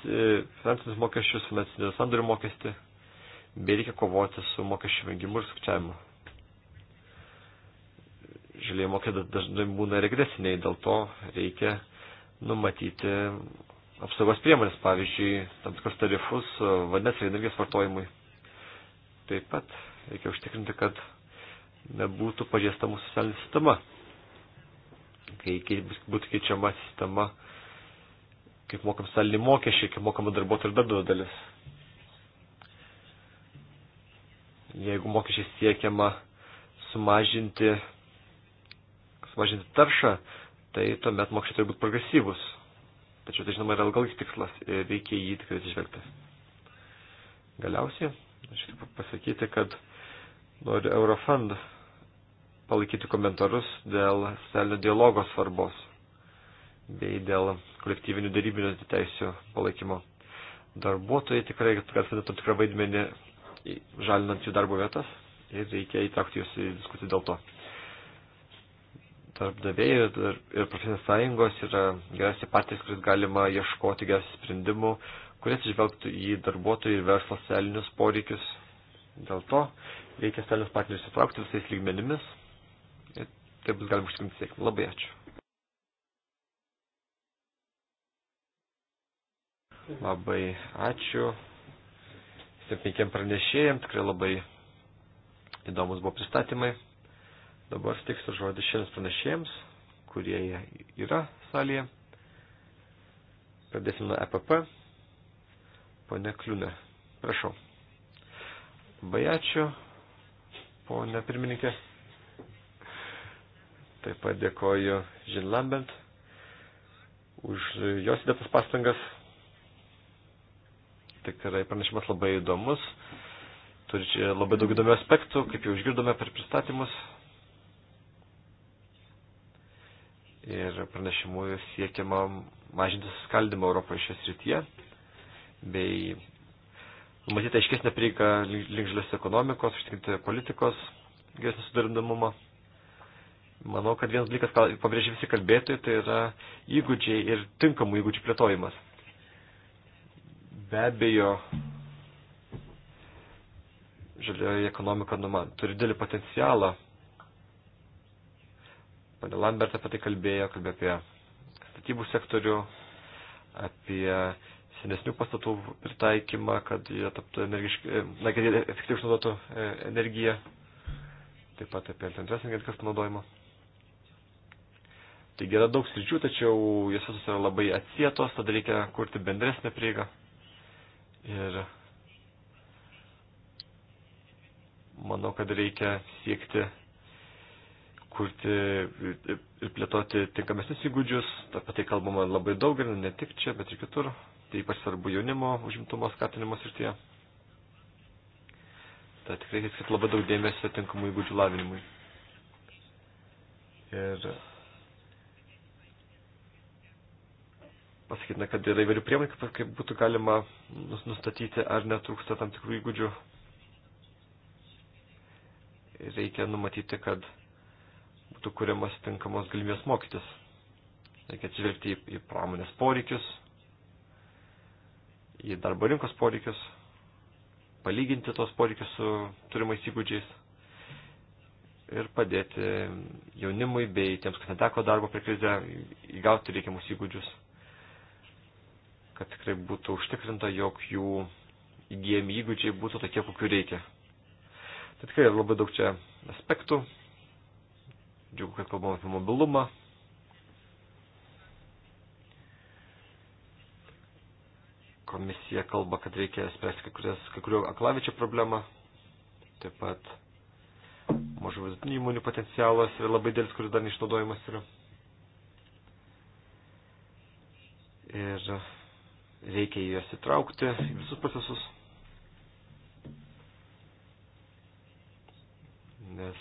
finansinius mokesčius, finansinių sandorių mokestį, bei reikia kovoti su mokesčių vengimu ir sukčiavimu. Žaliai mokėda dažnai būna regresiniai, dėl to reikia numatyti apsaugos priemonės, pavyzdžiui, tam tikrus tarifus e, vandens ir energijos vartojimui. Taip pat reikia užtikrinti, kad nebūtų pažįsta mūsų socialinė sistema. Kai būtų keičiama sistema kaip mokam salinį mokesčiai, kaip mokama darbuotojų ir darbdavio dalis. Jeigu mokesčiai siekiama sumažinti, sumažinti taršą, tai tuomet mokesčiai turi būti progresyvus. Tačiau tai žinoma yra ilgalaikis tikslas ir reikia jį tikrai atsižvelgti. Galiausiai, aš tik pasakyti, kad noriu Eurofund palaikyti komentarus dėl socialinio dialogo svarbos bei dėl kolektyvinių darybinių teisių palaikymo. Darbuotojai tikrai atvedė tam tikrą vaidmenį žalinant jų darbo vietas ir reikia įtraukti juos į diskusiją dėl to. Darbdaviai ir, ir, ir profesinės sąjungos yra geriausiai partijas, kuris galima ieškoti geriausių sprendimų, kurie atsižvelgtų į darbuotojų ir verslo socialinius poreikius. Dėl to reikia socialinius partnerius įtraukti visais lygmenimis ir taip bus galima užtikrinti sėkmę. Labai ačiū. Labai ačiū. Septyniam pranešėjim, tikrai labai įdomus buvo pristatymai. Dabar stiksiu žodį šiems pranešėjams, kurie yra salėje. Pradėsim nuo EPP. Pone Kliūne, prašau. Labai ačiū, ponė pirmininkė. Taip pat dėkoju Žin Lambent už jos įdėtas pastangas tikrai pranešimas labai įdomus, turi čia labai daug įdomių aspektų, kaip jau išgirdome per pristatymus. Ir pranešimu siekiama mažinti suskaldimą Europoje šią srityje, bei numatyti aiškesnę prieigą link žalios ekonomikos, užtikrinti politikos, geresnį sudarindamumą. Manau, kad vienas dalykas, pabrėžia visi kalbėtojai, tai yra įgūdžiai ir tinkamų įgūdžių plėtojimas. Be abejo, žalioji ekonomika numan, turi didelį potencialą. Pane Lambert apie tai kalbėjo, kalbėjo apie statybų sektorių, apie senesnių pastatų pritaikymą, kad jie taptų energiškai, e, na, kad jie efektyviai išnaudotų e, energiją, taip pat apie alternatyvės energetikos panaudojimą. Taigi yra daug sričių, tačiau jos visos yra labai atsietos, tada reikia kurti bendresnę prieigą. Ir manau, kad reikia siekti kurti ir plėtoti tinkamesnius įgūdžius. Apie tai kalbama labai daug ir ne tik čia, bet ir kitur. Tai ypač svarbu jaunimo užimtumo skatinimo srityje. Tai tikrai reikia skirti labai daug dėmesio tinkamų įgūdžių lavinimui. Ir pasakytume, kad yra įvairių priemonių, kaip, kaip būtų galima nustatyti, ar netrūksta tam tikrų įgūdžių. Reikia numatyti, kad būtų kuriamas tinkamos galimybės mokytis. Reikia atsižvelgti į, į pramonės poreikius, į darbo rinkos poreikius, palyginti tos poreikius su turimais įgūdžiais ir padėti jaunimui bei tiems, kas neteko darbo per krizę, įgauti reikiamus įgūdžius kad tikrai būtų užtikrinta, jog jų įgyjami įgūdžiai būtų tokie, kokiu reikia. Tai tikrai labai daug čia aspektų. Džiugu, kad kalbam apie mobilumą. Komisija kalba, kad reikia spręsti kai, kurias, kai kurių aklavičių problemą. Taip pat mažų vidutinių įmonių potencialas yra labai dėlis, kuris dar neišnaudojamas yra. Ir reikia juos įtraukti į visus procesus, nes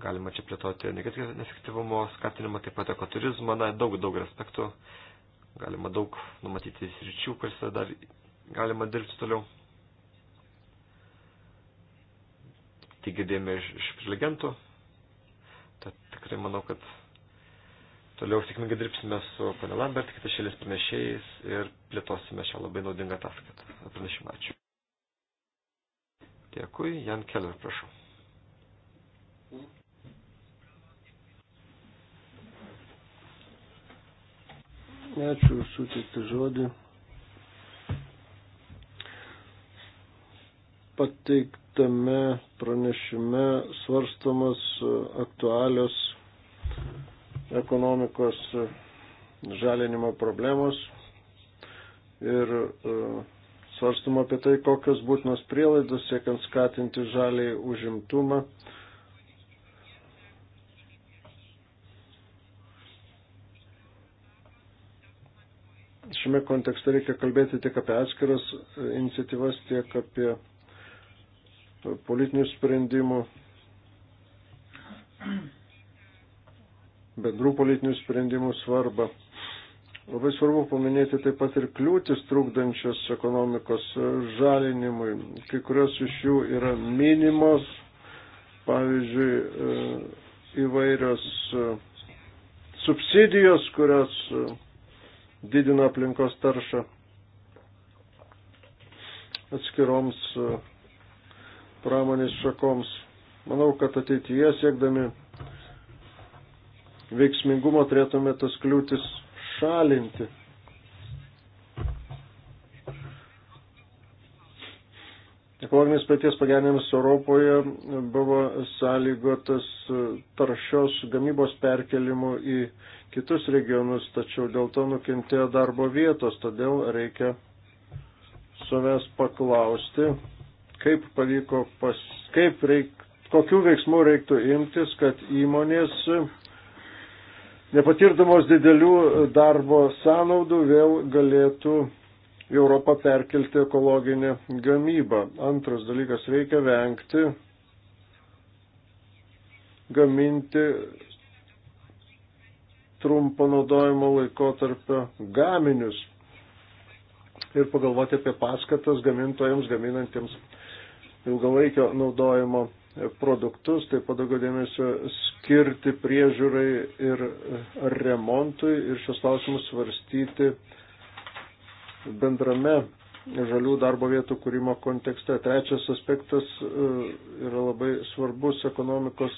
galima čia plėtoti energetikos efektyvumo skatinimą, taip pat ekoturizmą, na, daug, daug aspektų, galima daug numatyti sričių, kuriuose dar galima dirbti toliau. Tai girdėjome iš, iš prelegentų, tad tikrai manau, kad Toliau sėkmingai dirbsime su pana Lambert, kitais šalies pranešėjais ir plėtosime šią labai naudingą ataskaitą. Pranešimą ačiū. Dėkui, Jan Keller, prašau. Ačiū už sutiktą žodį. Pateiktame pranešime svarstomas aktualios ekonomikos žalinimo problemos ir e, svarstama apie tai, kokios būtinos prielaidos siekiant skatinti žaliai užimtumą. Šiame kontekste reikia kalbėti tiek apie atskiras iniciatyvas, tiek apie politinių sprendimų bendrų politinių sprendimų svarbą. Labai svarbu paminėti taip pat ir kliūtis trukdančias ekonomikos žalinimui. Kai kurios iš jų yra minimos, pavyzdžiui, e, įvairios e, subsidijos, kurios e, didina aplinkos taršą atskiroms pramonės šakoms. Manau, kad ateityje siekdami veiksmingumo turėtume tas kliūtis šalinti. Ekologinis praeities pagerinimas Europoje buvo sąlygotas taršios gamybos perkelimu į kitus regionus, tačiau dėl to nukentėjo darbo vietos, todėl reikia savęs paklausti, kaip pavyko, pas, kaip reik, kokių veiksmų reiktų imtis, kad įmonės nepatirdamos didelių darbo sąnaudų vėl galėtų į Europą perkelti ekologinę gamybą. Antras dalykas, reikia vengti gaminti trumpo naudojimo laikotarpio gaminius ir pagalvoti apie paskatas gamintojams gaminantiems ilgalaikio naudojimo produktus, taip pat daugiau dėmesio skirti priežiūrai ir remontui ir šios klausimus svarstyti bendrame žalių darbo vietų kūrimo kontekste. Trečias aspektas e, yra labai svarbus ekonomikos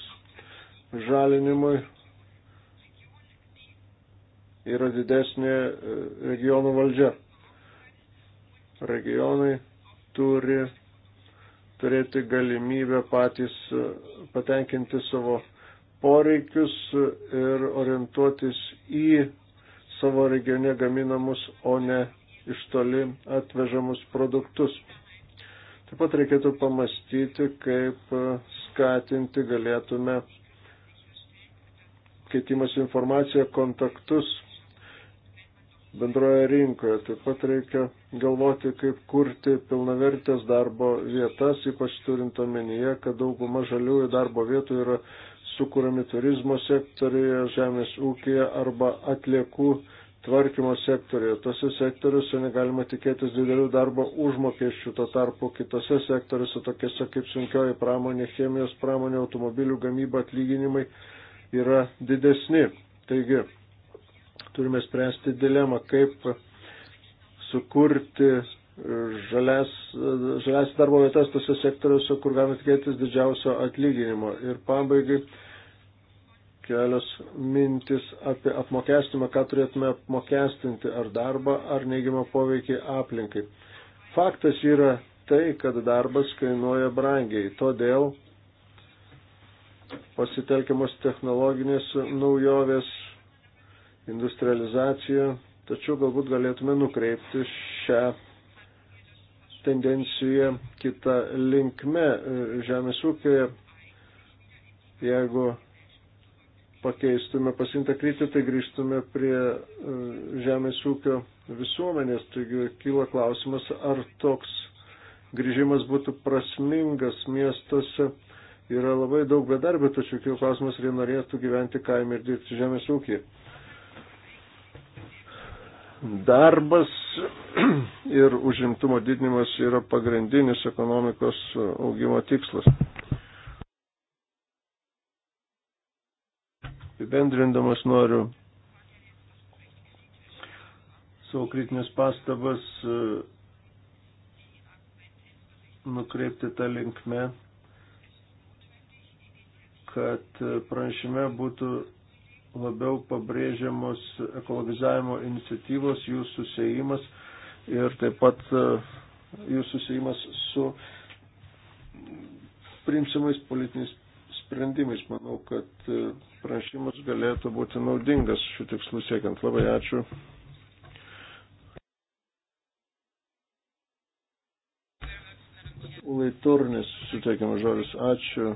žalinimui. Yra didesnė e, regionų valdžia. Regionai turi turėti galimybę patys e, patenkinti savo poreikius ir orientuotis į savo regione gaminamus, o ne iš toli atvežamus produktus. Taip pat reikėtų pamastyti, kaip e, skatinti galėtume keitimas informaciją, kontaktus bendroje rinkoje. Taip pat reikia galvoti, kaip kurti pilnavertės darbo vietas, ypač turint omenyje, kad dauguma žaliųjų darbo vietų yra sukūrami turizmo sektorėje, žemės ūkėje arba atliekų tvarkymo sektorėje. Tose sektoriuose negalima tikėtis didelių darbo užmokesčių, tuo tarpu kitose sektoriuose, tokiuose kaip sunkioji pramonė, chemijos pramonė, automobilių gamyba atlyginimai yra didesni. Taigi, turime spręsti dilemą, kaip sukurti žalias, žalias darbo vietas tose sektoriuose, kur galime tikėtis didžiausio atlyginimo. Ir pabaigai kelios mintis apie apmokestimą, ką turėtume apmokestinti, ar darbą, ar neigiamą poveikį aplinkai. Faktas yra tai, kad darbas kainuoja brangiai, todėl pasitelkiamos technologinės naujovės industrializaciją, tačiau galbūt galėtume nukreipti šią tendenciją kitą linkme e, žemės ūkioje. Jeigu pakeistume pasintą kryptį, tai grįžtume prie e, žemės ūkio visuomenės. Taigi kyla klausimas, ar toks grįžimas būtų prasmingas miestuose. Yra labai daug bedarbių, tačiau kyla klausimas, ar jie norėtų gyventi kaime ir dirbti žemės ūkį darbas ir užimtumo didinimas yra pagrindinis ekonomikos augimo tikslas. Bendrindamas noriu savo kritinės pastabas e, nukreipti tą linkmę, kad pranešime būtų labiau pabrėžiamos ekologizavimo iniciatyvos, jų susijimas ir taip pat e, jų susijimas su priimsimais politiniais sprendimais. Manau, kad e, prašymas galėtų būti naudingas šių tikslų siekiant. Labai ačiū. Laiturnis suteikiamas žodis. Ačiū.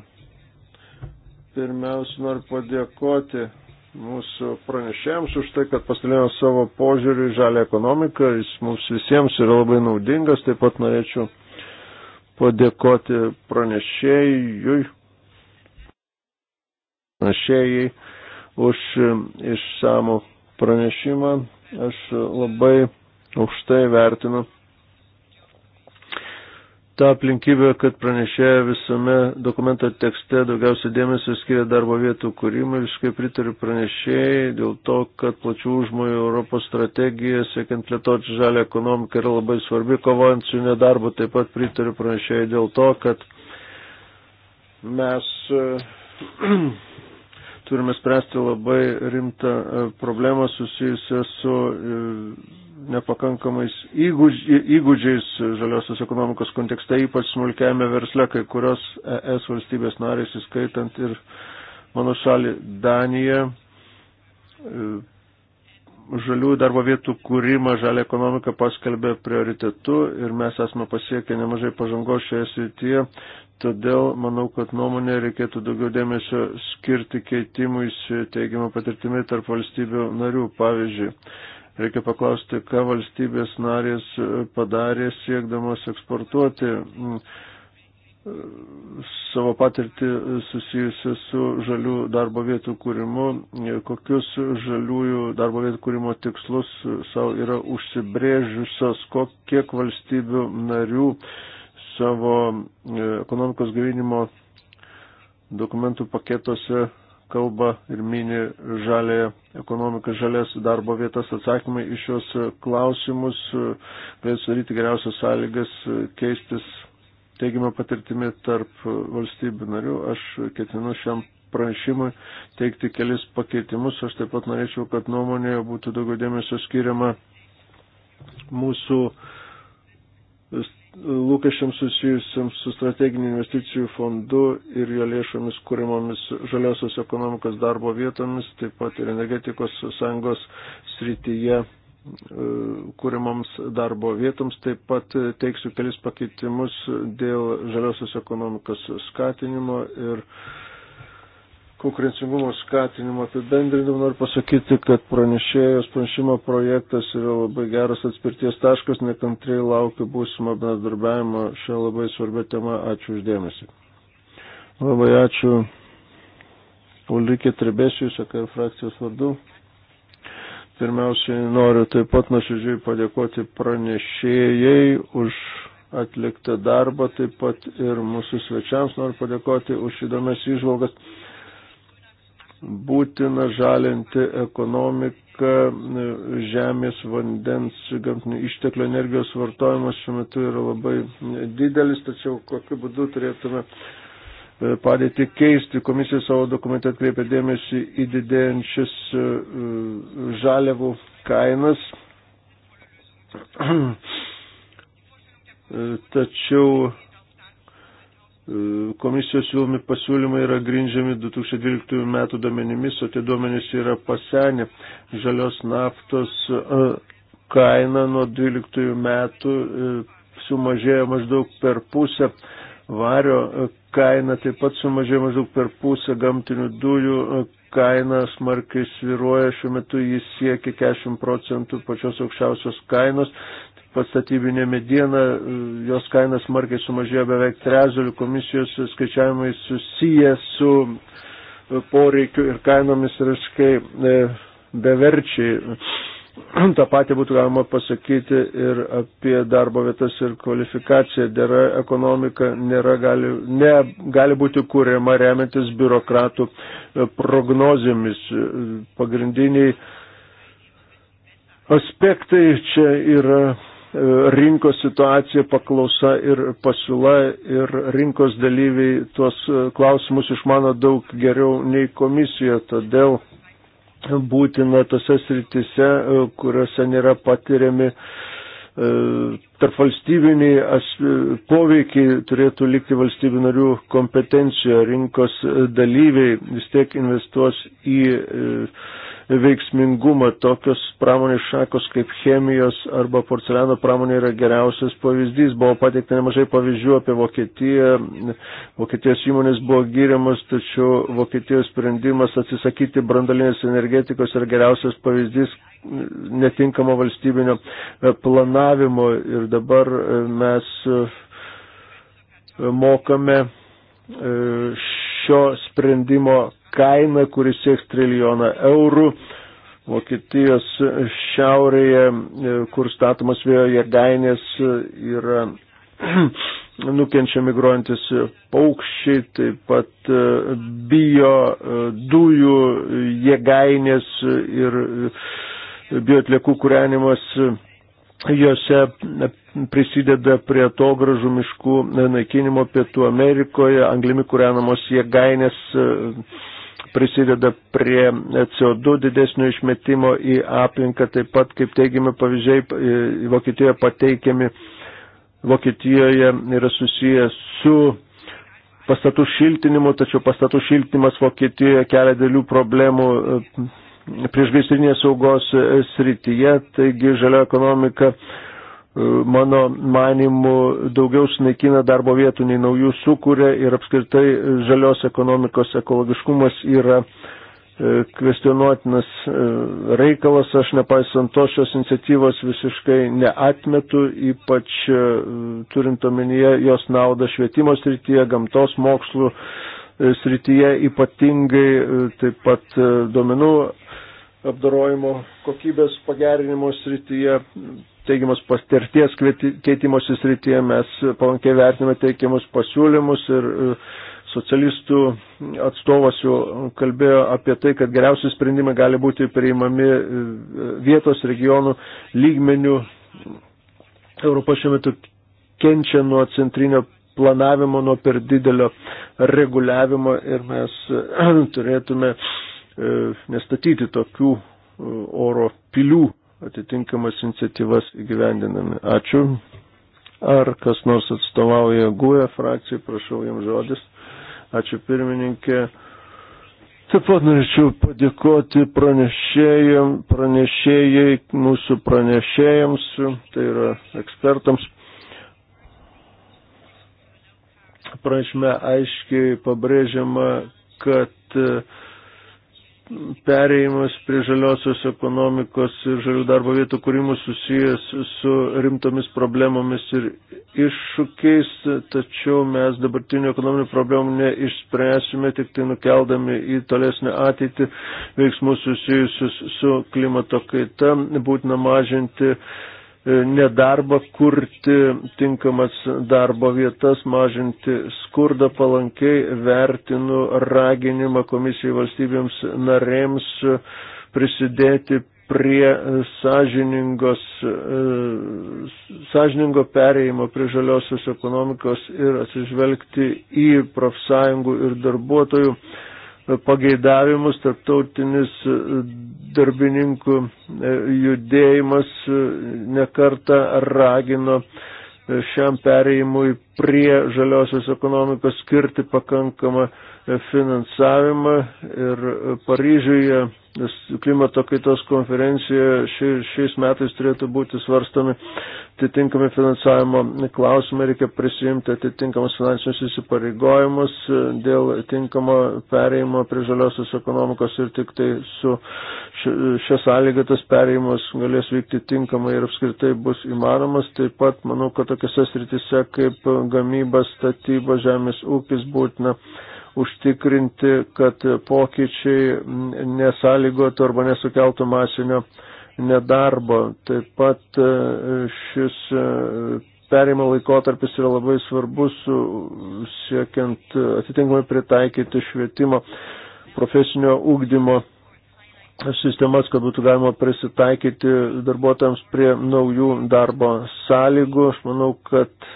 Pirmiausia, noriu padėkoti mūsų pranešėjams už tai, kad pasidalino savo požiūrį į žalę ekonomiką. Jis mums visiems yra labai naudingas. Taip pat norėčiau padėkoti pranešėjui, pranešėjai už išsamų pranešimą. Aš labai aukštai vertinu tą aplinkybę, kad pranešėja visame dokumento tekste daugiausia dėmesio skiria darbo vietų kūrimui, visiškai pritariu pranešėjai dėl to, kad plačių užmojų Europos strategija, siekiant plėtoti žalę ekonomiką, yra labai svarbi kovojant su nedarbu. Taip pat pritariu pranešėjai dėl to, kad mes turime spręsti labai rimtą e, problemą susijusią su e, nepakankamais įgūdžiais žaliosios ekonomikos kontekste, ypač smulkiame versle, kai kurios ES valstybės narės, įskaitant ir mano šalį Daniją, e, žalių darbo vietų kūrimą žalį ekonomiką paskelbė prioritetu ir mes esame pasiekę nemažai pažangos šioje srityje. Todėl manau, kad nuomonė reikėtų daugiau dėmesio skirti keitimui teigiamą patirtimį tarp valstybių narių. Pavyzdžiui, Reikia paklausti, ką valstybės narės padarė siekdamos eksportuoti mm, savo patirtį susijusią su žalių darbo vietų kūrimu, kokius žaliųjų darbo vietų kūrimo tikslus savo yra užsibrėžusios, kiek valstybių narių savo e, ekonomikos gyvenimo dokumentų paketuose kalba ir mini žalę ekonomiką, žalės darbo vietas, atsakymai iš šios klausimus, vėl sudaryti geriausias sąlygas keistis teigiamą patirtimį tarp valstybių narių. Aš ketinu šiam pranešimui teikti kelis pakeitimus. Aš taip pat norėčiau, kad nuomonėje būtų daugiau dėmesio skiriama mūsų lūkesčiams susijusiams su strateginiu investicijų fondu ir jo lėšomis kūrimomis žaliosios ekonomikos darbo vietomis, taip pat ir energetikos sąjungos srityje e, kūrimoms darbo vietoms. Taip pat teiksiu kelis pakeitimus dėl žaliosios ekonomikos skatinimo ir konkurencingumo skatinimo apibendrinimą noriu pasakyti, kad pranešėjos pranešimo projektas yra labai geras atspirties taškas, nekantriai laukiu būsimo bendradarbiavimo šią labai svarbią temą. Ačiū uždėmesi. Labai ačiū Ulrike Trebesijus, sakai frakcijos vardu. Pirmiausiai noriu taip pat nuoširdžiai padėkoti pranešėjai už atliktą darbą, taip pat ir mūsų svečiams noriu padėkoti už įdomias įžvalgas būtina žalinti ekonomiką, žemės, vandens, gamtinių išteklių energijos vartojimas šiuo metu yra labai didelis, tačiau kokiu būdu turėtume e, padėti keisti. Komisija savo dokumente atkreipia dėmesį į didėjančias e, žaliavų kainas. E, tačiau Komisijos siūlomi pasiūlymai yra grindžiami 2012 metų duomenimis, o tie duomenys yra pasenę. Žalios naftos e, kaina nuo 12 metų e, sumažėjo maždaug per pusę, vario e, kaina taip pat sumažėjo maždaug per pusę, gamtinių dujų kaina smarkiai sviruoja, šiuo metu jis siekia 40 procentų pačios aukščiausios kainos, pastatybinė mediena, jos kainas markiai sumažėjo beveik trezolių, komisijos skaičiavimai susiję su e, poreikiu ir kainomis reiškai e, beverčiai. Ta pati būtų galima pasakyti ir apie darbo vietas ir kvalifikaciją. Dėra ekonomika nėra, gali, ne, gali būti kūriama remiantis biurokratų e, prognozėmis. Pagrindiniai aspektai čia yra E, rinkos situacija, paklausa ir pasiūla ir rinkos dalyviai tuos e, klausimus išmano daug geriau nei komisija, todėl būtina tose sritise, e, kuriuose nėra patiriami tarp valstybiniai poveikiai turėtų likti valstybių narių kompetencijoje, rinkos dalyviai vis tiek investuos į veiksmingumą. Tokios pramonės šakos kaip chemijos arba porceliano pramonė yra geriausias pavyzdys. Buvo pateikta nemažai pavyzdžių apie Vokietiją. Vokietijos įmonės buvo gyriamas, tačiau Vokietijos sprendimas atsisakyti brandalinės energetikos yra geriausias pavyzdys netinkamo valstybinio e, planavimo. Ir dabar e, mes e, mokame šio sprendimo kainą, kuris sieks trilijoną eurų. Vokietijos šiaurėje, e, kur statomas vėjo jėgainės, e, yra nukenčia migruojantis paukščiai, taip pat e, bio dujų jėgainės ir biotliekų kūrenimas jose prisideda prie to gražų miškų naikinimo Pietų Amerikoje, anglimi kūrenamos jėgainės prisideda prie CO2 didesnio išmetimo į aplinką, taip pat, kaip teigiami pavyzdžiai, Vokietijoje pateikiami, Vokietijoje yra susijęs su pastatų šiltinimu, tačiau pastatų šiltinimas Vokietijoje kelia dėlių problemų e, priešgaisrinės saugos e, srityje, taigi žalia ekonomika E, mano manimu, daugiau sunaikina darbo vietų nei naujų sukuria ir apskritai žalios ekonomikos ekologiškumas yra e, kvestionuotinas e, reikalas. Aš nepaisant to šios iniciatyvos visiškai neatmetu, ypač turint omenyje jos naudą švietimo srityje, gamtos mokslų srityje, ypatingai taip pat duomenų apdarojimo kokybės pagerinimo srityje teigiamos pastirties keitimosi srityje, mes palankiai vertiname teikiamus pasiūlymus ir e, socialistų atstovas jau kalbėjo apie tai, kad geriausi sprendimai gali būti priimami e, vietos regionų lygmenių. Europa šiuo metu kenčia nuo centrinio planavimo, nuo per didelio reguliavimo ir mes e, turėtume nestatyti tokių oro pilių atitinkamas iniciatyvas įgyvendinami. Ačiū. Ar kas nors atstovauja GUE frakcijai, prašau jums žodis. Ačiū pirmininkė. Taip pat norėčiau padėkoti pranešėjai, mūsų pranešėjams, tai yra ekspertams. Pranešime aiškiai pabrėžiama, kad uh, perėjimas prie žaliosios ekonomikos ir žalių darbo vietų kūrimų susijęs su rimtomis problemomis ir iššūkiais, tačiau mes dabartinių ekonominių problemų neišspręsime, tik tai nukeldami į tolesnį ateitį veiksmus susijusius su klimato kaita, būtina mažinti uh, E, nedarbą, kurti tinkamas darbo vietas, mažinti skurdą palankiai, vertinu raginimą komisijai valstybėms narėms prisidėti prie sąžiningos, e, sąžiningo pereimo prie žaliosios ekonomikos ir atsižvelgti į profsąjungų ir darbuotojų pageidavimus, tarptautinis e, darbininkų e, judėjimas e, nekarta ragino šiam perėjimui prie žaliosios ekonomikos skirti pakankamą finansavimą ir Paryžiuje klimato kaitos konferencijoje ši, šiais metais turėtų būti svarstami atitinkami finansavimo klausimai, reikia prisimti atitinkamus finansinius įsipareigojimus dėl tinkamo pereimo prie žaliosios ekonomikos ir tik tai su šia sąlyga tas pereimas galės vykti tinkamai ir apskritai bus įmanomas. Taip pat manau, kad tokiose sritise kaip gamyba, statyba, žemės ūkis būtina užtikrinti, kad pokyčiai nesąlygotų arba nesukeltų masinio nedarbo. Taip pat e, šis e, perimo laikotarpis yra labai svarbus, siekiant e, atitinkamai pritaikyti švietimo profesinio ūkdymo sistemas, kad būtų galima prisitaikyti darbuotojams prie naujų darbo sąlygų. Aš manau, kad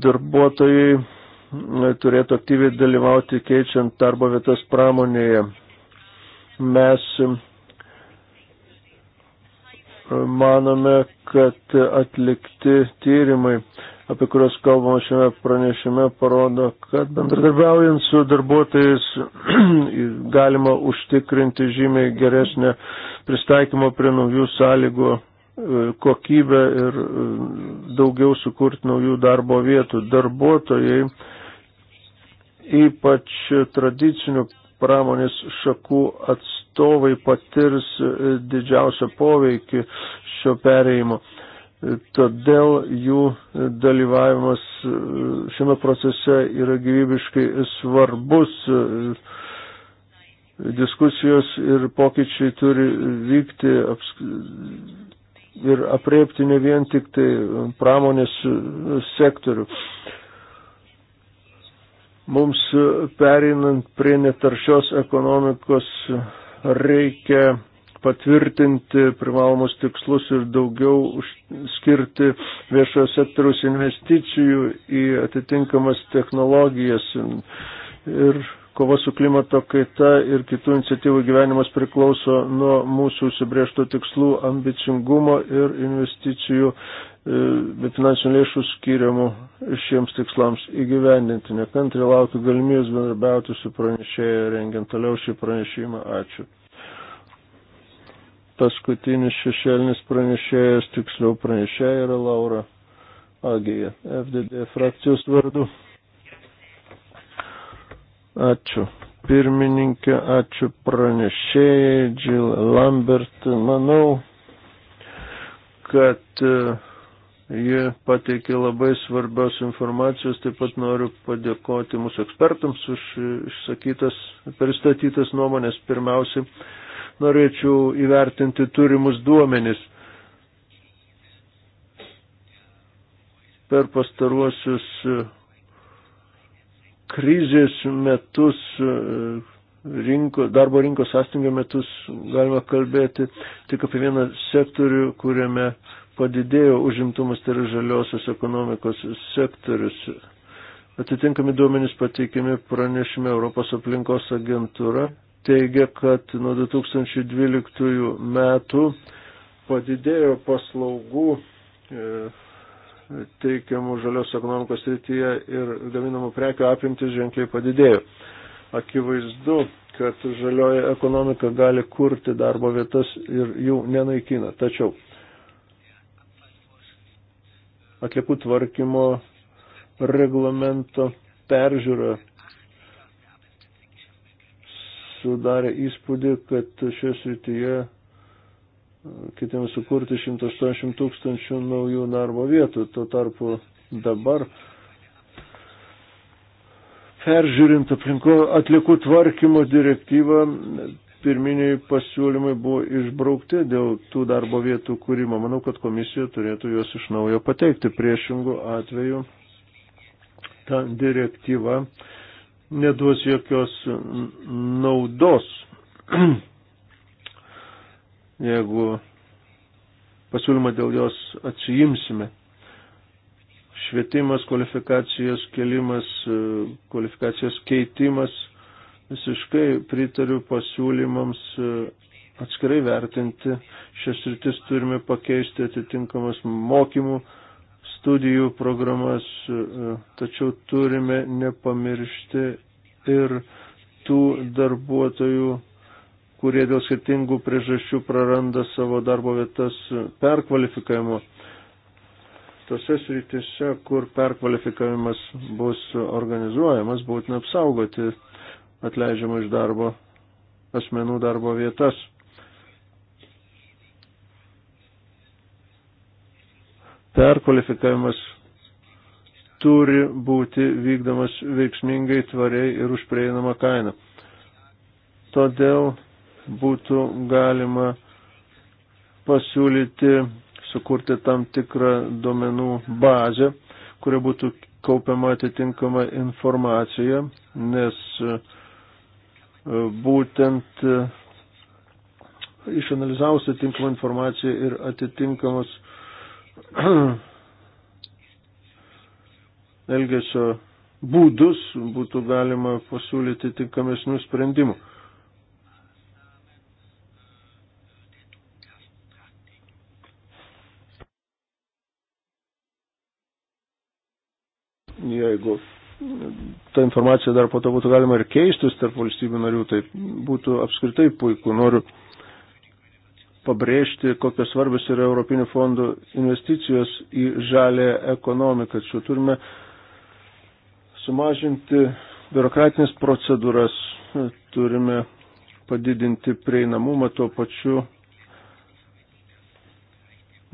darbuotojai turėtų aktyviai dalyvauti keičiant darbo vietas pramonėje. Mes e, manome, kad atlikti tyrimai, apie kuriuos kalbama šiame pranešime, parodo, kad bendradarbiaujant su darbuotojais galima užtikrinti žymiai geresnę pristaikymo prie naujų sąlygų e, kokybę ir e, daugiau sukurti naujų darbo vietų. Darbuotojai ypač tradicinių pramonės šakų atstovai patirs didžiausią poveikį šio pereimo. Todėl jų dalyvavimas šiame procese yra gyvybiškai svarbus. Diskusijos ir pokyčiai turi vykti ir apriepti ne vien tik tai pramonės sektorių. Mums e, pereinant prie netaršios ekonomikos reikia patvirtinti privalomus tikslus ir daugiau skirti viešojo sektoriaus investicijų į atitinkamas technologijas. Ir kova su klimato kaita ir kitų iniciatyvų gyvenimas priklauso nuo mūsų užsibriežtų tikslų, ambicingumo ir investicijų e, be finansinių lėšų skiriamų šiems tikslams įgyvendinti. Nekantri laukiu galimybės bendrabiauti su pranešėja, rengiant toliau šį pranešimą. Ačiū. Paskutinis šešėlinis pranešėjas, tiksliau pranešėja yra Laura Agija, FDD frakcijos vardu. Ačiū pirmininkė, ačiū pranešėjai, Jill Lambert. Manau, kad e, ji pateikė labai svarbios informacijos, taip pat noriu padėkoti mūsų ekspertams už išsakytas, pristatytas nuomonės. Pirmiausiai, norėčiau įvertinti turimus duomenis. Per pastaruosius krizės metus, e, rinko, darbo rinkos sąstingio metus galima kalbėti tik apie vieną sektorių, kuriame padidėjo užimtumas, tai yra žaliosios ekonomikos sektorius. Atitinkami duomenys pateikiami pranešime Europos aplinkos agentūra teigia, kad nuo 2012 metų padidėjo paslaugų e, teikiamų žalios ekonomikos srityje ir gaminamų prekių apimtis ženkliai padidėjo. Akivaizdu, kad žalioji ekonomika gali kurti darbo vietas ir jų nenaikina. Tačiau atliekų tvarkymo reglamento peržiūra sudarė įspūdį, kad šioje srityje kitiems sukurti 180 tūkstančių naujų darbo vietų. Tuo tarpu dabar peržiūrint aplinko atlikų tvarkymo direktyvą, pirminiai pasiūlymai buvo išbraukti dėl tų darbo vietų kūrimo. Manau, kad komisija turėtų juos iš naujo pateikti. Priešingų atveju ta direktyva neduos jokios naudos. jeigu pasiūlymą dėl jos atsijimsime. Švietimas, kvalifikacijos kelimas, e, kvalifikacijos keitimas. Visiškai pritariu pasiūlymams e, atskirai vertinti. Šias rytis turime pakeisti atitinkamas mokymų studijų programas, e, tačiau turime nepamiršti ir tų darbuotojų kurie dėl skirtingų priežasčių praranda savo darbo vietas perkvalifikavimo. Tose srityse, kur perkvalifikavimas bus organizuojamas, būtina apsaugoti atleidžiamą iš darbo asmenų darbo vietas. Perkvalifikavimas turi būti vykdomas veiksmingai, tvariai ir už prieinamą kainą. Todėl būtų galima pasiūlyti sukurti tam tikrą duomenų bazę, kuria būtų kaupiama atitinkama informacija, nes e, būtent e, išanalizavus atitinkamą informaciją ir atitinkamus elgesio būdus būtų galima pasiūlyti tinkamesnių sprendimų. informacija dar po to būtų galima ir keistus tarp valstybių narių, tai būtų apskritai puiku. Noriu pabrėžti, kokios svarbios yra Europinių fondų investicijos į žalę ekonomiką. Čia turime sumažinti biurokratinės procedūras, turime padidinti prieinamumą tuo pačiu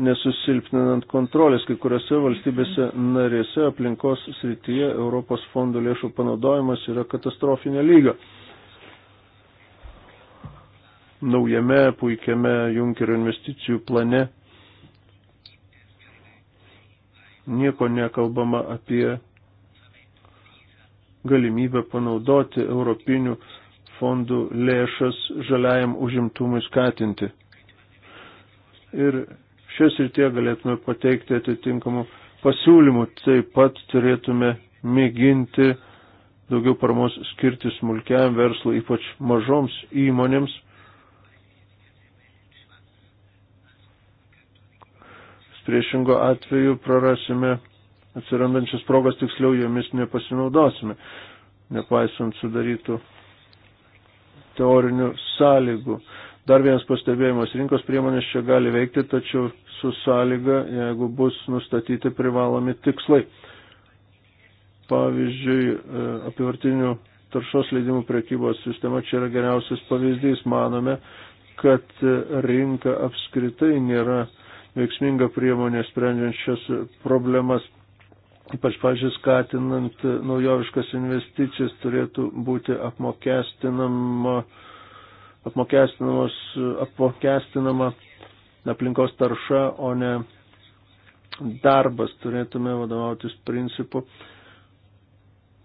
nesusilpninant kontrolės. Kai kuriuose valstybėse narėse aplinkos srityje Europos fondų lėšų panaudojimas yra katastrofinė lyga. Naujame puikiame Junkerio investicijų plane nieko nekalbama apie galimybę panaudoti europinių fondų lėšas žaliajam užimtumui skatinti. Ir Šios ir tie galėtume pateikti atitinkamų pasiūlymų. Taip pat turėtume mėginti daugiau paramos skirti smulkiam verslui, ypač mažoms įmonėms. Priešingo atveju prarasime atsirandančias progas, tiksliau jomis nepasinaudosime, nepaisant sudarytų teorinių sąlygų. Dar vienas pastebėjimas, rinkos priemonės čia gali veikti, tačiau su sąlyga, jeigu bus nustatyti privalomi tikslai. Pavyzdžiui, e, apivartinių taršos leidimų priekybos sistema čia yra geriausias pavyzdys. Manome, kad e, rinka apskritai nėra veiksminga priemonė sprendžiant šias problemas ypač pažiūrėjus skatinant naujoviškas investicijas, turėtų būti apmokestinama apmokestinama aplinkos tarša, o ne darbas. Turėtume vadovautis principu,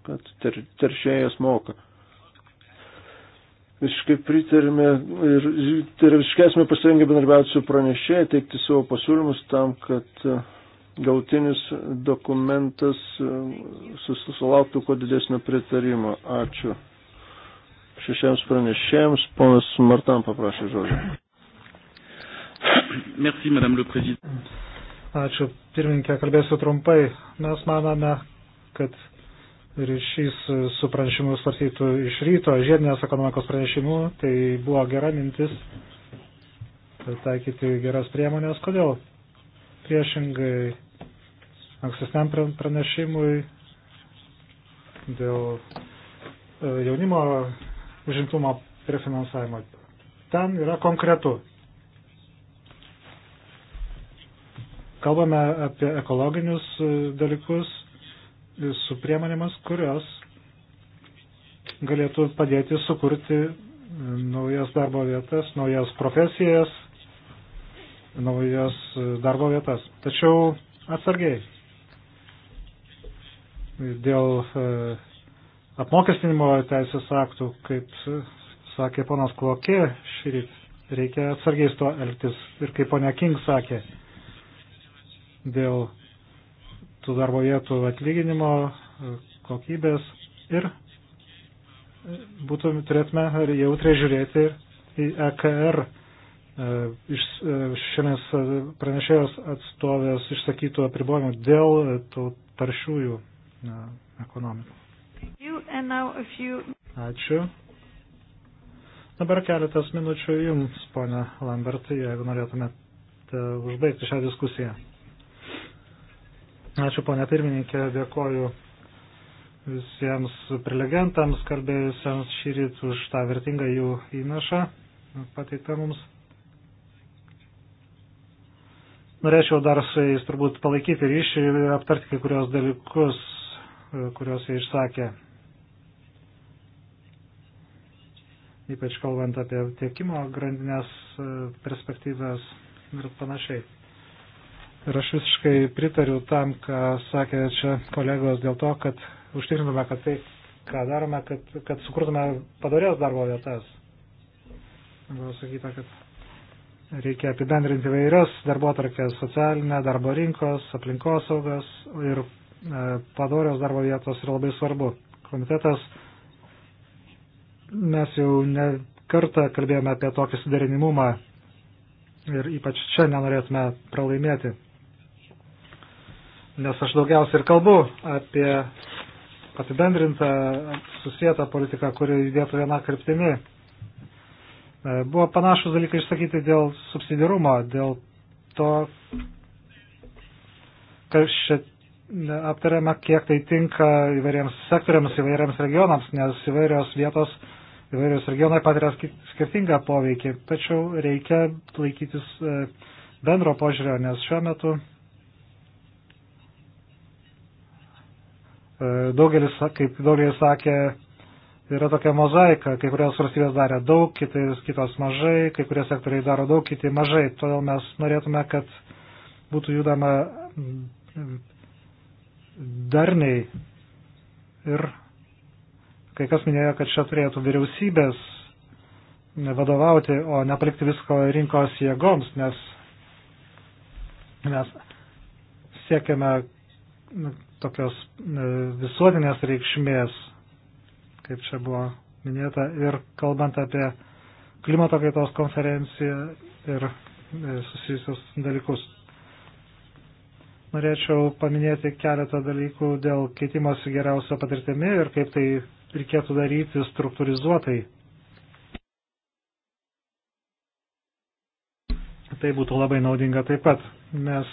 kad ter, teršėjas moka. Visiškai pritarime ir, ir tai visiškai esame pasirengę bendarbiauti su pranešėjai, teikti savo pasiūlymus tam, kad e, gautinis dokumentas e, susilauktų kuo didesnio pritarimo. Ačiū šešiems pranešėjams. Ponas Martan paprašė žodžio. Merci, Madame le Président. Ačiū, pirmininkė, kalbėsiu trumpai. Mes manome, kad ryšys su pranešimu svarstytų iš ryto žiedinės ekonomikos pranešimu, tai buvo gera mintis taikyti geras priemonės. Kodėl? Priešingai ankstesniam pranešimui dėl e, jaunimo užimtumo prefinansavimo. Ten yra konkretu. Kalbame apie ekologinius e, dalykus su priemonėmis, kurios galėtų padėti sukurti e, naujas darbo vietas, naujas profesijas, naujas e, darbo vietas. Tačiau atsargiai dėl apmokestinimo teisės aktų, kaip sakė ponas Klokė šįryt, reikia atsargiai su to elgtis. Ir kaip ponia King sakė, dėl tų darbo vietų atlyginimo, e, kokybės ir būtų, turėtume jautriai žiūrėti į EKR e, iš e, šiandienas pranešėjos atstovės išsakytų apribojimų dėl tų taršiųjų ekonomikų few... Ačiū. Dabar keletas minučių Jums, ponia Lambert, jeigu norėtumėte užbaigti šią diskusiją. Ačiū, ponia pirmininkė, dėkoju visiems prelegentams, kalbėjusiems šį rytą už tą vertingą jų įnašą pateiktą mums. Norėčiau dar su jais turbūt palaikyti ryšį ir aptarti kai kurios dalykus, kuriuos jie išsakė. ypač kalbant apie tiekimo grandinės e, perspektyvas ir panašiai. Ir aš visiškai pritariu tam, ką sakė čia kolegos dėl to, kad užtikrintume, kad tai, ką darome, kad, kad sukurtume padarės darbo vietas. Buvo sakyta, kad reikia apibendrinti vairias darbo tarkės socialinę, darbo rinkos, aplinkosaugos ir e, padorios darbo vietos yra labai svarbu. Komitetas Mes jau ne kartą kalbėjome apie tokį suderinimumą ir ypač čia nenorėtume pralaimėti. Nes aš daugiausiai ir kalbu apie apibendrintą susijęta politika, kuri judėtų viena kryptimi. E, buvo panašus dalykai išsakyti dėl subsidirumo, dėl to, kad šiandien aptariama, kiek tai tinka įvairiems sektoriams, įvairiams regionams, nes įvairios vietos įvairius regionai patiria skirtingą poveikį, tačiau reikia laikytis e, bendro požiūrio, nes šiuo metu e, daugelis, kaip daugelis sakė, yra tokia mozaika, kai kurios valstybės darė daug, kitais, kitos mažai, kai kurie sektoriai daro daug, kiti mažai. Todėl mes norėtume, kad būtų judama darniai ir Kai kas minėjo, kad čia turėtų vyriausybės vadovauti, o nepalikti visko rinkos jėgoms, nes mes siekiame nu, tokios e, visuotinės reikšmės, kaip čia buvo minėta, ir kalbant apie klimato kaitos konferenciją ir e, susijusius dalykus. Norėčiau paminėti keletą dalykų dėl keitimosi geriausio patirtimi ir kaip tai reikėtų daryti struktūrizuotai. Tai būtų labai naudinga taip pat, nes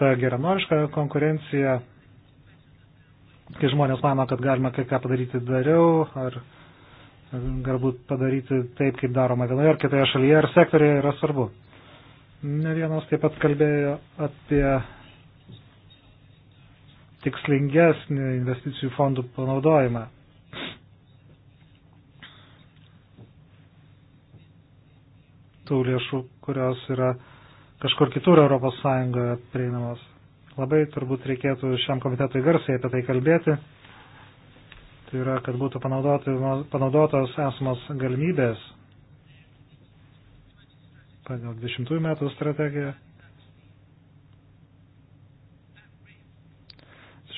ta geranoriška konkurencija, kai žmonės mano, kad galima kai ką padaryti dariau, ar galbūt padaryti taip, kaip daroma vienoje ar kitoje šalyje ar sektorėje yra svarbu. Ne vienas taip pat kalbėjo apie tikslingesnį investicijų fondų panaudojimą. Tų lėšų, kurios yra kažkur kitur Europos Sąjungoje prieinamos. Labai turbūt reikėtų šiam komitetui garsiai apie tai kalbėti. Tai yra, kad būtų panaudotos esamos galimybės pagal 20 metų strategiją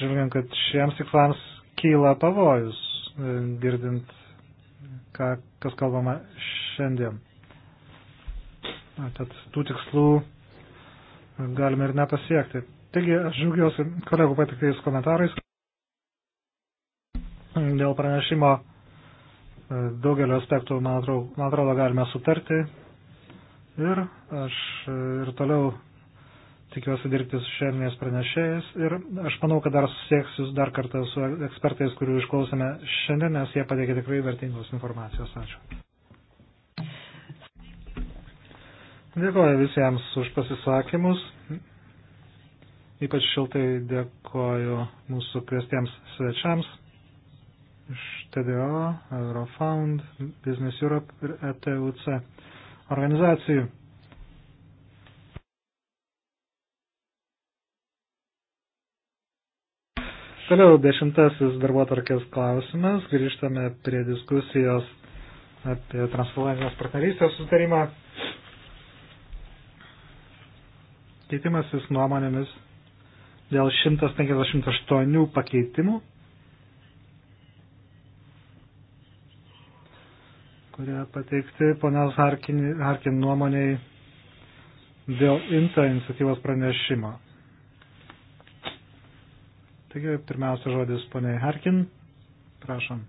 atsižvelgiant, kad šiems tikslams kyla pavojus, e, girdint, ką, kas kalbama šiandien. Tad tų tikslų galime ir nepasiekti. Taigi, aš džiaugiuosi kolegų patiktais komentarais dėl pranešimo e, daugelio aspektų, man atrodo, man atrodo galime sutarti. Ir aš e, ir toliau tikiuosi dirbti su šelmės pranešėjais ir aš manau, kad dar susieksiu dar kartą su ekspertais, kurių išklausėme šiandien, nes jie pateikė tikrai vertingos informacijos. Ačiū. Dėkoju visiems už pasisakymus. Ypač šiltai dėkoju mūsų kvestiems svečiams iš TDO, Eurofound, Business Europe ir ETUC organizacijų. Toliau dešimtasis darbotvarkės klausimas. Grįžtame prie diskusijos apie transatlantinės partnerystės sutarimą. Keitimasis nuomonėmis dėl 158 pakeitimų, kurie pateikti ponios Harkin, Harkin nuomoniai dėl INTA iniciatyvos pranešimo. Taigi, pirmiausia žodis poniai Harkin. Prašom.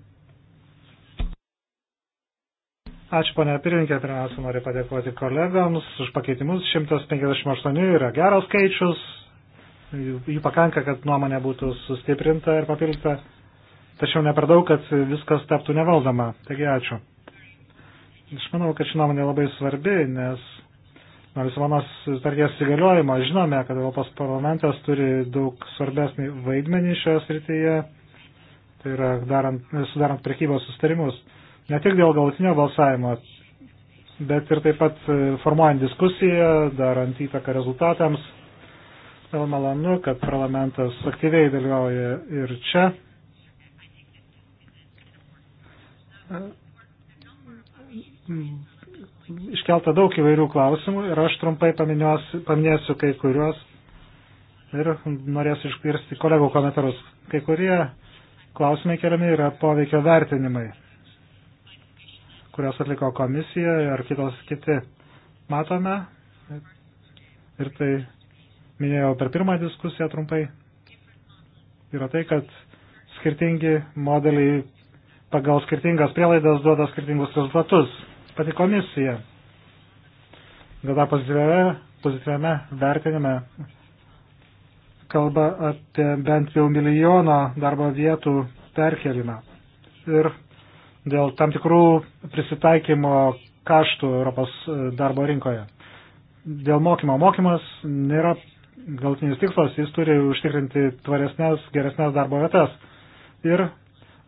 Ačiū, ponia pirmininkė. Pirmiausia, noriu padėkoti kolegams už pakeitimus. 158 yra geras skaičius. Jų pakanka, kad nuomonė būtų sustiprinta ir papildyta. Tačiau ne per daug, kad viskas taptų nevaldoma. Taigi, ačiū. Aš manau, kad ši nuomonė labai svarbi, nes nuo Lisabonos sutarties įgaliojimo žinome, kad Europos parlamentas turi daug svarbesnį vaidmenį šioje srityje, tai yra darant, sudarant prekybos sustarimus, ne tik dėl galutinio balsavimo, bet ir taip pat e, formuojant diskusiją, darant įtaką rezultatams. Vėl malonu, kad parlamentas aktyviai dalyvauja ir čia. E, iškelta daug įvairių klausimų ir aš trumpai paminėsiu kai kuriuos ir norėsiu iškirsti kolegų komentarus. Kai kurie klausimai keliami yra poveikio vertinimai, kurios atliko komisija ar kitos kiti. Matome ir tai minėjau per pirmą diskusiją trumpai. Yra tai, kad skirtingi modeliai pagal skirtingas prielaidas duoda skirtingus rezultatus pati komisija. Dėl tą pozityviame, pozityviame vertinime kalba apie bent jau milijono darbo vietų perkelimą ir dėl tam tikrų prisitaikymo kaštų Europos e, darbo rinkoje. Dėl mokymo. Mokymas nėra galtinis tikslas, jis turi užtikrinti tvaresnės, geresnės darbo vietas ir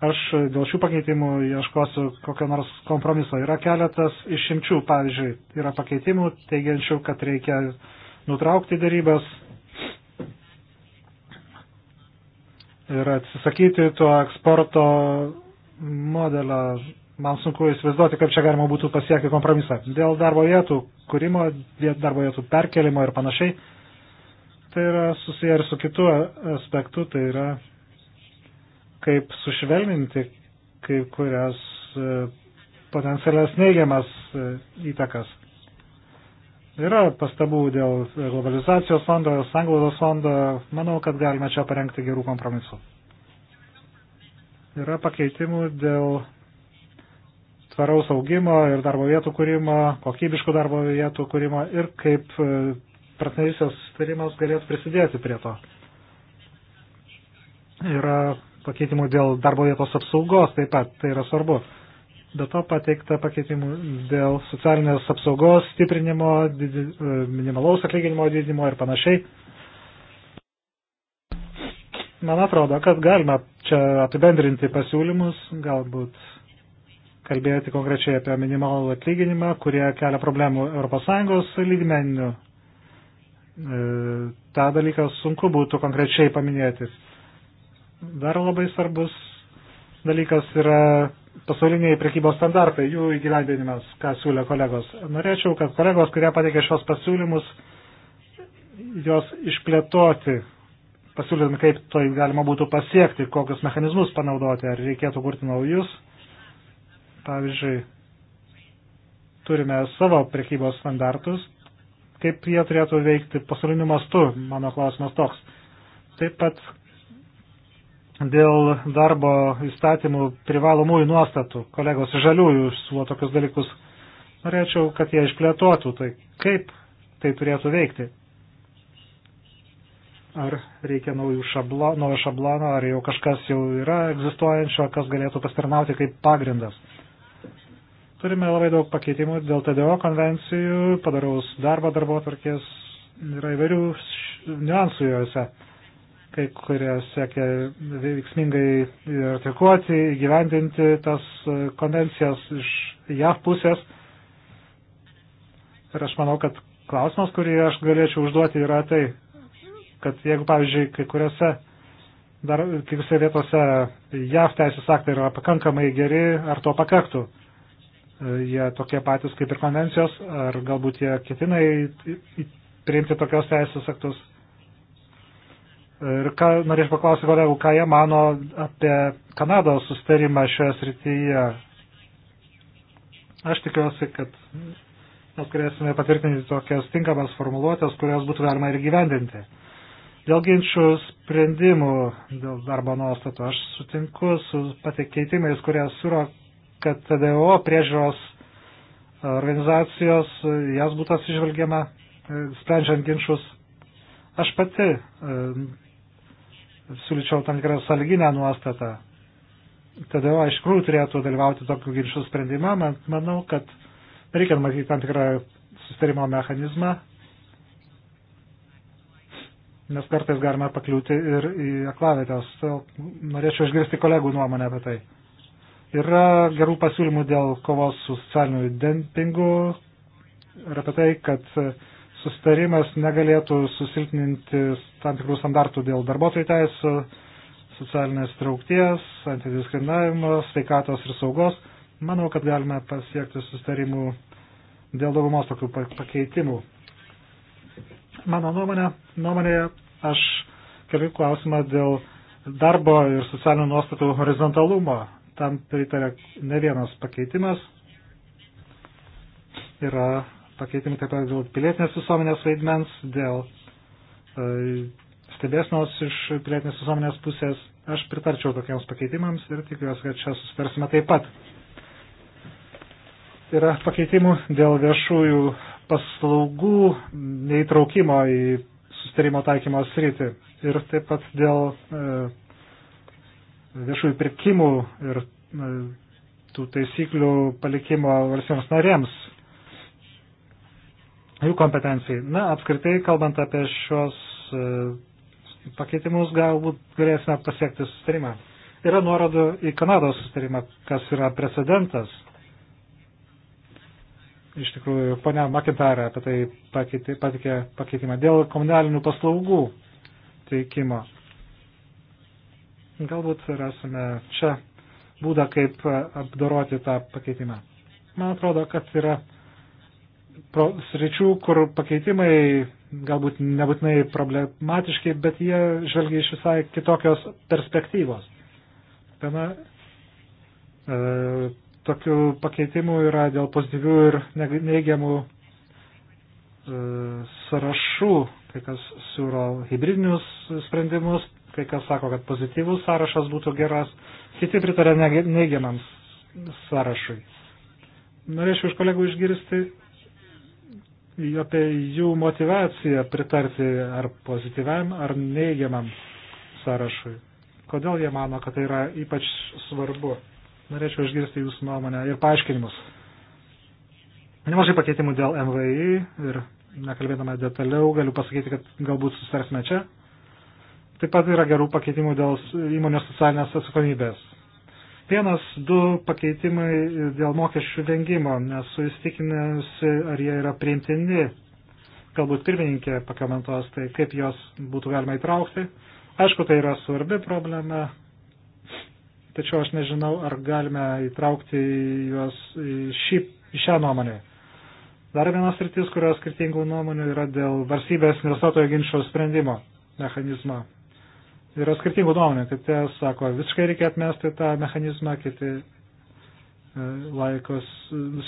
Aš dėl šių pakeitimų ieškosiu kokio nors kompromiso. Yra keletas išimčių, pavyzdžiui, yra pakeitimų teigiančių, kad reikia nutraukti darybas ir atsisakyti tuo eksporto modelio. Man sunku įsivaizduoti, kaip čia galima būtų pasiekti kompromisą. Dėl darbo vietų kūrimo, darbo vietų perkelimo ir panašiai, tai yra susiję ir su kitu aspektu, tai yra kaip sušvelninti kai kurias e, potencialias neigiamas e, įtakas. Yra pastabų dėl globalizacijos fondo, sanglaudos fondo. Manau, kad galime čia parengti gerų kompromisų. Yra pakeitimų dėl tvaraus augimo ir darbo vietų kūrimo, kokybiškų darbo vietų kūrimo ir kaip e, partnerystės sustarimas galėtų prisidėti prie to. Yra pakeitimų dėl darbo vietos apsaugos taip pat, tai yra svarbu. Be to pateikta pakeitimų dėl socialinės apsaugos stiprinimo, didi, e, minimalaus atlyginimo didinimo ir panašiai. Man atrodo, kad galima čia apibendrinti pasiūlymus, galbūt kalbėti konkrečiai apie minimalų atlyginimą, kurie kelia problemų ES lygmenių. E, tą dalyką sunku būtų konkrečiai paminėti. Dar labai svarbus dalykas yra pasauliniai prekybos standartai, jų įgyvendinimas, ką siūlė kolegos. Norėčiau, kad kolegos, kurie pateikė šios pasiūlymus, jos išplėtoti, pasiūlydami, kaip to galima būtų pasiekti, kokius mechanizmus panaudoti, ar reikėtų kurti naujus. Pavyzdžiui, turime savo prekybos standartus, kaip jie turėtų veikti pasauliniu mastu, mano klausimas toks. Taip pat, dėl darbo įstatymų privalomųjų nuostatų. Kolegos žaliųjų siūlo tokius dalykus. Norėčiau, kad jie išplėtotų. Tai kaip tai turėtų veikti? Ar reikia naujų šablo, naujo šablono, ar jau kažkas jau yra egzistuojančio, kas galėtų pastarnauti kaip pagrindas? Turime labai daug pakeitimų dėl TDO konvencijų, padaraus darbo darbo tvarkės, yra įvairių niuansų juose kai kurie siekia veiksmingai artikuoti, įgyvendinti tas e, konvencijas iš JAV pusės. Ir aš manau, kad klausimas, kurį aš galėčiau užduoti, yra tai, kad jeigu, pavyzdžiui, kai kuriuose, dar kai kuriuose vietose JAV teisės aktai yra pakankamai geri, ar to pakaktų? E, jie tokie patys kaip ir konvencijos, ar galbūt jie ketina priimti tokios teisės aktus Ir ką, norėčiau paklausyti kolegų, ką jie mano apie Kanados sustarimą šioje srityje. Aš tikiuosi, kad mes galėsime patvirtinti tokias tinkamas formuluotės, kurias būtų galima ir gyvendinti. Dėl ginčių sprendimų, dėl darbo nuostatų, aš sutinku su patikeitimais, kurie suro, kad TDO priežiūros organizacijos, jas būtų atsižvelgiama, e, sprendžiant ginčius. Aš pati e, siūlyčiau tam tikrą salginę nuostatą. Tada iš tikrųjų turėtų dalyvauti tokių ginčių sprendimą. Man, manau, kad reikia matyti tam tikrą sustarimo mechanizmą, nes kartais galima pakliūti ir į aklavėtės. Norėčiau išgirsti kolegų nuomonę apie tai. Yra gerų pasiūlymų dėl kovos su socialiniu dempingu ir apie tai, kad sustarimas negalėtų susilpninti tam tikrų standartų dėl darbuotojų teisų, socialinės traukties, antidiskriminavimo, sveikatos ir saugos. Manau, kad galime pasiekti sustarimų dėl daugumos tokių pakeitimų. Mano nuomonė, nuomonėje aš keliu klausimą dėl darbo ir socialinių nuostatų horizontalumo. Tam pritarė ne vienas pakeitimas. Yra pakeitimai taip pat dėl pilietinės visuomenės vaidmens, dėl e, stebėsnos iš pilietinės visuomenės pusės. Aš pritarčiau tokiems pakeitimams ir tikiuosi, kad čia susitarsime taip pat. Yra pakeitimų dėl viešųjų paslaugų neįtraukimo į sustarimo taikymo sritį ir taip pat dėl e, viešųjų pirkimų ir e, tų taisyklių palikimo valstybėms narėms jų kompetencijai. Na, apskritai, kalbant apie šios e, pakeitimus, galbūt galėsime pasiekti sustarimą. Yra nuorodų į Kanados sustarimą, kas yra precedentas. Iš tikrųjų, ponia Makintarė apie tai pakeitė, patikė pakeitimą dėl komunalinių paslaugų teikimo. Galbūt rasime čia būdą, kaip apdoroti tą pakeitimą. Man atrodo, kad yra sričių, kur pakeitimai galbūt nebūtinai problematiški, bet jie žvelgia iš visai kitokios perspektyvos. Viena e, tokių pakeitimų yra dėl pozityvių ir neigiamų e, sąrašų. Kai kas siūlo hybridinius sprendimus, kai kas sako, kad pozityvus sąrašas būtų geras, kiti pritarė neigiamams sąrašui. Norėčiau iš kolegų išgirsti, apie jų motivaciją pritarti ar pozityviam, ar neigiamam sąrašui. Kodėl jie mano, kad tai yra ypač svarbu? Norėčiau išgirsti jūsų nuomonę ir paaiškinimus. Nemažai pakeitimų dėl MVI ir nekalbėdama detaliau galiu pasakyti, kad galbūt susitarsime čia. Taip pat yra gerų pakeitimų dėl įmonės socialinės atsakomybės. Vienas, du pakeitimai dėl mokesčių vengimo, nesu įstikinusi, ar jie yra priimtini. Galbūt pirmininkė pakomentuos, tai kaip jos būtų galima įtraukti. Aišku, tai yra svarbi problema, tačiau aš nežinau, ar galime įtraukti juos šį, šią nuomonę. Dar vienas rytis, kurios skirtingų nuomonių yra dėl varsybės investuotojo ginčio sprendimo mechanizmo yra skirtingų nuomonių. Kiti sako, visiškai reikia atmesti tą mechanizmą, kiti e, laikos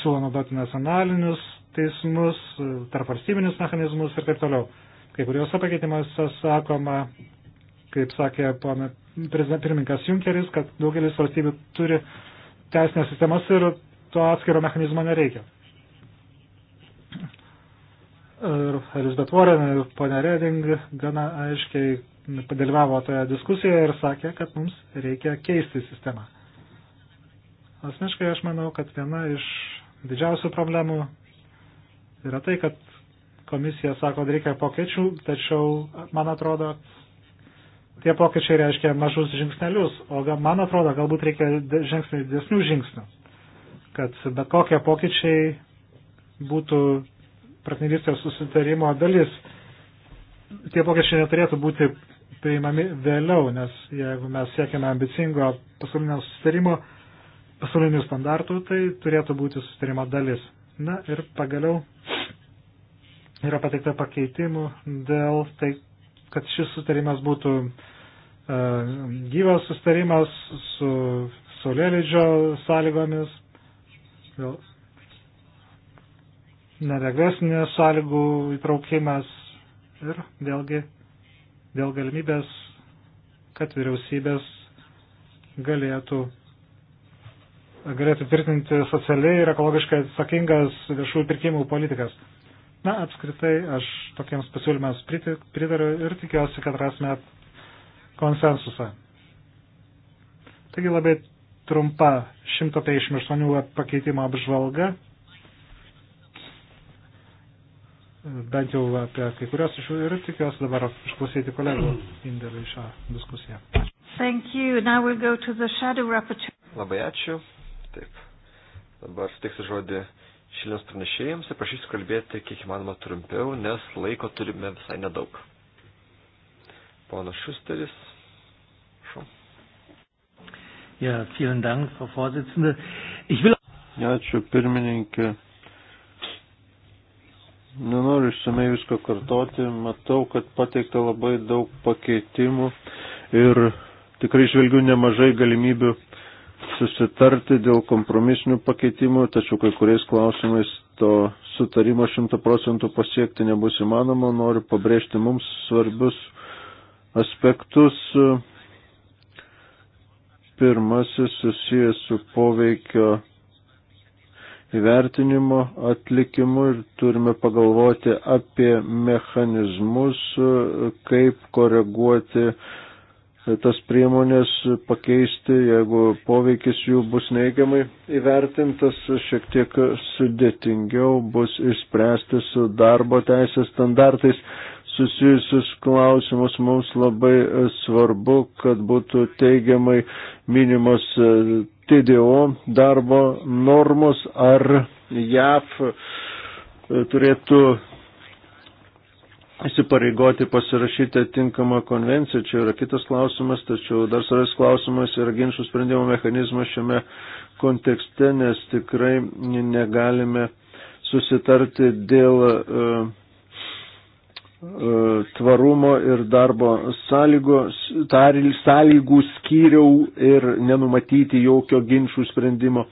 siūlo naudoti nacionalinius teismus, e, tarp valstybinius mechanizmus ir taip toliau. Kai kuriuose pakeitimuose sakoma, kaip sakė pana pirmininkas Junkeris, kad daugelis valstybių turi teisinės sistemas ir to atskiro mechanizmo nereikia. Ir Elizabeth Warren ir pana Reding gana aiškiai padalyvavo toje diskusijoje ir sakė, kad mums reikia keisti sistemą. Asmeniškai aš manau, kad viena iš didžiausių problemų yra tai, kad komisija sako, kad reikia pokyčių, tačiau, man atrodo, tie pokyčiai reiškia mažus žingsnelius, o man atrodo, galbūt reikia žingsnių didesnių žingsnių, kad bet kokie pokyčiai būtų partnerystės susitarimo dalis. Tie pokyčiai neturėtų būti priimami vėliau, nes jeigu mes siekiame ambicingo pasaulinio sustarimo, pasaulinių standartų, tai turėtų būti sustarimo dalis. Na ir pagaliau yra pateikta pakeitimų dėl tai, kad šis sustarimas būtų e, gyvas sustarimas su saulėlydžio sąlygomis, dėl neregresinės sąlygų įtraukimas ir vėlgi dėl galimybės, kad vyriausybės galėtų, galėtų tvirtinti socialiai ir ekologiškai atsakingas viešųjų pirkimų politikas. Na, apskritai, aš tokiems pasiūlymams pritariu ir tikiuosi, kad rasime konsensusą. Taigi labai trumpa 158 pakeitimo apžvalga. bent jau apie kai kurios iš jų ir tikiuosi dabar išklausyti kolegų indėlį į šią diskusiją. Thank you. Now we'll go to the shadow rapporteur. Labai ačiū. Taip. Dabar suteiksiu žodį šiliems pranešėjams ir prašysiu kalbėti kiek įmanoma trumpiau, nes laiko turime visai nedaug. Ponas Šusteris. Šau. Ja, vielen Dank, Frau Vorsitzende. Ich will... Ačiū, pirmininkė. Nenoriu išsamei visko kartoti, matau, kad pateikta labai daug pakeitimų ir tikrai žvelgiu nemažai galimybių susitarti dėl kompromisinių pakeitimų, tačiau kai kuriais klausimais to sutarimo šimtų procentų pasiekti nebus įmanoma. Noriu pabrėžti mums svarbius aspektus. Pirmasis susijęs su poveikio įvertinimo atlikimu ir turime pagalvoti apie mechanizmus, kaip koreguoti tas priemonės, pakeisti, jeigu poveikis jų bus neigiamai įvertintas, šiek tiek sudėtingiau bus išspręsti su darbo teisės standartais susijusius klausimus mums labai e, svarbu, kad būtų teigiamai minimos e, TDO darbo normos ar JAF e, turėtų įsipareigoti pasirašyti atinkamą konvenciją. Čia yra kitas klausimas, tačiau dar savęs klausimas yra ginčių sprendimo mechanizmas šiame kontekste, nes tikrai negalime susitarti dėl uh, E, tvarumo ir darbo sąlygos, tar, sąlygų skyriau ir nenumatyti jokio ginčių sprendimo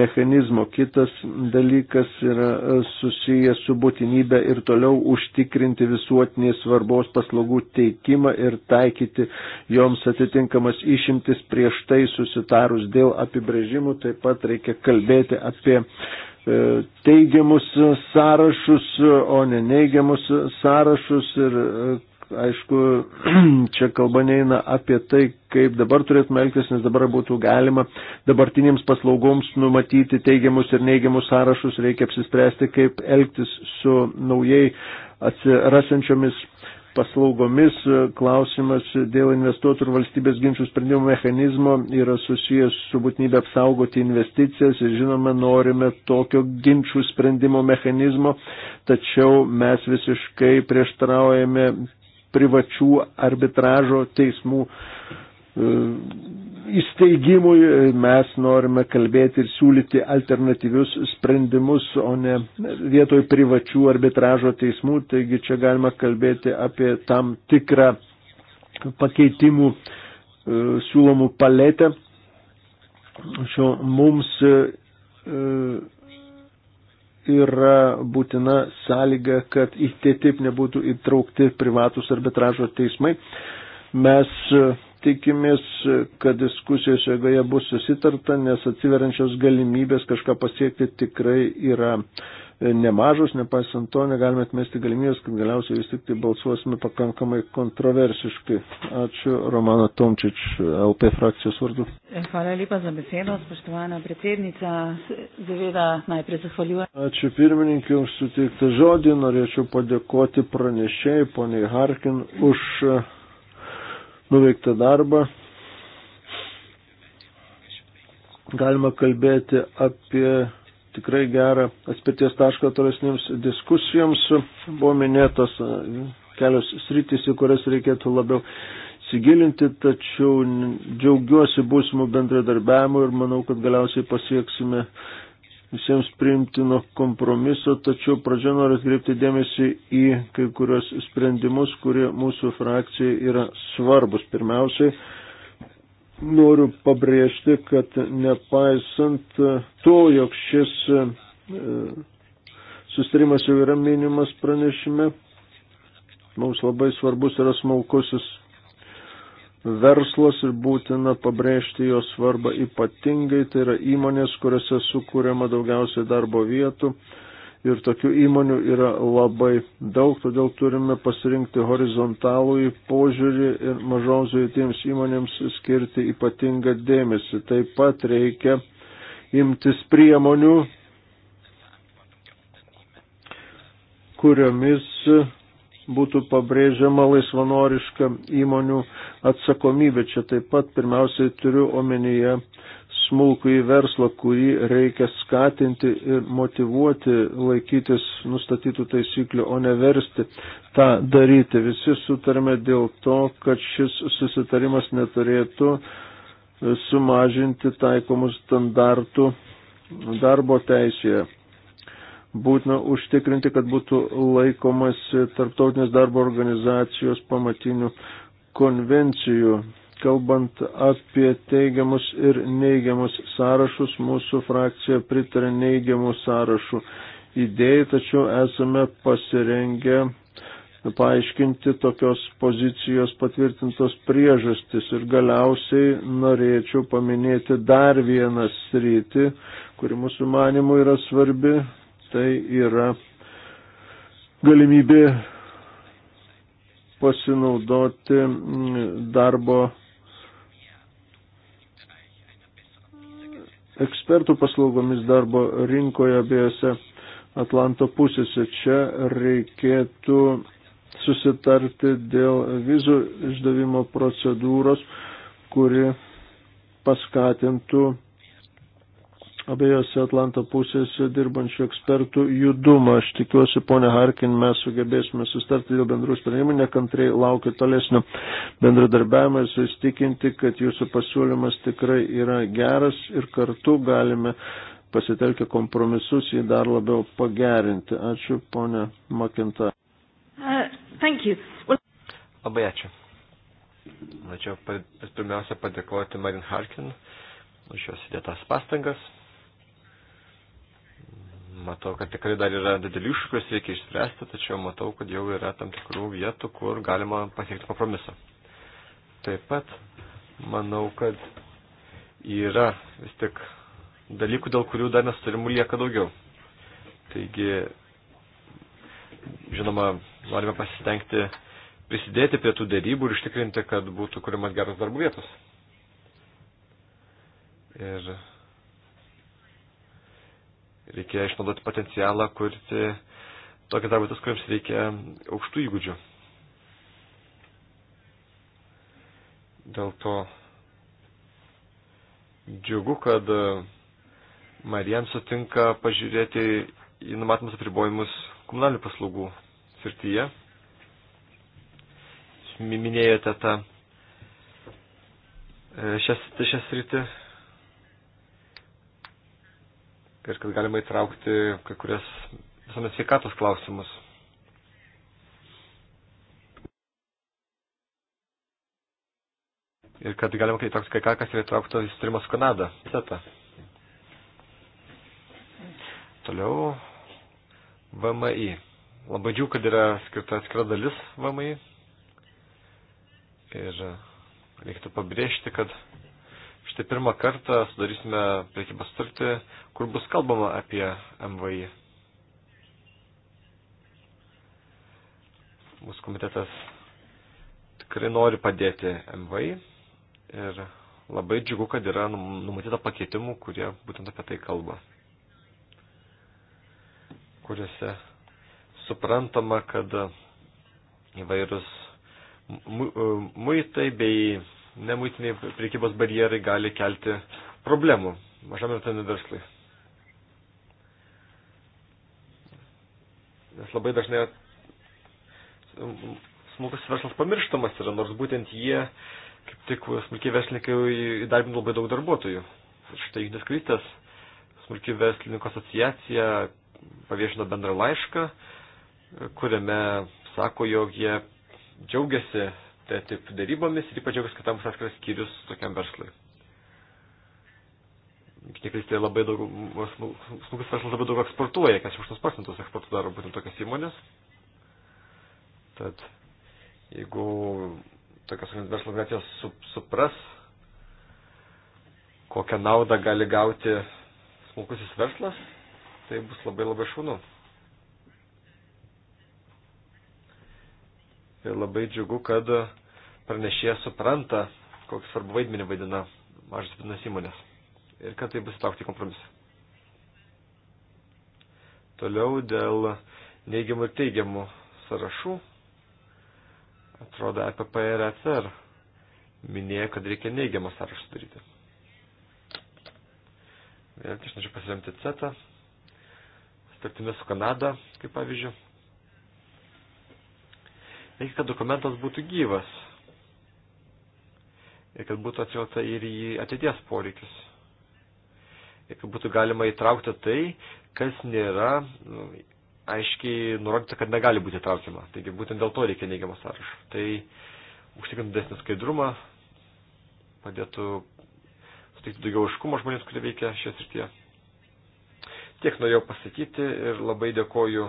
mechanizmo. Kitas dalykas yra e, susijęs su būtinybė ir toliau užtikrinti visuotinės svarbos paslaugų teikimą ir taikyti joms atitinkamas išimtis prieš tai susitarus dėl apibrėžimų. Taip pat reikia kalbėti apie E, teigiamus sąrašus, o ne neigiamus sąrašus ir e, aišku, čia kalba neina apie tai, kaip dabar turėtume elgtis, nes dabar būtų galima dabartinėms paslaugoms numatyti teigiamus ir neigiamus sąrašus, reikia apsispręsti, kaip elgtis su naujai atsirasančiomis paslaugomis e, klausimas dėl investuotų ir valstybės ginčių sprendimų mechanizmo yra susijęs su būtinybė apsaugoti investicijas ir žinoma norime tokio ginčių sprendimo mechanizmo, tačiau mes visiškai prieštaraujame privačių arbitražo teismų e, įsteigimui mes norime kalbėti ir siūlyti alternatyvius sprendimus, o ne vietoj privačių arbitražo teismų, taigi čia galima kalbėti apie tam tikrą pakeitimų e, siūlomų paletę. Šio mums e, yra būtina sąlyga, kad į TTIP nebūtų įtraukti privatus arbitražo teismai. Mes Tikimės, kad diskusijos jėgoje bus susitarta, nes atsiveriančios galimybės kažką pasiekti tikrai yra nemažos, nepaisant to negalime atmesti galimybės, kad galiausiai vis tik tai balsuosime pakankamai kontroversiškai. Ačiū Romana Tomčič, LP frakcijos vardu. E, hvala lepa za besedo, spoštovana predsednica. Zaveda najprej zahvaljujem. Ačiū pirmininkė už suteiktą žodį. Norėčiau padėkoti pranešėjai, poniai Harkin, už. Uh, nuveiktą darbą. Galima kalbėti apie tikrai gerą atspirties tašką tolesnėms diskusijoms. Buvo minėtos e, kelios sritys, į kurias reikėtų labiau įsigilinti, tačiau džiaugiuosi būsimų bendradarbiavimų ir manau, kad galiausiai pasieksime visiems priimtino kompromiso, tačiau pradžio noriu atkreipti dėmesį į kai kurios sprendimus, kurie mūsų frakcijai yra svarbus. Pirmiausiai, noriu pabrėžti, kad nepaisant to, jog šis e, sustarimas jau yra minimas pranešime, mums labai svarbus yra smulkusis verslas ir būtina pabrėžti jo svarbą ypatingai, tai yra įmonės, kuriuose sukūrėma daugiausiai darbo vietų ir tokių įmonių yra labai daug, todėl turime pasirinkti horizontalų požiūrį ir mažoms vietiems įmonėms skirti ypatingą dėmesį. Taip pat reikia imtis priemonių, kuriomis būtų pabrėžiama laisvanoriška įmonių atsakomybė. Čia taip pat pirmiausiai turiu omenyje smulkų į verslą, kurį reikia skatinti ir motivuoti laikytis nustatytų taisyklių, o ne versti tą daryti. Visi sutarime dėl to, kad šis susitarimas neturėtų sumažinti taikomų standartų darbo teisėje būtina užtikrinti, kad būtų laikomasi tarptautinės darbo organizacijos pamatinių konvencijų. Kalbant apie teigiamus ir neigiamus sąrašus, mūsų frakcija pritarė neigiamų sąrašų idėjai, tačiau esame pasirengę paaiškinti tokios pozicijos patvirtintos priežastis. Ir galiausiai norėčiau paminėti dar vieną sritį, kuri mūsų manimų yra svarbi Tai yra galimybė pasinaudoti mm, darbo ekspertų paslaugomis darbo rinkoje abiejose Atlanto pusėse. Čia reikėtų susitarti dėl vizų išdavimo procedūros, kuri paskatintų abiejose Atlanto pusėse dirbančių ekspertų judumą. Aš tikiuosi, ponė Harkin, mes sugebėsime sustarti dėl bendrų sprendimų, nekantrai laukiu tolesnio bendradarbiavimo ir susitikinti, kad jūsų pasiūlymas tikrai yra geras ir kartu galime pasitelkę kompromisus jį dar labiau pagerinti. Ačiū, ponė Makinta. Uh, well... Labai ačiū. Norėčiau pirmiausia padėkoti Marin Harkin už šios įdėtas pastangas. Matau, kad tikrai dar yra didelių iššūkių, reikia išspręsti, tačiau matau, kad jau yra tam tikrų vietų, kur galima pasiekti kompromisą. Taip pat manau, kad yra vis tik dalykų, dėl kurių dar nesutarimų lieka daugiau. Taigi, žinoma, norime pasistengti prisidėti prie tų dėrybų ir ištikrinti, kad būtų kuriamas geras darbų vietos. Ir reikia išnaudoti potencialą, kurti tokias darbo vietas, kuriems reikia aukštų įgūdžių. Dėl to džiugu, kad Marijan sutinka pažiūrėti į numatomus apribojimus komunalinių paslaugų srityje. Minėjote tą e, šias, šias rytį kažkas galima įtraukti kai kurias visuomet sveikatos klausimus. Ir kad galima įtraukti kai ką, kas yra įtraukta į sutarimą su Kanada. Zeta. Toliau VMI. Labai džiugu, kad yra skirta atskira dalis VMI. Ir reiktų pabrėžti, kad Štai pirmą kartą sudarysime priekybos sutartį, kur bus kalbama apie MVI. Mūsų komitetas tikrai nori padėti MVI ir labai džiugu, kad yra numatyta pakeitimų, kurie būtent apie tai kalba, kuriuose suprantama, kad įvairūs muitai bei nemūtiniai priekybos barjerai gali kelti problemų mažam ir tame verslui. Nes labai dažnai smulkus verslas pamirštamas yra, nors būtent jie, kaip tik smulkiai verslininkai, įdarbino labai daug darbuotojų. Ir štai Jungtinės krystės smulkių verslininkų asociacija paviešino bendrą laišką, kuriame sako, jog jie džiaugiasi TTIP darybomis ir ypač jaugus, kad tam bus atskiras skyrius tokiam verslui. Tikrai tai labai daug, smulkus verslas labai daug eksportuoja, 48 procentus eksportų daro būtent tokias įmonės. Tad jeigu tokios verslo organizacijos su, supras, kokią naudą gali gauti smulkusis verslas, tai bus labai labai šūnu. Ir labai džiugu, kad pranešėjas supranta, kokį svarbu vaidmenį vaidina mažas vidinas įmonės ir kad tai bus įtraukti kompromisą. Toliau dėl neigiamų ir teigiamų sąrašų atrodo EPP ir ECR minėjo, kad reikia neigiamą sąrašą sudaryti. Vėlgi aš norėčiau pasiremti CETA, sutartimi su Kanada, kaip pavyzdžiui. Reikia, kad dokumentas būtų gyvas, ir kad būtų atsivilta ir į ateities poreikius. Ir kad būtų galima įtraukti tai, kas nėra nu, aiškiai nurodyta, kad negali būti traukiama. Taigi būtent dėl to reikia neigiamo sąrašo. Tai užtikrint didesnį skaidrumą, padėtų suteikti daugiau iškumo žmonėms, kurie veikia šią srityje. Tiek norėjau pasakyti ir labai dėkoju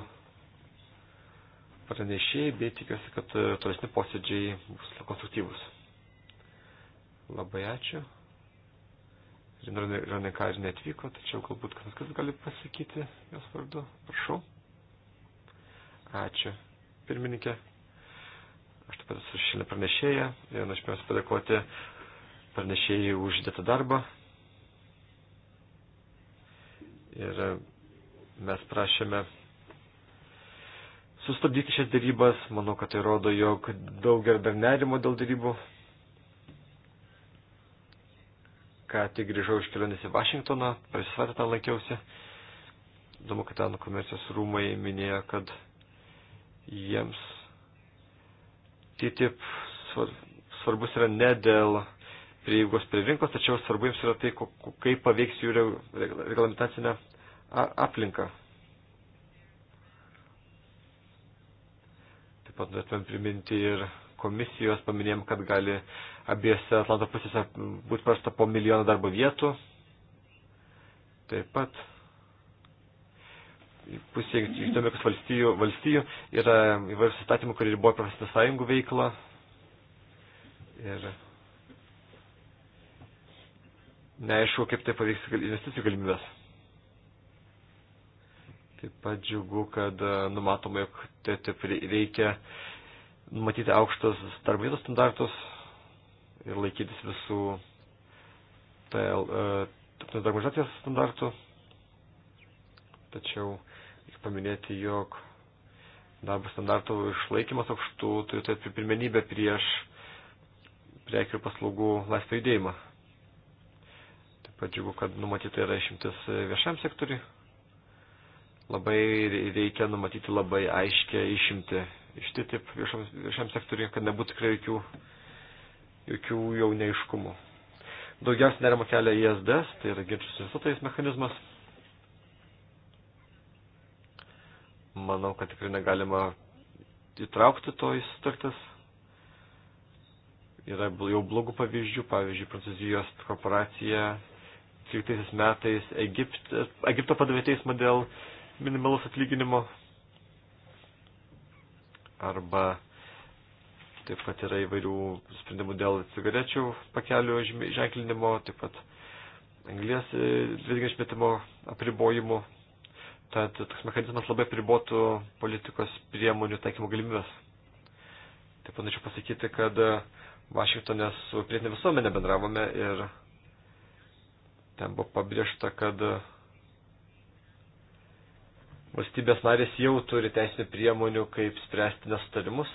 pranešėjai, bei tikiuosi, kad tolesni posėdžiai bus konstruktyvus. Labai ačiū. Renekar netvyko, tačiau galbūt kas kas gali pasakyti jos vardu. Prašau. Ačiū. Pirmininkė. Aš taip pat esu šiandien pranešėja ir aš pirmiausia padėkoti pranešėjai už dėtą darbą. Ir mes prašėme sustabdyti šias dėrybas. Manau, kad tai rodo, jog daug yra dar nerimo dėl dėrybų ką tik grįžau iš kelionės į Vašingtoną, prieš savaitę ten lankiausi. Įdomu, kad ten komercijos rūmai minėjo, kad jiems TTIP svarbus yra ne dėl prieigos prie rinkos, tačiau svarbu jums yra tai, kaip paveiks jų reglamentacinę aplinką. Taip pat norėtumėm priminti ir komisijos paminėjom, kad gali abiejose Atlanto pusėse būtų prasta po milijoną darbo vietų. Taip pat pusė Jungtinėmis valstijų, valstijų yra įvairių įstatymų, kurie riboja profesinės sąjungų veiklą. Ir neaišku, kaip tai paveiks investicijų galimybės. Taip pat džiugu, kad e, numatoma, jog taip reikia numatyti aukštus darbo vietos standartus ir laikytis visų TL, e, tarptautinės darbo organizacijos standartų. Tačiau reikia paminėti, jog darbo standartų išlaikymas aukštų turi turėti pirmenybę prieš prekių ir paslaugų laisvą judėjimą. Taip pat džiugu, kad numatyta yra išimtis viešam sektoriui. Labai reikia numatyti labai aiškę išimti iš TTIP tai viešam, viešam sektoriui, kad nebūtų tikrai jokių jokių jau neiškumų. Daugiausia nerima kelia ISDS, tai yra ginčių institutais mechanizmas. Manau, kad tikrai negalima įtraukti to į sutartis. Yra jau blogų pavyzdžių, pavyzdžiui, Prancūzijos korporacija 13 metais Egipt, Egipto padavė teismą dėl minimalus atlyginimo arba taip pat yra įvairių sprendimų dėl cigarečių pakelių ženklinimo, taip pat anglės e, dvideginio išmetimo apribojimų. Tad toks mechanizmas labai pribotų politikos priemonių taikymo galimybės. Taip pat norėčiau pasakyti, kad Vašingtonė su pilietinė visuomenė bendravome ir ten buvo pabrėžta, kad valstybės narės jau turi teisinių priemonių, kaip spręsti nesutarimus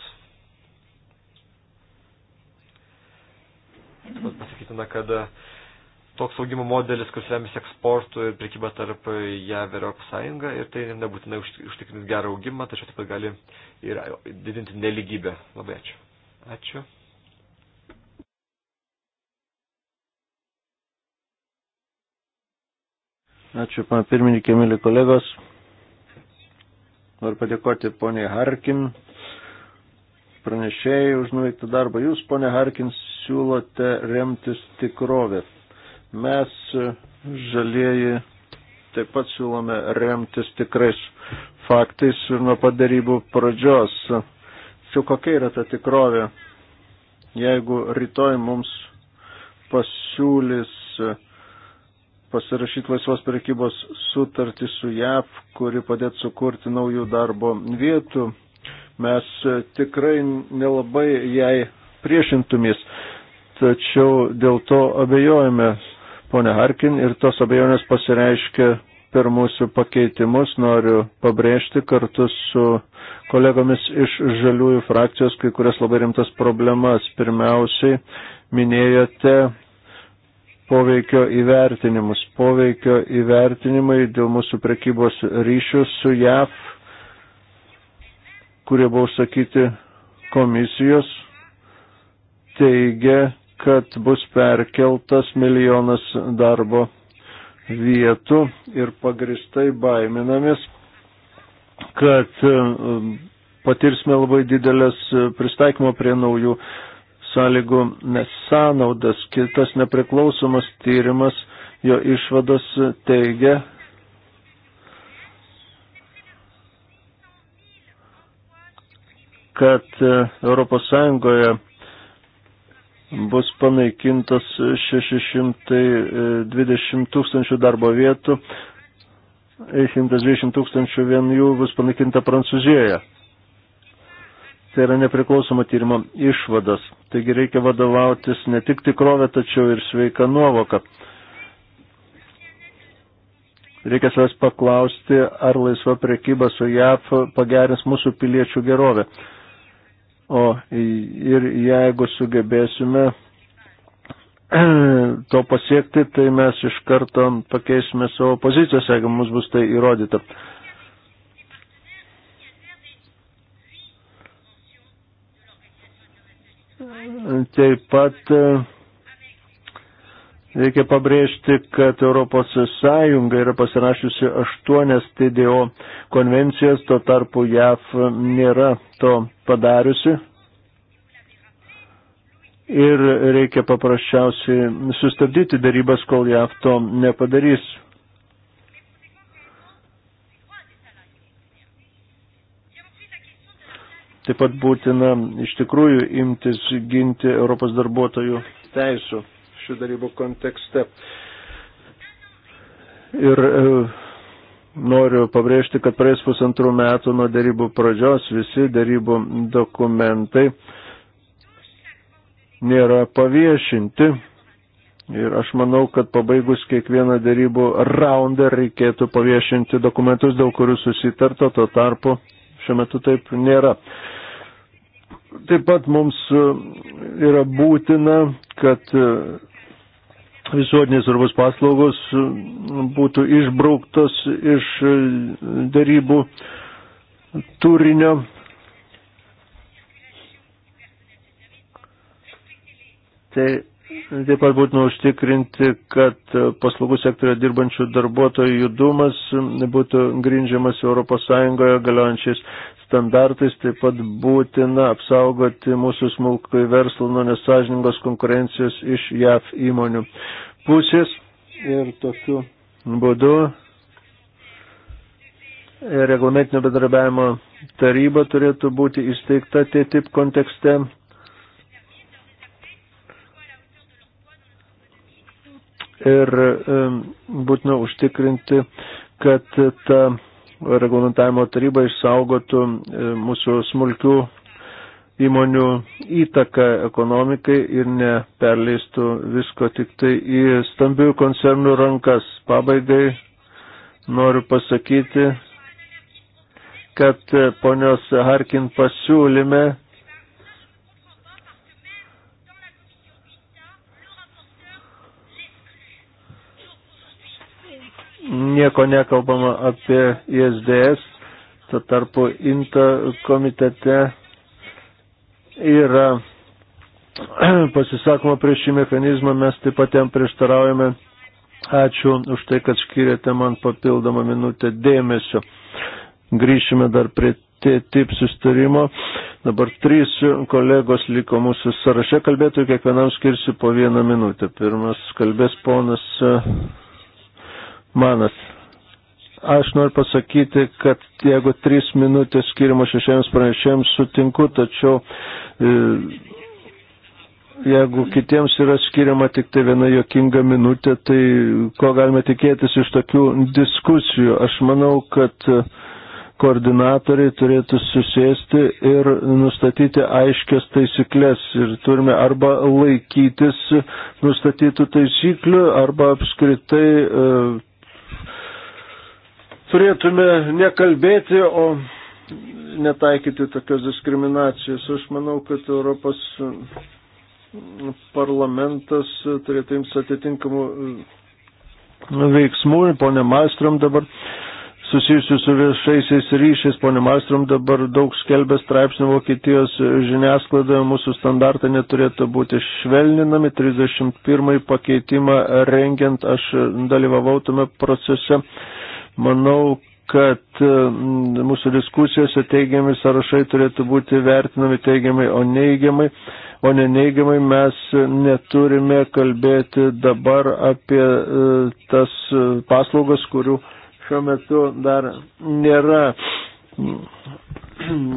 Taip pat pasakytina, kad e, toks augimo modelis, kuris remiasi eksportu ir prekyba tarp JAV ir Europos Sąjunga, ir tai nebūtinai užtikrins gerą augimą, tačiau taip pat gali ir didinti neligybę. Labai ačiū. Ačiū. Ačiū, pana pirmininkė, mėly kolegos. Noriu padėkoti poniai Harkin pranešėjai už nuveiktą darbą. Jūs, ponė Harkins, siūlote remtis tikrovė. Mes žalieji taip pat siūlome remtis tikrais faktais ir nuo padarybų pradžios. Čia kokia yra ta tikrovė? Jeigu rytoj mums pasiūlys pasirašyti laisvos prekybos sutartį su JAV, kuri padėtų sukurti naujų darbo vietų, mes e, tikrai nelabai jai priešintumės. Tačiau dėl to abejojame, ponė Harkin, ir tos abejonės pasireiškia per mūsų pakeitimus. Noriu pabrėžti kartu su kolegomis iš žaliųjų frakcijos kai kurias labai rimtas problemas. Pirmiausiai minėjote poveikio įvertinimus. Poveikio įvertinimai dėl mūsų prekybos ryšių su JAV kurie buvo užsakyti komisijos, teigia, kad bus perkeltas milijonas darbo vietų ir pagristai baiminamis, kad um, patirsime labai didelės uh, pristaikymo prie naujų sąlygų sąnaudas. Kitas nepriklausomas tyrimas, jo išvados teigia, kad ES bus panaikintos 620 e, tūkstančių darbo vietų, 120 tūkstančių vien jų bus panaikinta Prancūzijoje. Tai yra nepriklausoma tyrimo išvadas. Taigi reikia vadovautis ne tik tikrovė, tačiau ir sveika nuovoka. Reikia savęs paklausti, ar laisva prekyba su JAF pagerins mūsų piliečių gerovę. O ir jeigu sugebėsime to pasiekti, tai mes iš karto pakeisime savo pozicijas, jeigu mums bus tai įrodyta. Taip pat Reikia pabrėžti, kad Europos Sąjunga yra pasirašiusi aštuonias TDO konvencijas, tuo tarpu JAF nėra to padariusi. Ir reikia paprasčiausiai sustabdyti darybas, kol JAF to nepadarys. Taip pat būtina iš tikrųjų imtis ginti Europos darbuotojų teisų šių darybų kontekste. Ir e, noriu pabrėžti, kad praeis pusantrų metų nuo darybų pradžios visi darybų dokumentai nėra paviešinti. Ir aš manau, kad pabaigus kiekvieną darybų raundą reikėtų paviešinti dokumentus, dėl kurių susitarto, to tarpu šiuo metu taip nėra. Taip pat mums yra būtina, kad visuotinės svarbos paslaugos būtų išbrauktos iš e, darybų turinio. Tai Taip pat būtina užtikrinti, kad paslaugų sektorio dirbančių darbuotojų judumas būtų grindžiamas ES galiojančiais standartais. Taip pat būtina apsaugoti mūsų smulkų verslą nuo nesažiningos konkurencijos iš JAV įmonių pusės. Ir tokiu būdu reglamentinio bedarbiavimo taryba turėtų būti įsteigta TTIP kontekste ir būtina užtikrinti, kad ta reglamentavimo taryba išsaugotų mūsų smulkių įmonių įtaką ekonomikai ir neperleistų visko tik tai į stambių koncernų rankas. Pabaigai noriu pasakyti, kad ponios Harkin pasiūlyme nieko nekalbama apie ISDS, tuo tarpu INTA komitete yra pasisakoma prieš šį mechanizmą, mes taip pat jam prieštaraujame. Ačiū už tai, kad skiriate man papildomą minutę dėmesio. Grįšime dar prie TTIP sustarimo. Dabar trys kolegos liko mūsų sąraše kalbėtojų, kiekvienam skirsiu po vieną minutę. Pirmas kalbės ponas Manas. Aš noriu pasakyti, kad jeigu trys minutės skirimo šešiems pranešėjams sutinku, tačiau e, jeigu kitiems yra skiriama tik tai viena jokinga minutė, tai ko galime tikėtis iš tokių diskusijų? Aš manau, kad e, koordinatoriai turėtų susėsti ir nustatyti aiškias taisyklės ir turime arba laikytis nustatytų taisyklių, arba apskritai e, turėtume nekalbėti, o netaikyti tokios diskriminacijos. Aš manau, kad Europos parlamentas turėtų jums atitinkamų veiksmų, ponė Maistrom dabar susijusių su viešaisiais ryšiais, ponė Maistrom dabar daug skelbė straipsnių Vokietijos žiniasklaidoje, mūsų standartai neturėtų būti švelninami, 31 pakeitimą rengiant aš dalyvavau tame procese Manau, kad mm, mūsų diskusijose teigiami sąrašai turėtų būti vertinami teigiamai, o neigiamai, o ne neigiamai mes neturime kalbėti dabar apie e, tas paslaugas, kurių šiuo metu dar nėra.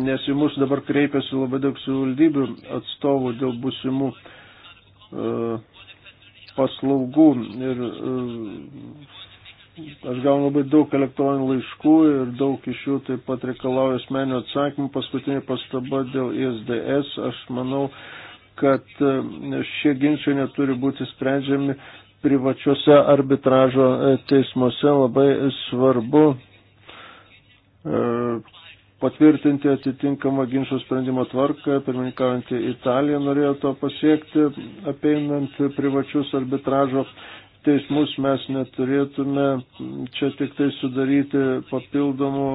Nes į mūsų dabar kreipiasi labai daug savivaldybių atstovų dėl būsimų e, paslaugų ir e, Aš gaunu labai daug elektroninių laiškų ir daug iš jų taip pat reikalauju asmenio atsakymų. Paskutinė pastaba dėl ISDS. Aš manau, kad e, šie ginčiai neturi būti sprendžiami privačiuose arbitražo e, teismuose. Labai svarbu e, patvirtinti atitinkamą ginčio sprendimo tvarką, pirmininkaujantį Italiją norėjo to pasiekti, apeinant privačius arbitražo teismus teismus mes neturėtume čia tik tai sudaryti papildomų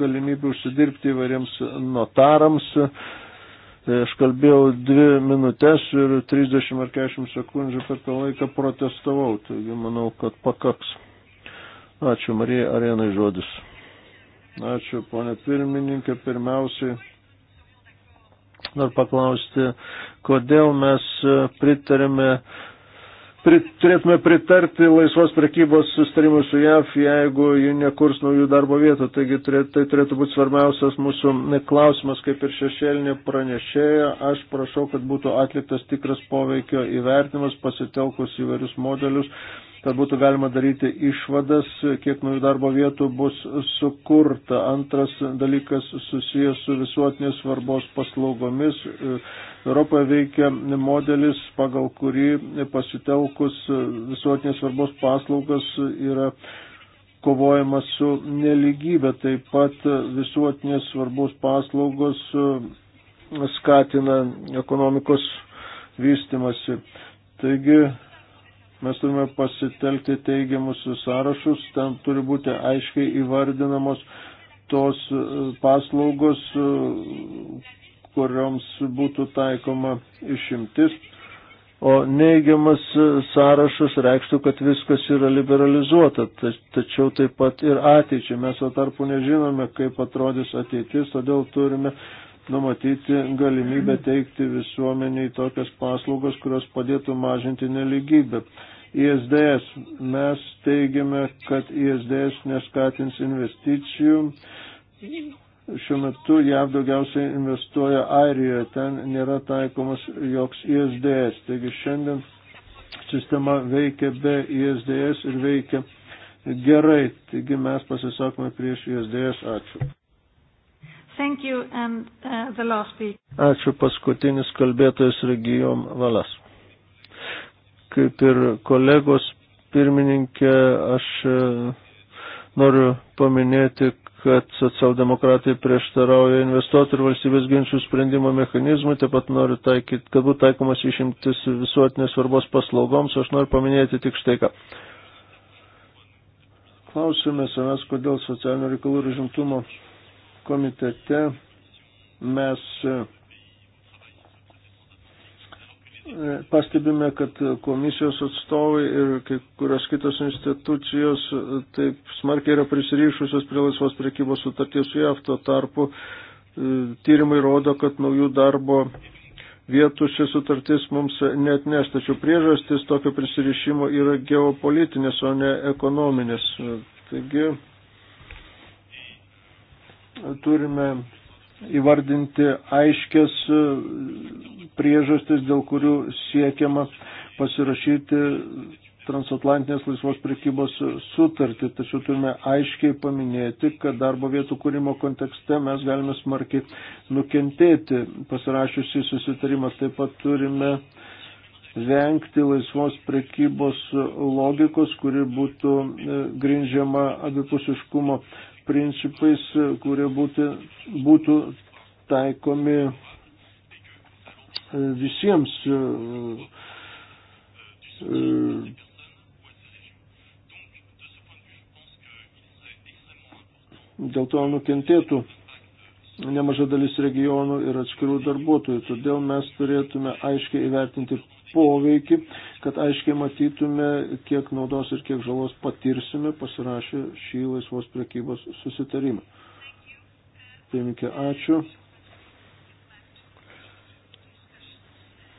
galimybių užsidirbti įvairiems notarams. Tai aš kalbėjau dvi minutės ir 30 ar 40 sekundžių per tą laiką protestavau, taigi manau, kad pakaks. Ačiū Marija Arenai žodis. Ačiū ponė pirmininkė, pirmiausiai noriu paklausti, kodėl mes pritarėme turėtume pritarti laisvos prekybos sustarimui su JAF, jeigu ji nekurs naujų darbo vietų. Taigi tai turėtų būti svarbiausias mūsų klausimas, kaip ir šešėlinė pranešėja. Aš prašau, kad būtų atliktas tikras poveikio įvertimas, pasitelkus įvairius modelius kad būtų galima daryti išvadas, kiek naujų darbo vietų bus sukurta. Antras dalykas susijęs su visuotinės svarbos paslaugomis. Europoje veikia modelis, pagal kurį pasitelkus visuotinės svarbos paslaugas yra kovojama su neligybė, taip pat visuotinės svarbos paslaugos skatina ekonomikos vystimasi. Taigi Mes turime pasitelkti teigiamus sąrašus, ten turi būti aiškiai įvardinamos tos e, paslaugos, e, kurioms būtų taikoma išimtis. O neigiamas e, sąrašas reikštų, kad viskas yra liberalizuota, tačiau taip pat ir ateičiai. Mes o tarpu nežinome, kaip atrodys ateitis, todėl turime numatyti galimybę teikti visuomeniai tokias paslaugas, kurios padėtų mažinti neligybę. ISDS. Mes teigiame, kad ISDS neskatins investicijų. Šiuo metu JAV daugiausiai investuoja Airijoje, ten nėra taikomas joks ISDS. Taigi šiandien sistema veikia be ISDS ir veikia gerai. Taigi mes pasisakome prieš ISDS. Ačiū. Thank you. And, uh, the last speaker. Ačiū paskutinis kalbėtojas Regijom Valas. Kaip ir kolegos pirmininkė, aš e, noriu paminėti, kad socialdemokratai prieštarauja investuotojų ir valstybės ginčių sprendimo mechanizmui, taip pat noriu taikyti, kad būtų taikomas išimtis visuotinės svarbos paslaugoms, aš noriu paminėti tik štai ką. Klausime savęs, kodėl socialinio reikalų ir žimtumo komitete mes e, pastebime, kad komisijos atstovai ir kai kurios kitos institucijos e, taip smarkiai yra prisirišusios prie laisvos priekybos sutarties su JAV, tuo tarpu e, tyrimai rodo, kad naujų darbo vietų ši sutartis mums net neš, tačiau priežastis tokio prisirišimo yra geopolitinės, o ne ekonominės. Taigi turime įvardinti aiškias e, priežastis, dėl kurių siekiama pasirašyti transatlantinės laisvos prekybos sutartį. Tačiau turime aiškiai paminėti, kad darbo vietų kūrimo kontekste mes galime smarkiai nukentėti pasirašiusi susitarimą. Taip pat turime vengti laisvos prekybos logikos, kuri būtų e, grindžiama abipusiškumo principais, kurie būti, būtų taikomi e, visiems e, e, dėl to nukentėtų nemaža dalis regionų ir atskirų darbuotojų. Todėl mes turėtume aiškiai įvertinti poveikį, kad aiškiai matytume, kiek naudos ir kiek žalos patirsime pasirašę šį laisvos prekybos susitarimą. Pirmininkė, ačiū.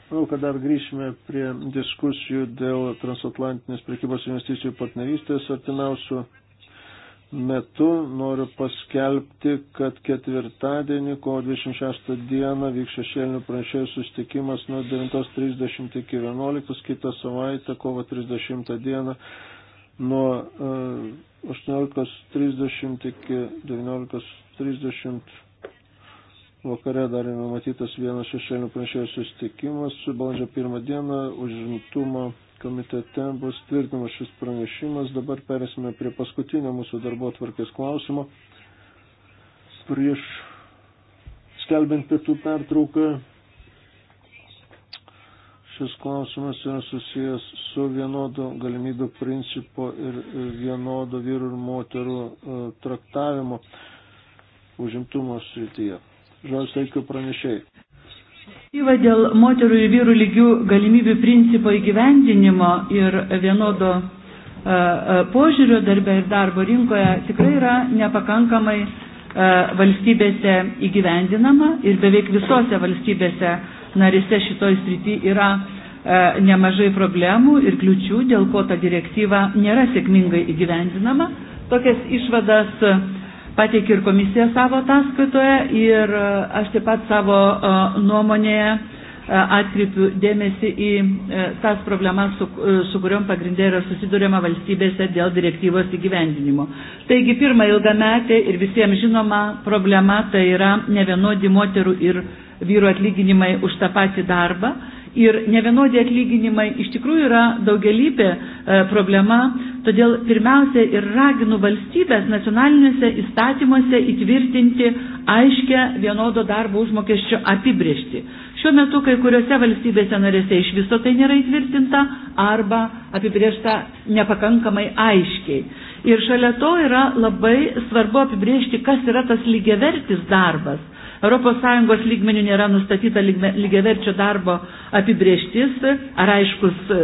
Manau, kad dar grįšime prie diskusijų dėl transatlantinės prekybos investicijų partnerystės artimiausių metu noriu paskelbti, kad ketvirtadienį, kovo 26 dieną, vyks šešėlinių pranešėjų sustikimas nuo 9.30 iki 11, kitą savaitę, kovo 30 dieną, nuo 18.30 e, iki 19.30 vakare dar yra matytas vienas šešėlinių pranešėjų sustikimas, balandžio pirmą dieną užimtumo komitete bus tvirtinamas šis pranešimas. Dabar perėsime prie paskutinio mūsų darbo tvarkės klausimo. Prieš skelbiant pietų pertrauką, šis klausimas yra susijęs su vienodo galimybių principo ir vienodo vyrų ir moterų e, traktavimo užimtumo srityje. Žodžiu, teikiu pranešėjai. Iniciatyva dėl moterų ir vyrų lygių galimybių principo įgyvendinimo ir vienodo e, e, požiūrio darbę ir darbo rinkoje tikrai yra nepakankamai e, valstybėse įgyvendinama ir beveik visose valstybėse narise šitoj srity yra nemažai problemų ir kliučių, dėl ko ta direktyva nėra sėkmingai įgyvendinama. Tokias išvadas pateikė ir komisija savo ataskaitoje ir e, aš taip pat savo e, nuomonėje e, atkreipiu dėmesį į tas problemas, su, su kuriuom pagrindė yra susidurima valstybėse dėl direktyvos įgyvendinimo. Taigi pirma ilgametė ir visiems žinoma problema tai yra nevienodi moterų ir vyrų atlyginimai už tą patį darbą ir nevienodi atlyginimai iš tikrųjų yra daugelybė e, problema, todėl pirmiausia ir raginu valstybės nacionaliniuose įstatymuose įtvirtinti aiškę vienodo darbo užmokesčio apibriežtį. Šiuo metu kai kuriuose valstybėse narėse iš viso tai nėra įtvirtinta arba apibriežta nepakankamai aiškiai. Ir šalia to yra labai svarbu apibriežti, kas yra tas lygiavertis darbas ES lygmenių nėra nustatyta lygiaverčio darbo apibrieštis ar aiškus e,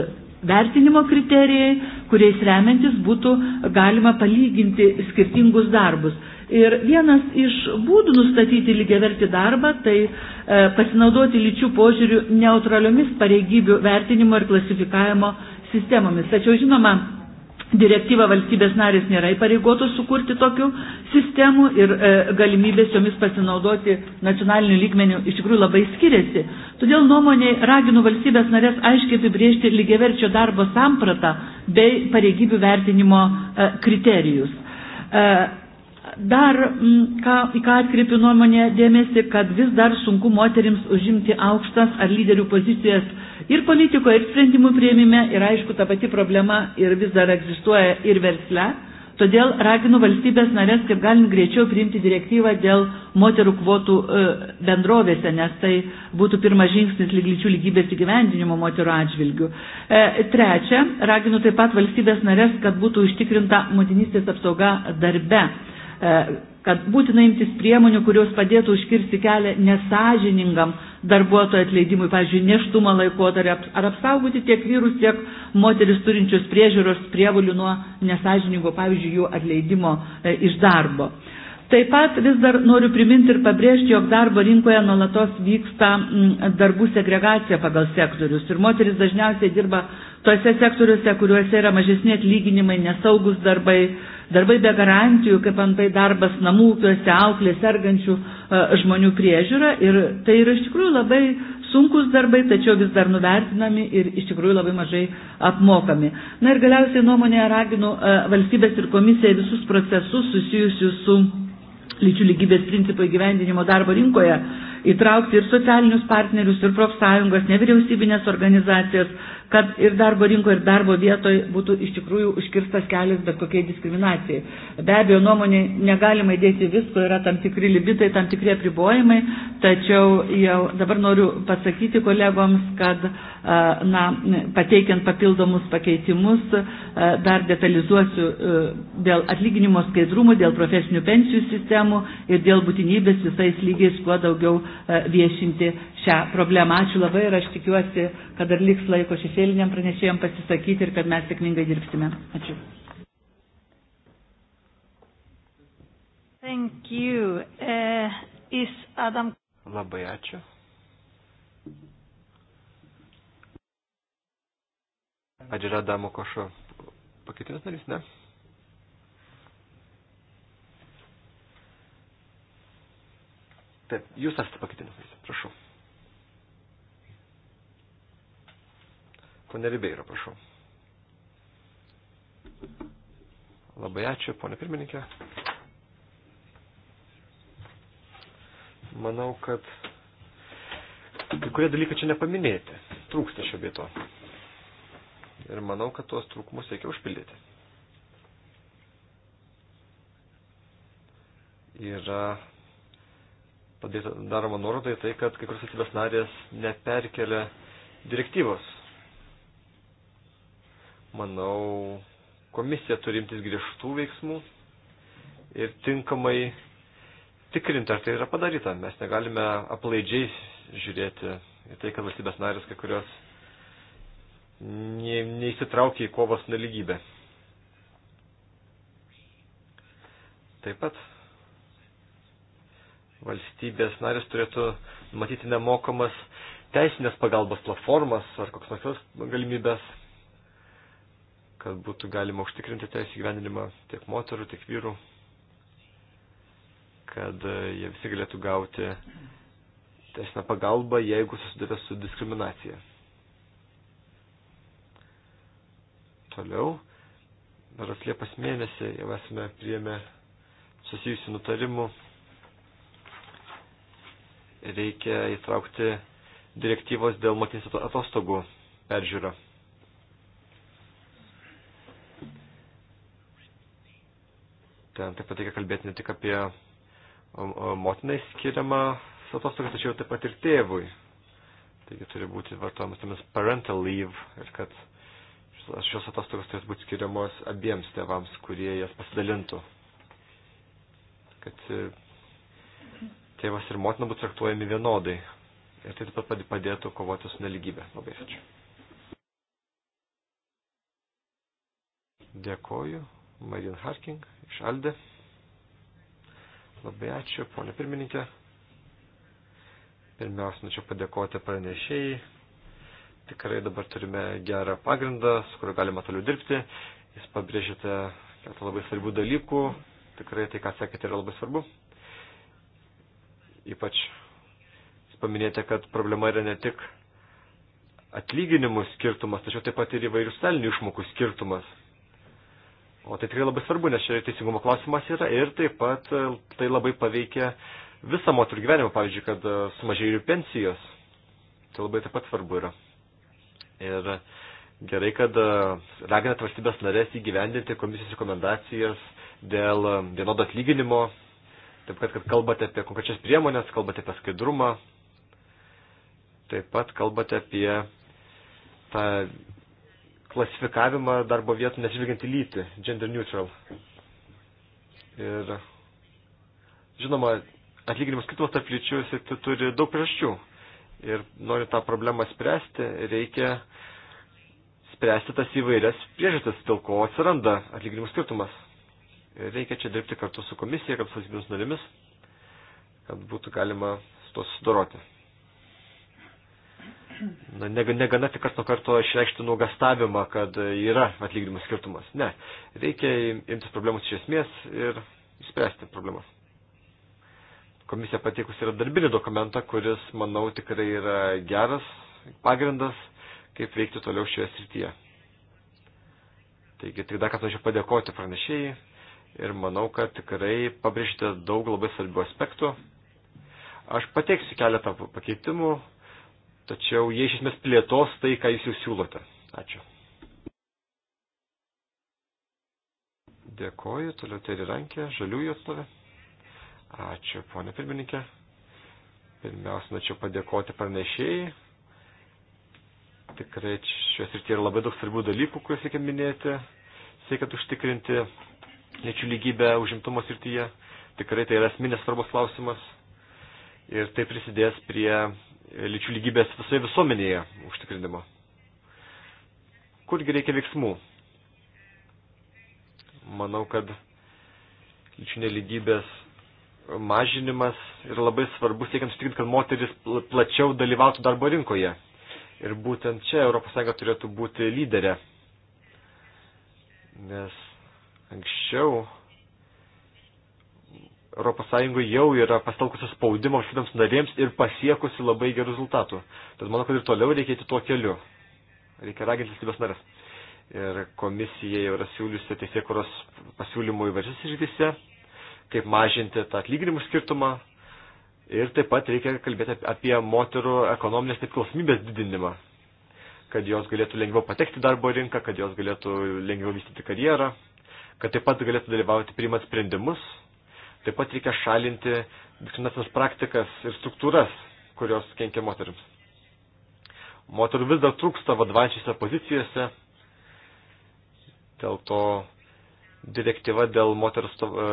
vertinimo kriterijai, kuriais remiantis būtų galima palyginti skirtingus darbus. Ir vienas iš būdų nustatyti lygiavertį darbą, tai e, pasinaudoti lyčių požiūrių neutraliomis pareigybių vertinimo ir klasifikavimo sistemomis. Tačiau, žinoma, Direktyva valstybės narės nėra įpareigotos sukurti tokių sistemų ir e, galimybės jomis pasinaudoti nacionaliniu lygmeniu iš tikrųjų labai skiriasi. Todėl nuomonė raginu valstybės narės aiškiai apibriežti lygiaverčio darbo sampratą bei pareigybių vertinimo e, kriterijus. E, dar, m, ką, į ką atkreipiu nuomonę dėmesį, kad vis dar sunku moterims užimti aukštas ar lyderių pozicijas Ir politikoje, ir sprendimų prieimime, ir aišku, ta pati problema ir vis dar egzistuoja ir versle. Todėl raginu valstybės narės, kaip galim greičiau priimti direktyvą dėl moterų kvotų e, bendrovėse, nes tai būtų pirmas žingsnis lygličių lygybės įgyvendinimo moterų atžvilgių. E, trečia, raginu taip pat valstybės narės, kad būtų užtikrinta motinystės apsauga darbe e, kad būtina imtis priemonių, kurios padėtų užkirsti kelią nesažiningam darbuotojų atleidimui, pavyzdžiui, neštumo laikotarpį, ar apsaugoti tiek vyrus, tiek moteris turinčius priežiūros prievalių nuo nesažiningo, pavyzdžiui, jų atleidimo e, iš darbo. Taip pat vis dar noriu priminti ir pabrėžti, jog darbo rinkoje nuolatos vyksta darbų segregacija pagal sektorius ir moteris dažniausiai dirba tose sektoriuose, kuriuose yra mažesni atlyginimai, nesaugus darbai, darbai be garantijų, kaip antai darbas namų ūkiuose, auklė, sergančių e, žmonių priežiūra. Ir tai yra iš tikrųjų labai sunkus darbai, tačiau vis dar nuvertinami ir iš tikrųjų labai mažai apmokami. Na ir galiausiai nuomonėje raginu e, valstybės ir komisiją visus procesus susijusius su lyčių lygybės principų įgyvendinimo darbo rinkoje įtraukti ir socialinius partnerius, ir profsąjungas, nevyriausybinės organizacijas, kad ir darbo rinkoje, ir darbo vietoje būtų iš tikrųjų užkirstas kelias bet kokiai diskriminacijai. Be abejo, nuomonė negalima įdėti visko, yra tam tikri libitai, tam tikri apribojimai, tačiau jau dabar noriu pasakyti kolegoms, kad na, pateikiant papildomus pakeitimus, dar detalizuosiu dėl atlyginimo skaidrumų, dėl profesinių pensijų sistemų ir dėl būtinybės visais lygiais kuo daugiau viešinti šią problemą. Ačiū labai ir aš tikiuosi, kad dar liks laiko šešėliniam pranešėjom pasisakyti ir kad mes sėkmingai dirbsime. Ačiū. Thank you. Uh, is Adam... Labai ačiū. Ar yra Adamo Košo pakeitimas narys, ne? Taip, jūs esate pakeitimas narys, prašau. Pone Ribeiro, prašau. Labai ačiū, ponė pirmininkė. Manau, kad kai kurie dalykai čia nepaminėti. Trūksta šio vieto. Ir manau, kad tuos trūkumus reikia užpildyti. Yra padėta, daroma nuoroda į tai, kad kai kurios atsibės narės neperkelia direktyvos manau, komisija turi imtis griežtų veiksmų ir tinkamai tikrinti, ar tai yra padaryta. Mes negalime aplaidžiai žiūrėti į tai, kad valstybės narės kai kurios ne, neįsitraukia į kovos nelygybę. Taip pat valstybės narės turėtų matyti nemokamas teisinės pagalbos platformas ar koks nors galimybės kad būtų galima užtikrinti teisų gyvenimą tiek moterų, tiek vyrų, kad e, jie visi galėtų gauti teisinę pagalbą, jeigu susiduria su diskriminacija. Toliau, dar atliepas mėnesį jau esame priėmę susijusių nutarimų. Reikia įtraukti direktyvos dėl motinės atostogų peržiūrą. Ten taip pat reikia kalbėti ne tik apie motinai skiriamą atostogą, tačiau taip pat ir tėvui. Taigi turi būti vartojamas tomis parental leave ir kad šios atostogos turėtų būti skiriamos abiems tėvams, kurie jas pasidalintų. Kad e, tėvas ir motina būtų traktuojami vienodai. Ir tai taip pat padėtų kovoti su neligybė. Labai ačiū. Dėkoju. Marian Harking iš Aldė. Labai ačiū, ponė pirmininkė. Pirmiausia, norėčiau padėkoti pranešėjai. Tikrai dabar turime gerą pagrindą, su kuriuo galima toliau dirbti. Jūs pabrėžėte keletą labai svarbių dalykų. Tikrai tai, ką sakėte, yra labai svarbu. Ypač jūs paminėjote, kad problema yra ne tik atlyginimų skirtumas, tačiau taip pat ir įvairių stalinių išmokų skirtumas O tai tikrai labai svarbu, nes čia teisingumo klausimas yra ir taip pat e, tai labai paveikia visą moterų gyvenimą, pavyzdžiui, kad e, sumažėjo jų pensijos. Tai labai taip pat svarbu yra. Ir gerai, kad e, raginat valstybės narės įgyvendinti komisijos rekomendacijas dėl vienodo atlyginimo, taip kad, kad kalbate apie konkrečias priemonės, kalbate apie skaidrumą, taip pat kalbate apie tą klasifikavimą darbo vietų nesivilgiant į lytį, gender neutral. Ir žinoma, atlyginimas skirtumas tarp lyčių jis turi daug priežasčių. Ir norint tą problemą spręsti, reikia spręsti tas įvairias priežastis, dėl ko atsiranda atlyginimų skirtumas. Ir reikia čia dirbti kartu su komisija, kartu su valstybėmis narėmis, kad būtų galima su to susidoroti na, negana tik karto karto išreikšti nuogastavimą, kad yra atlyginimų skirtumas. Ne, reikia imtis problemus iš esmės ir išspręsti problemas. Komisija pateikus yra darbinį dokumentą, kuris, manau, tikrai yra geras pagrindas, kaip veikti toliau šioje srityje. Taigi, tik dar kartą norėčiau padėkoti pranešėjai ir manau, kad tikrai pabrėžite daug labai svarbių aspektų. Aš pateiksiu keletą pakeitimų, tačiau jie iš esmės plėtos tai, ką jūs jau siūlote. Ačiū. Dėkoju, toliau Terį Rankė, žaliųjų atstovė. Ačiū, ponė pirmininkė. Pirmiausia, norėčiau padėkoti pranešėjai. Tikrai šios ir tie yra labai daug svarbių dalykų, kuriuos reikia minėti. Siekiant užtikrinti lyčių lygybę užimtumo srityje, tikrai tai yra asmenės svarbos klausimas ir tai prisidės prie lyčių lygybės visoje visuomenėje užtikrinimo. Kurgi reikia veiksmų? Manau, kad lyčių nelygybės mažinimas yra labai svarbus, siekiant sutikrinti, kad moteris plačiau dalyvautų darbo rinkoje. Ir būtent čia ES turėtų būti lyderė. Nes anksčiau ES jau yra pastalkusi spaudimo valstybėms narėms ir pasiekusi labai gerų rezultatų. Tad manau, kad ir toliau reikia eiti tuo keliu. Reikia raginti valstybės narės. Ir komisija jau yra siūliusi teisėkuros pasiūlymų įvairiose srityse, kaip mažinti tą atlyginimų skirtumą. Ir taip pat reikia kalbėti apie moterų ekonominės nepriklausomybės didinimą kad jos galėtų lengviau patekti darbo rinką, kad jos galėtų lengviau vystyti karjerą, kad taip pat galėtų dalyvauti priimant sprendimus Taip pat reikia šalinti diskriminacinės praktikas ir struktūras, kurios kenkia moteriams. Moterų vis dar trūksta vadovančiose pozicijose, dėl to direktyva dėl moterų e,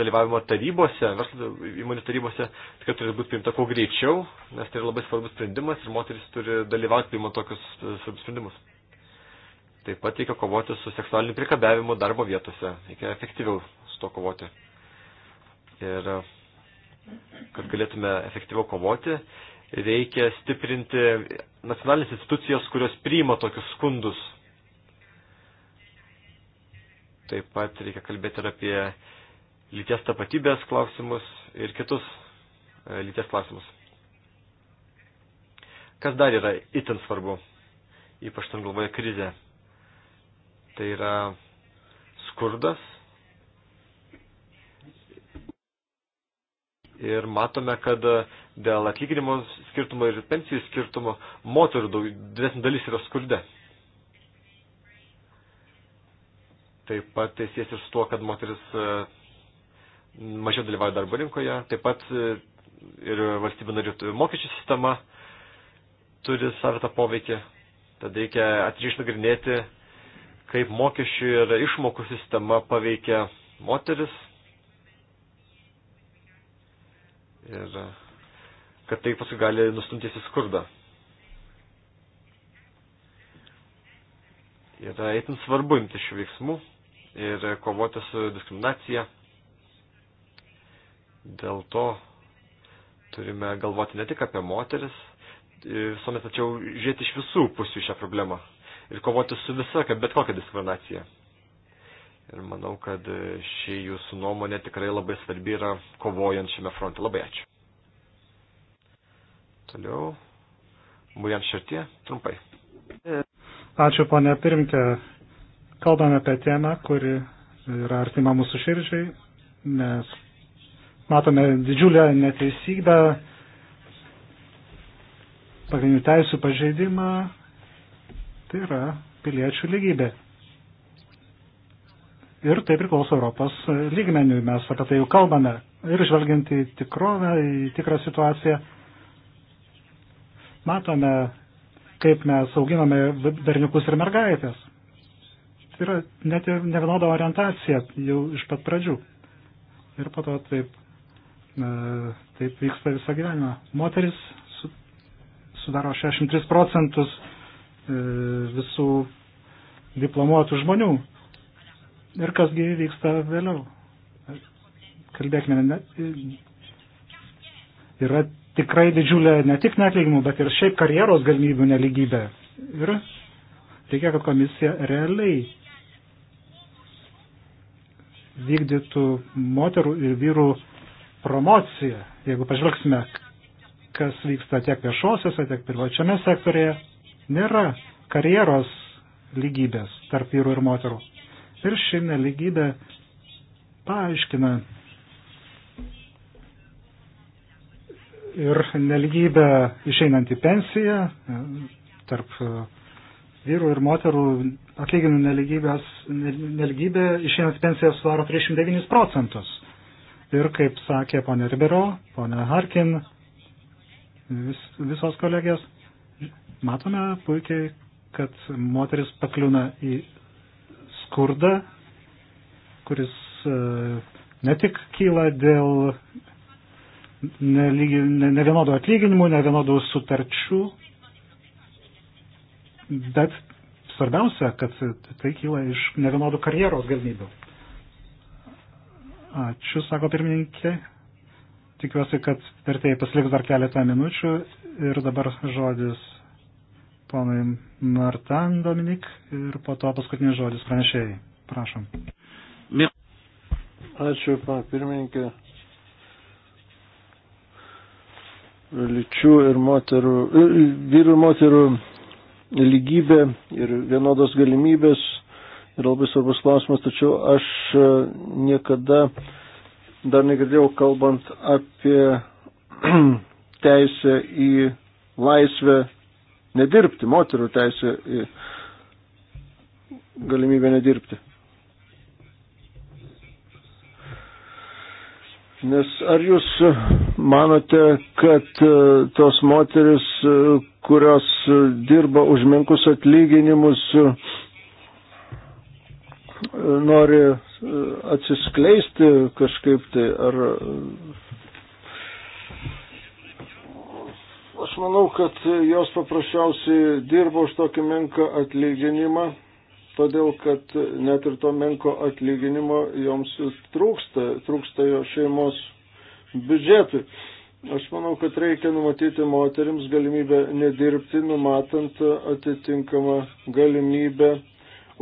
dalyvavimo tarybose, verslo įmonių tarybose, tikrai turi būti priimta kuo greičiau, nes tai yra labai svarbus sprendimas ir moteris turi dalyvauti priimant tokius e, svarbius sprendimus. Taip pat reikia kovoti su seksualiniu prikabiavimu darbo vietose, reikia efektyviau su to kovoti. Ir e, kad galėtume efektyviau kovoti, reikia stiprinti nacionalinės institucijos, kurios priima tokius skundus. Taip pat reikia kalbėti ir apie lyties tapatybės klausimus ir kitus e, lyties klausimus. Kas dar yra itin svarbu, ypač tam galvoje krizė? Tai yra skurdas Ir matome, kad e, dėl atlyginimo skirtumo ir pensijų skirtumo moterų daug, didesnė dalis yra skurde. Taip pat tai sies ir su tuo, kad moteris e, mažiau dalyvauja darbo rinkoje. Taip pat e, ir valstybė narių mokesčių sistema turi savitą poveikį. Tad reikia atrišti nagrinėti, kaip mokesčių ir išmokų sistema paveikia moteris, ir e, kad tai paskui gali nustumtis į skurdą. Yra itin svarbu imti šių veiksmų ir kovoti su diskriminacija. Dėl to turime galvoti ne tik apie moteris, e, visuomet tačiau žiūrėti iš visų pusių šią problemą ir kovoti su visokia, bet kokia diskriminacija. Ir manau, kad ši jūsų nuomonė tikrai labai svarbi yra kovojant šiame fronte. Labai ačiū. Toliau. Būjant širtie, trumpai. Ačiū, ponė pirmkė. Kalbame apie temą, kuri yra artima mūsų širdžiai, nes matome didžiulę neteisybę, pagrindinių teisų pažeidimą. Tai yra piliečių lygybė ir tai priklauso Europos lygmeniui. Mes apie tai jau kalbame. Ir žvelgiant į tikrovę, į tikrą situaciją, matome, kaip mes auginame berniukus ir mergaitės. Tai yra net ir nevienoda orientacija jau iš pat pradžių. Ir po to taip, taip vyksta visą gyvenimą. Moteris sudaro 63 procentus e, visų diplomuotų žmonių. Ir kasgi vyksta vėliau. Kalbėkime, ne, yra tikrai didžiulė ne tik neatlyginimų, bet ir šiaip karjeros galimybių neligybė. Ir reikia, kad komisija realiai vykdytų moterų ir vyrų promociją. Jeigu pažvelgsime, kas vyksta tiek viešosiuose, tiek privačiame sektorėje, nėra karjeros lygybės tarp vyrų ir moterų. Ir ši neligybė paaiškina ir neligybę išeinant į pensiją e, tarp e, vyrų ir moterų atlyginimų neligybė išeinant į pensiją sudaro 39 procentus. Ir kaip sakė ponė Ribero, ponė Harkin, vis, visos kolegijos, matome puikiai, kad moteris pakliūna į skurdą, kuris e, ne tik kyla dėl nevienodų atlyginimų, nevienodų sutarčių, bet svarbiausia, kad tai kyla iš nevienodų karjeros galimybių. Ačiū, sako pirmininkė. Tikiuosi, kad vertėjai pasiliks dar keletą minučių ir dabar žodis ponui Martan Dominik ir po to paskutinis žodis pranešėjai. Prašom. Ačiū, pirmininkė. Lyčių ir moterų, vyrų ir moterų lygybė ir vienodos galimybės yra labai svarbus klausimas, tačiau aš e, niekada dar negirdėjau kalbant apie teisę į laisvę nedirbti, moterų teisė į galimybę nedirbti. Nes ar jūs manote, kad e, tos moteris, e, kurios dirba už menkus atlyginimus, e, nori atsiskleisti kažkaip tai, ar Aš manau, kad jos paprasčiausiai dirbo už tokį menką atlyginimą, todėl kad net ir to menko atlyginimo joms trūksta, trūksta jo šeimos biudžetui. Aš manau, kad reikia numatyti moteriams galimybę nedirbti, numatant atitinkamą galimybę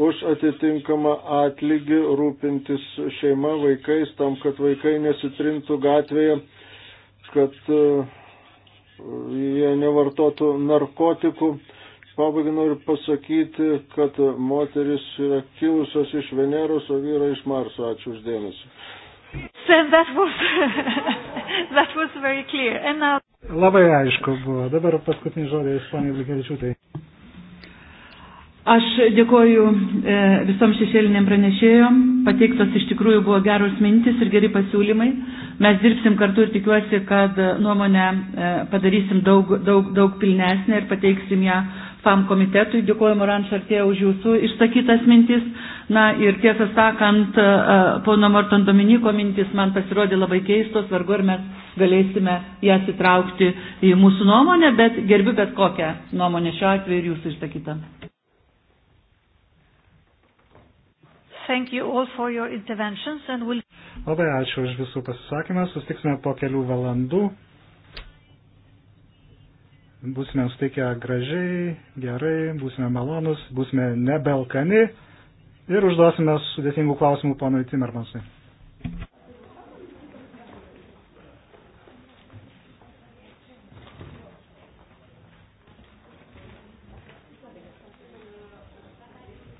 už atitinkamą atlygį rūpintis šeima vaikais, tam, kad vaikai nesitrintų gatvėje, kad uh, jie nevartotų narkotikų. Pabaigai noriu pasakyti, kad moteris yra kilusios iš Veneros, o vyrai iš Marso. Ačiū uždėmesi. Now... Labai aišku buvo. Dabar paskutinį žodį Ispanijai Blinkevičiūtai. Aš dėkoju e, visom šešėliniam pranešėjom. Pateiktos iš tikrųjų buvo geros mintis ir geri pasiūlymai. Mes dirbsim kartu ir tikiuosi, kad e, nuomonę e, padarysim daug, daug, daug pilnesnę ir pateiksim ją FAM komitetui. Dėkoju Moran Šartėje už jūsų išsakytas mintis. Na ir tiesą sakant, e, e, pono Morton Dominiko mintis man pasirodė labai keistos, vargu ar mes galėsime jas įtraukti į mūsų nuomonę, bet gerbiu bet kokią nuomonę šiuo atveju ir jūsų išsakytą. Thank you all for your interventions and we'll... Labai ačiū už visų pasisakymą. Sustiksime po kelių valandų. Būsime suteikę gražiai, gerai, būsime malonus, būsime nebelkani ir užduosime sudėtingų klausimų ponui Timermansui.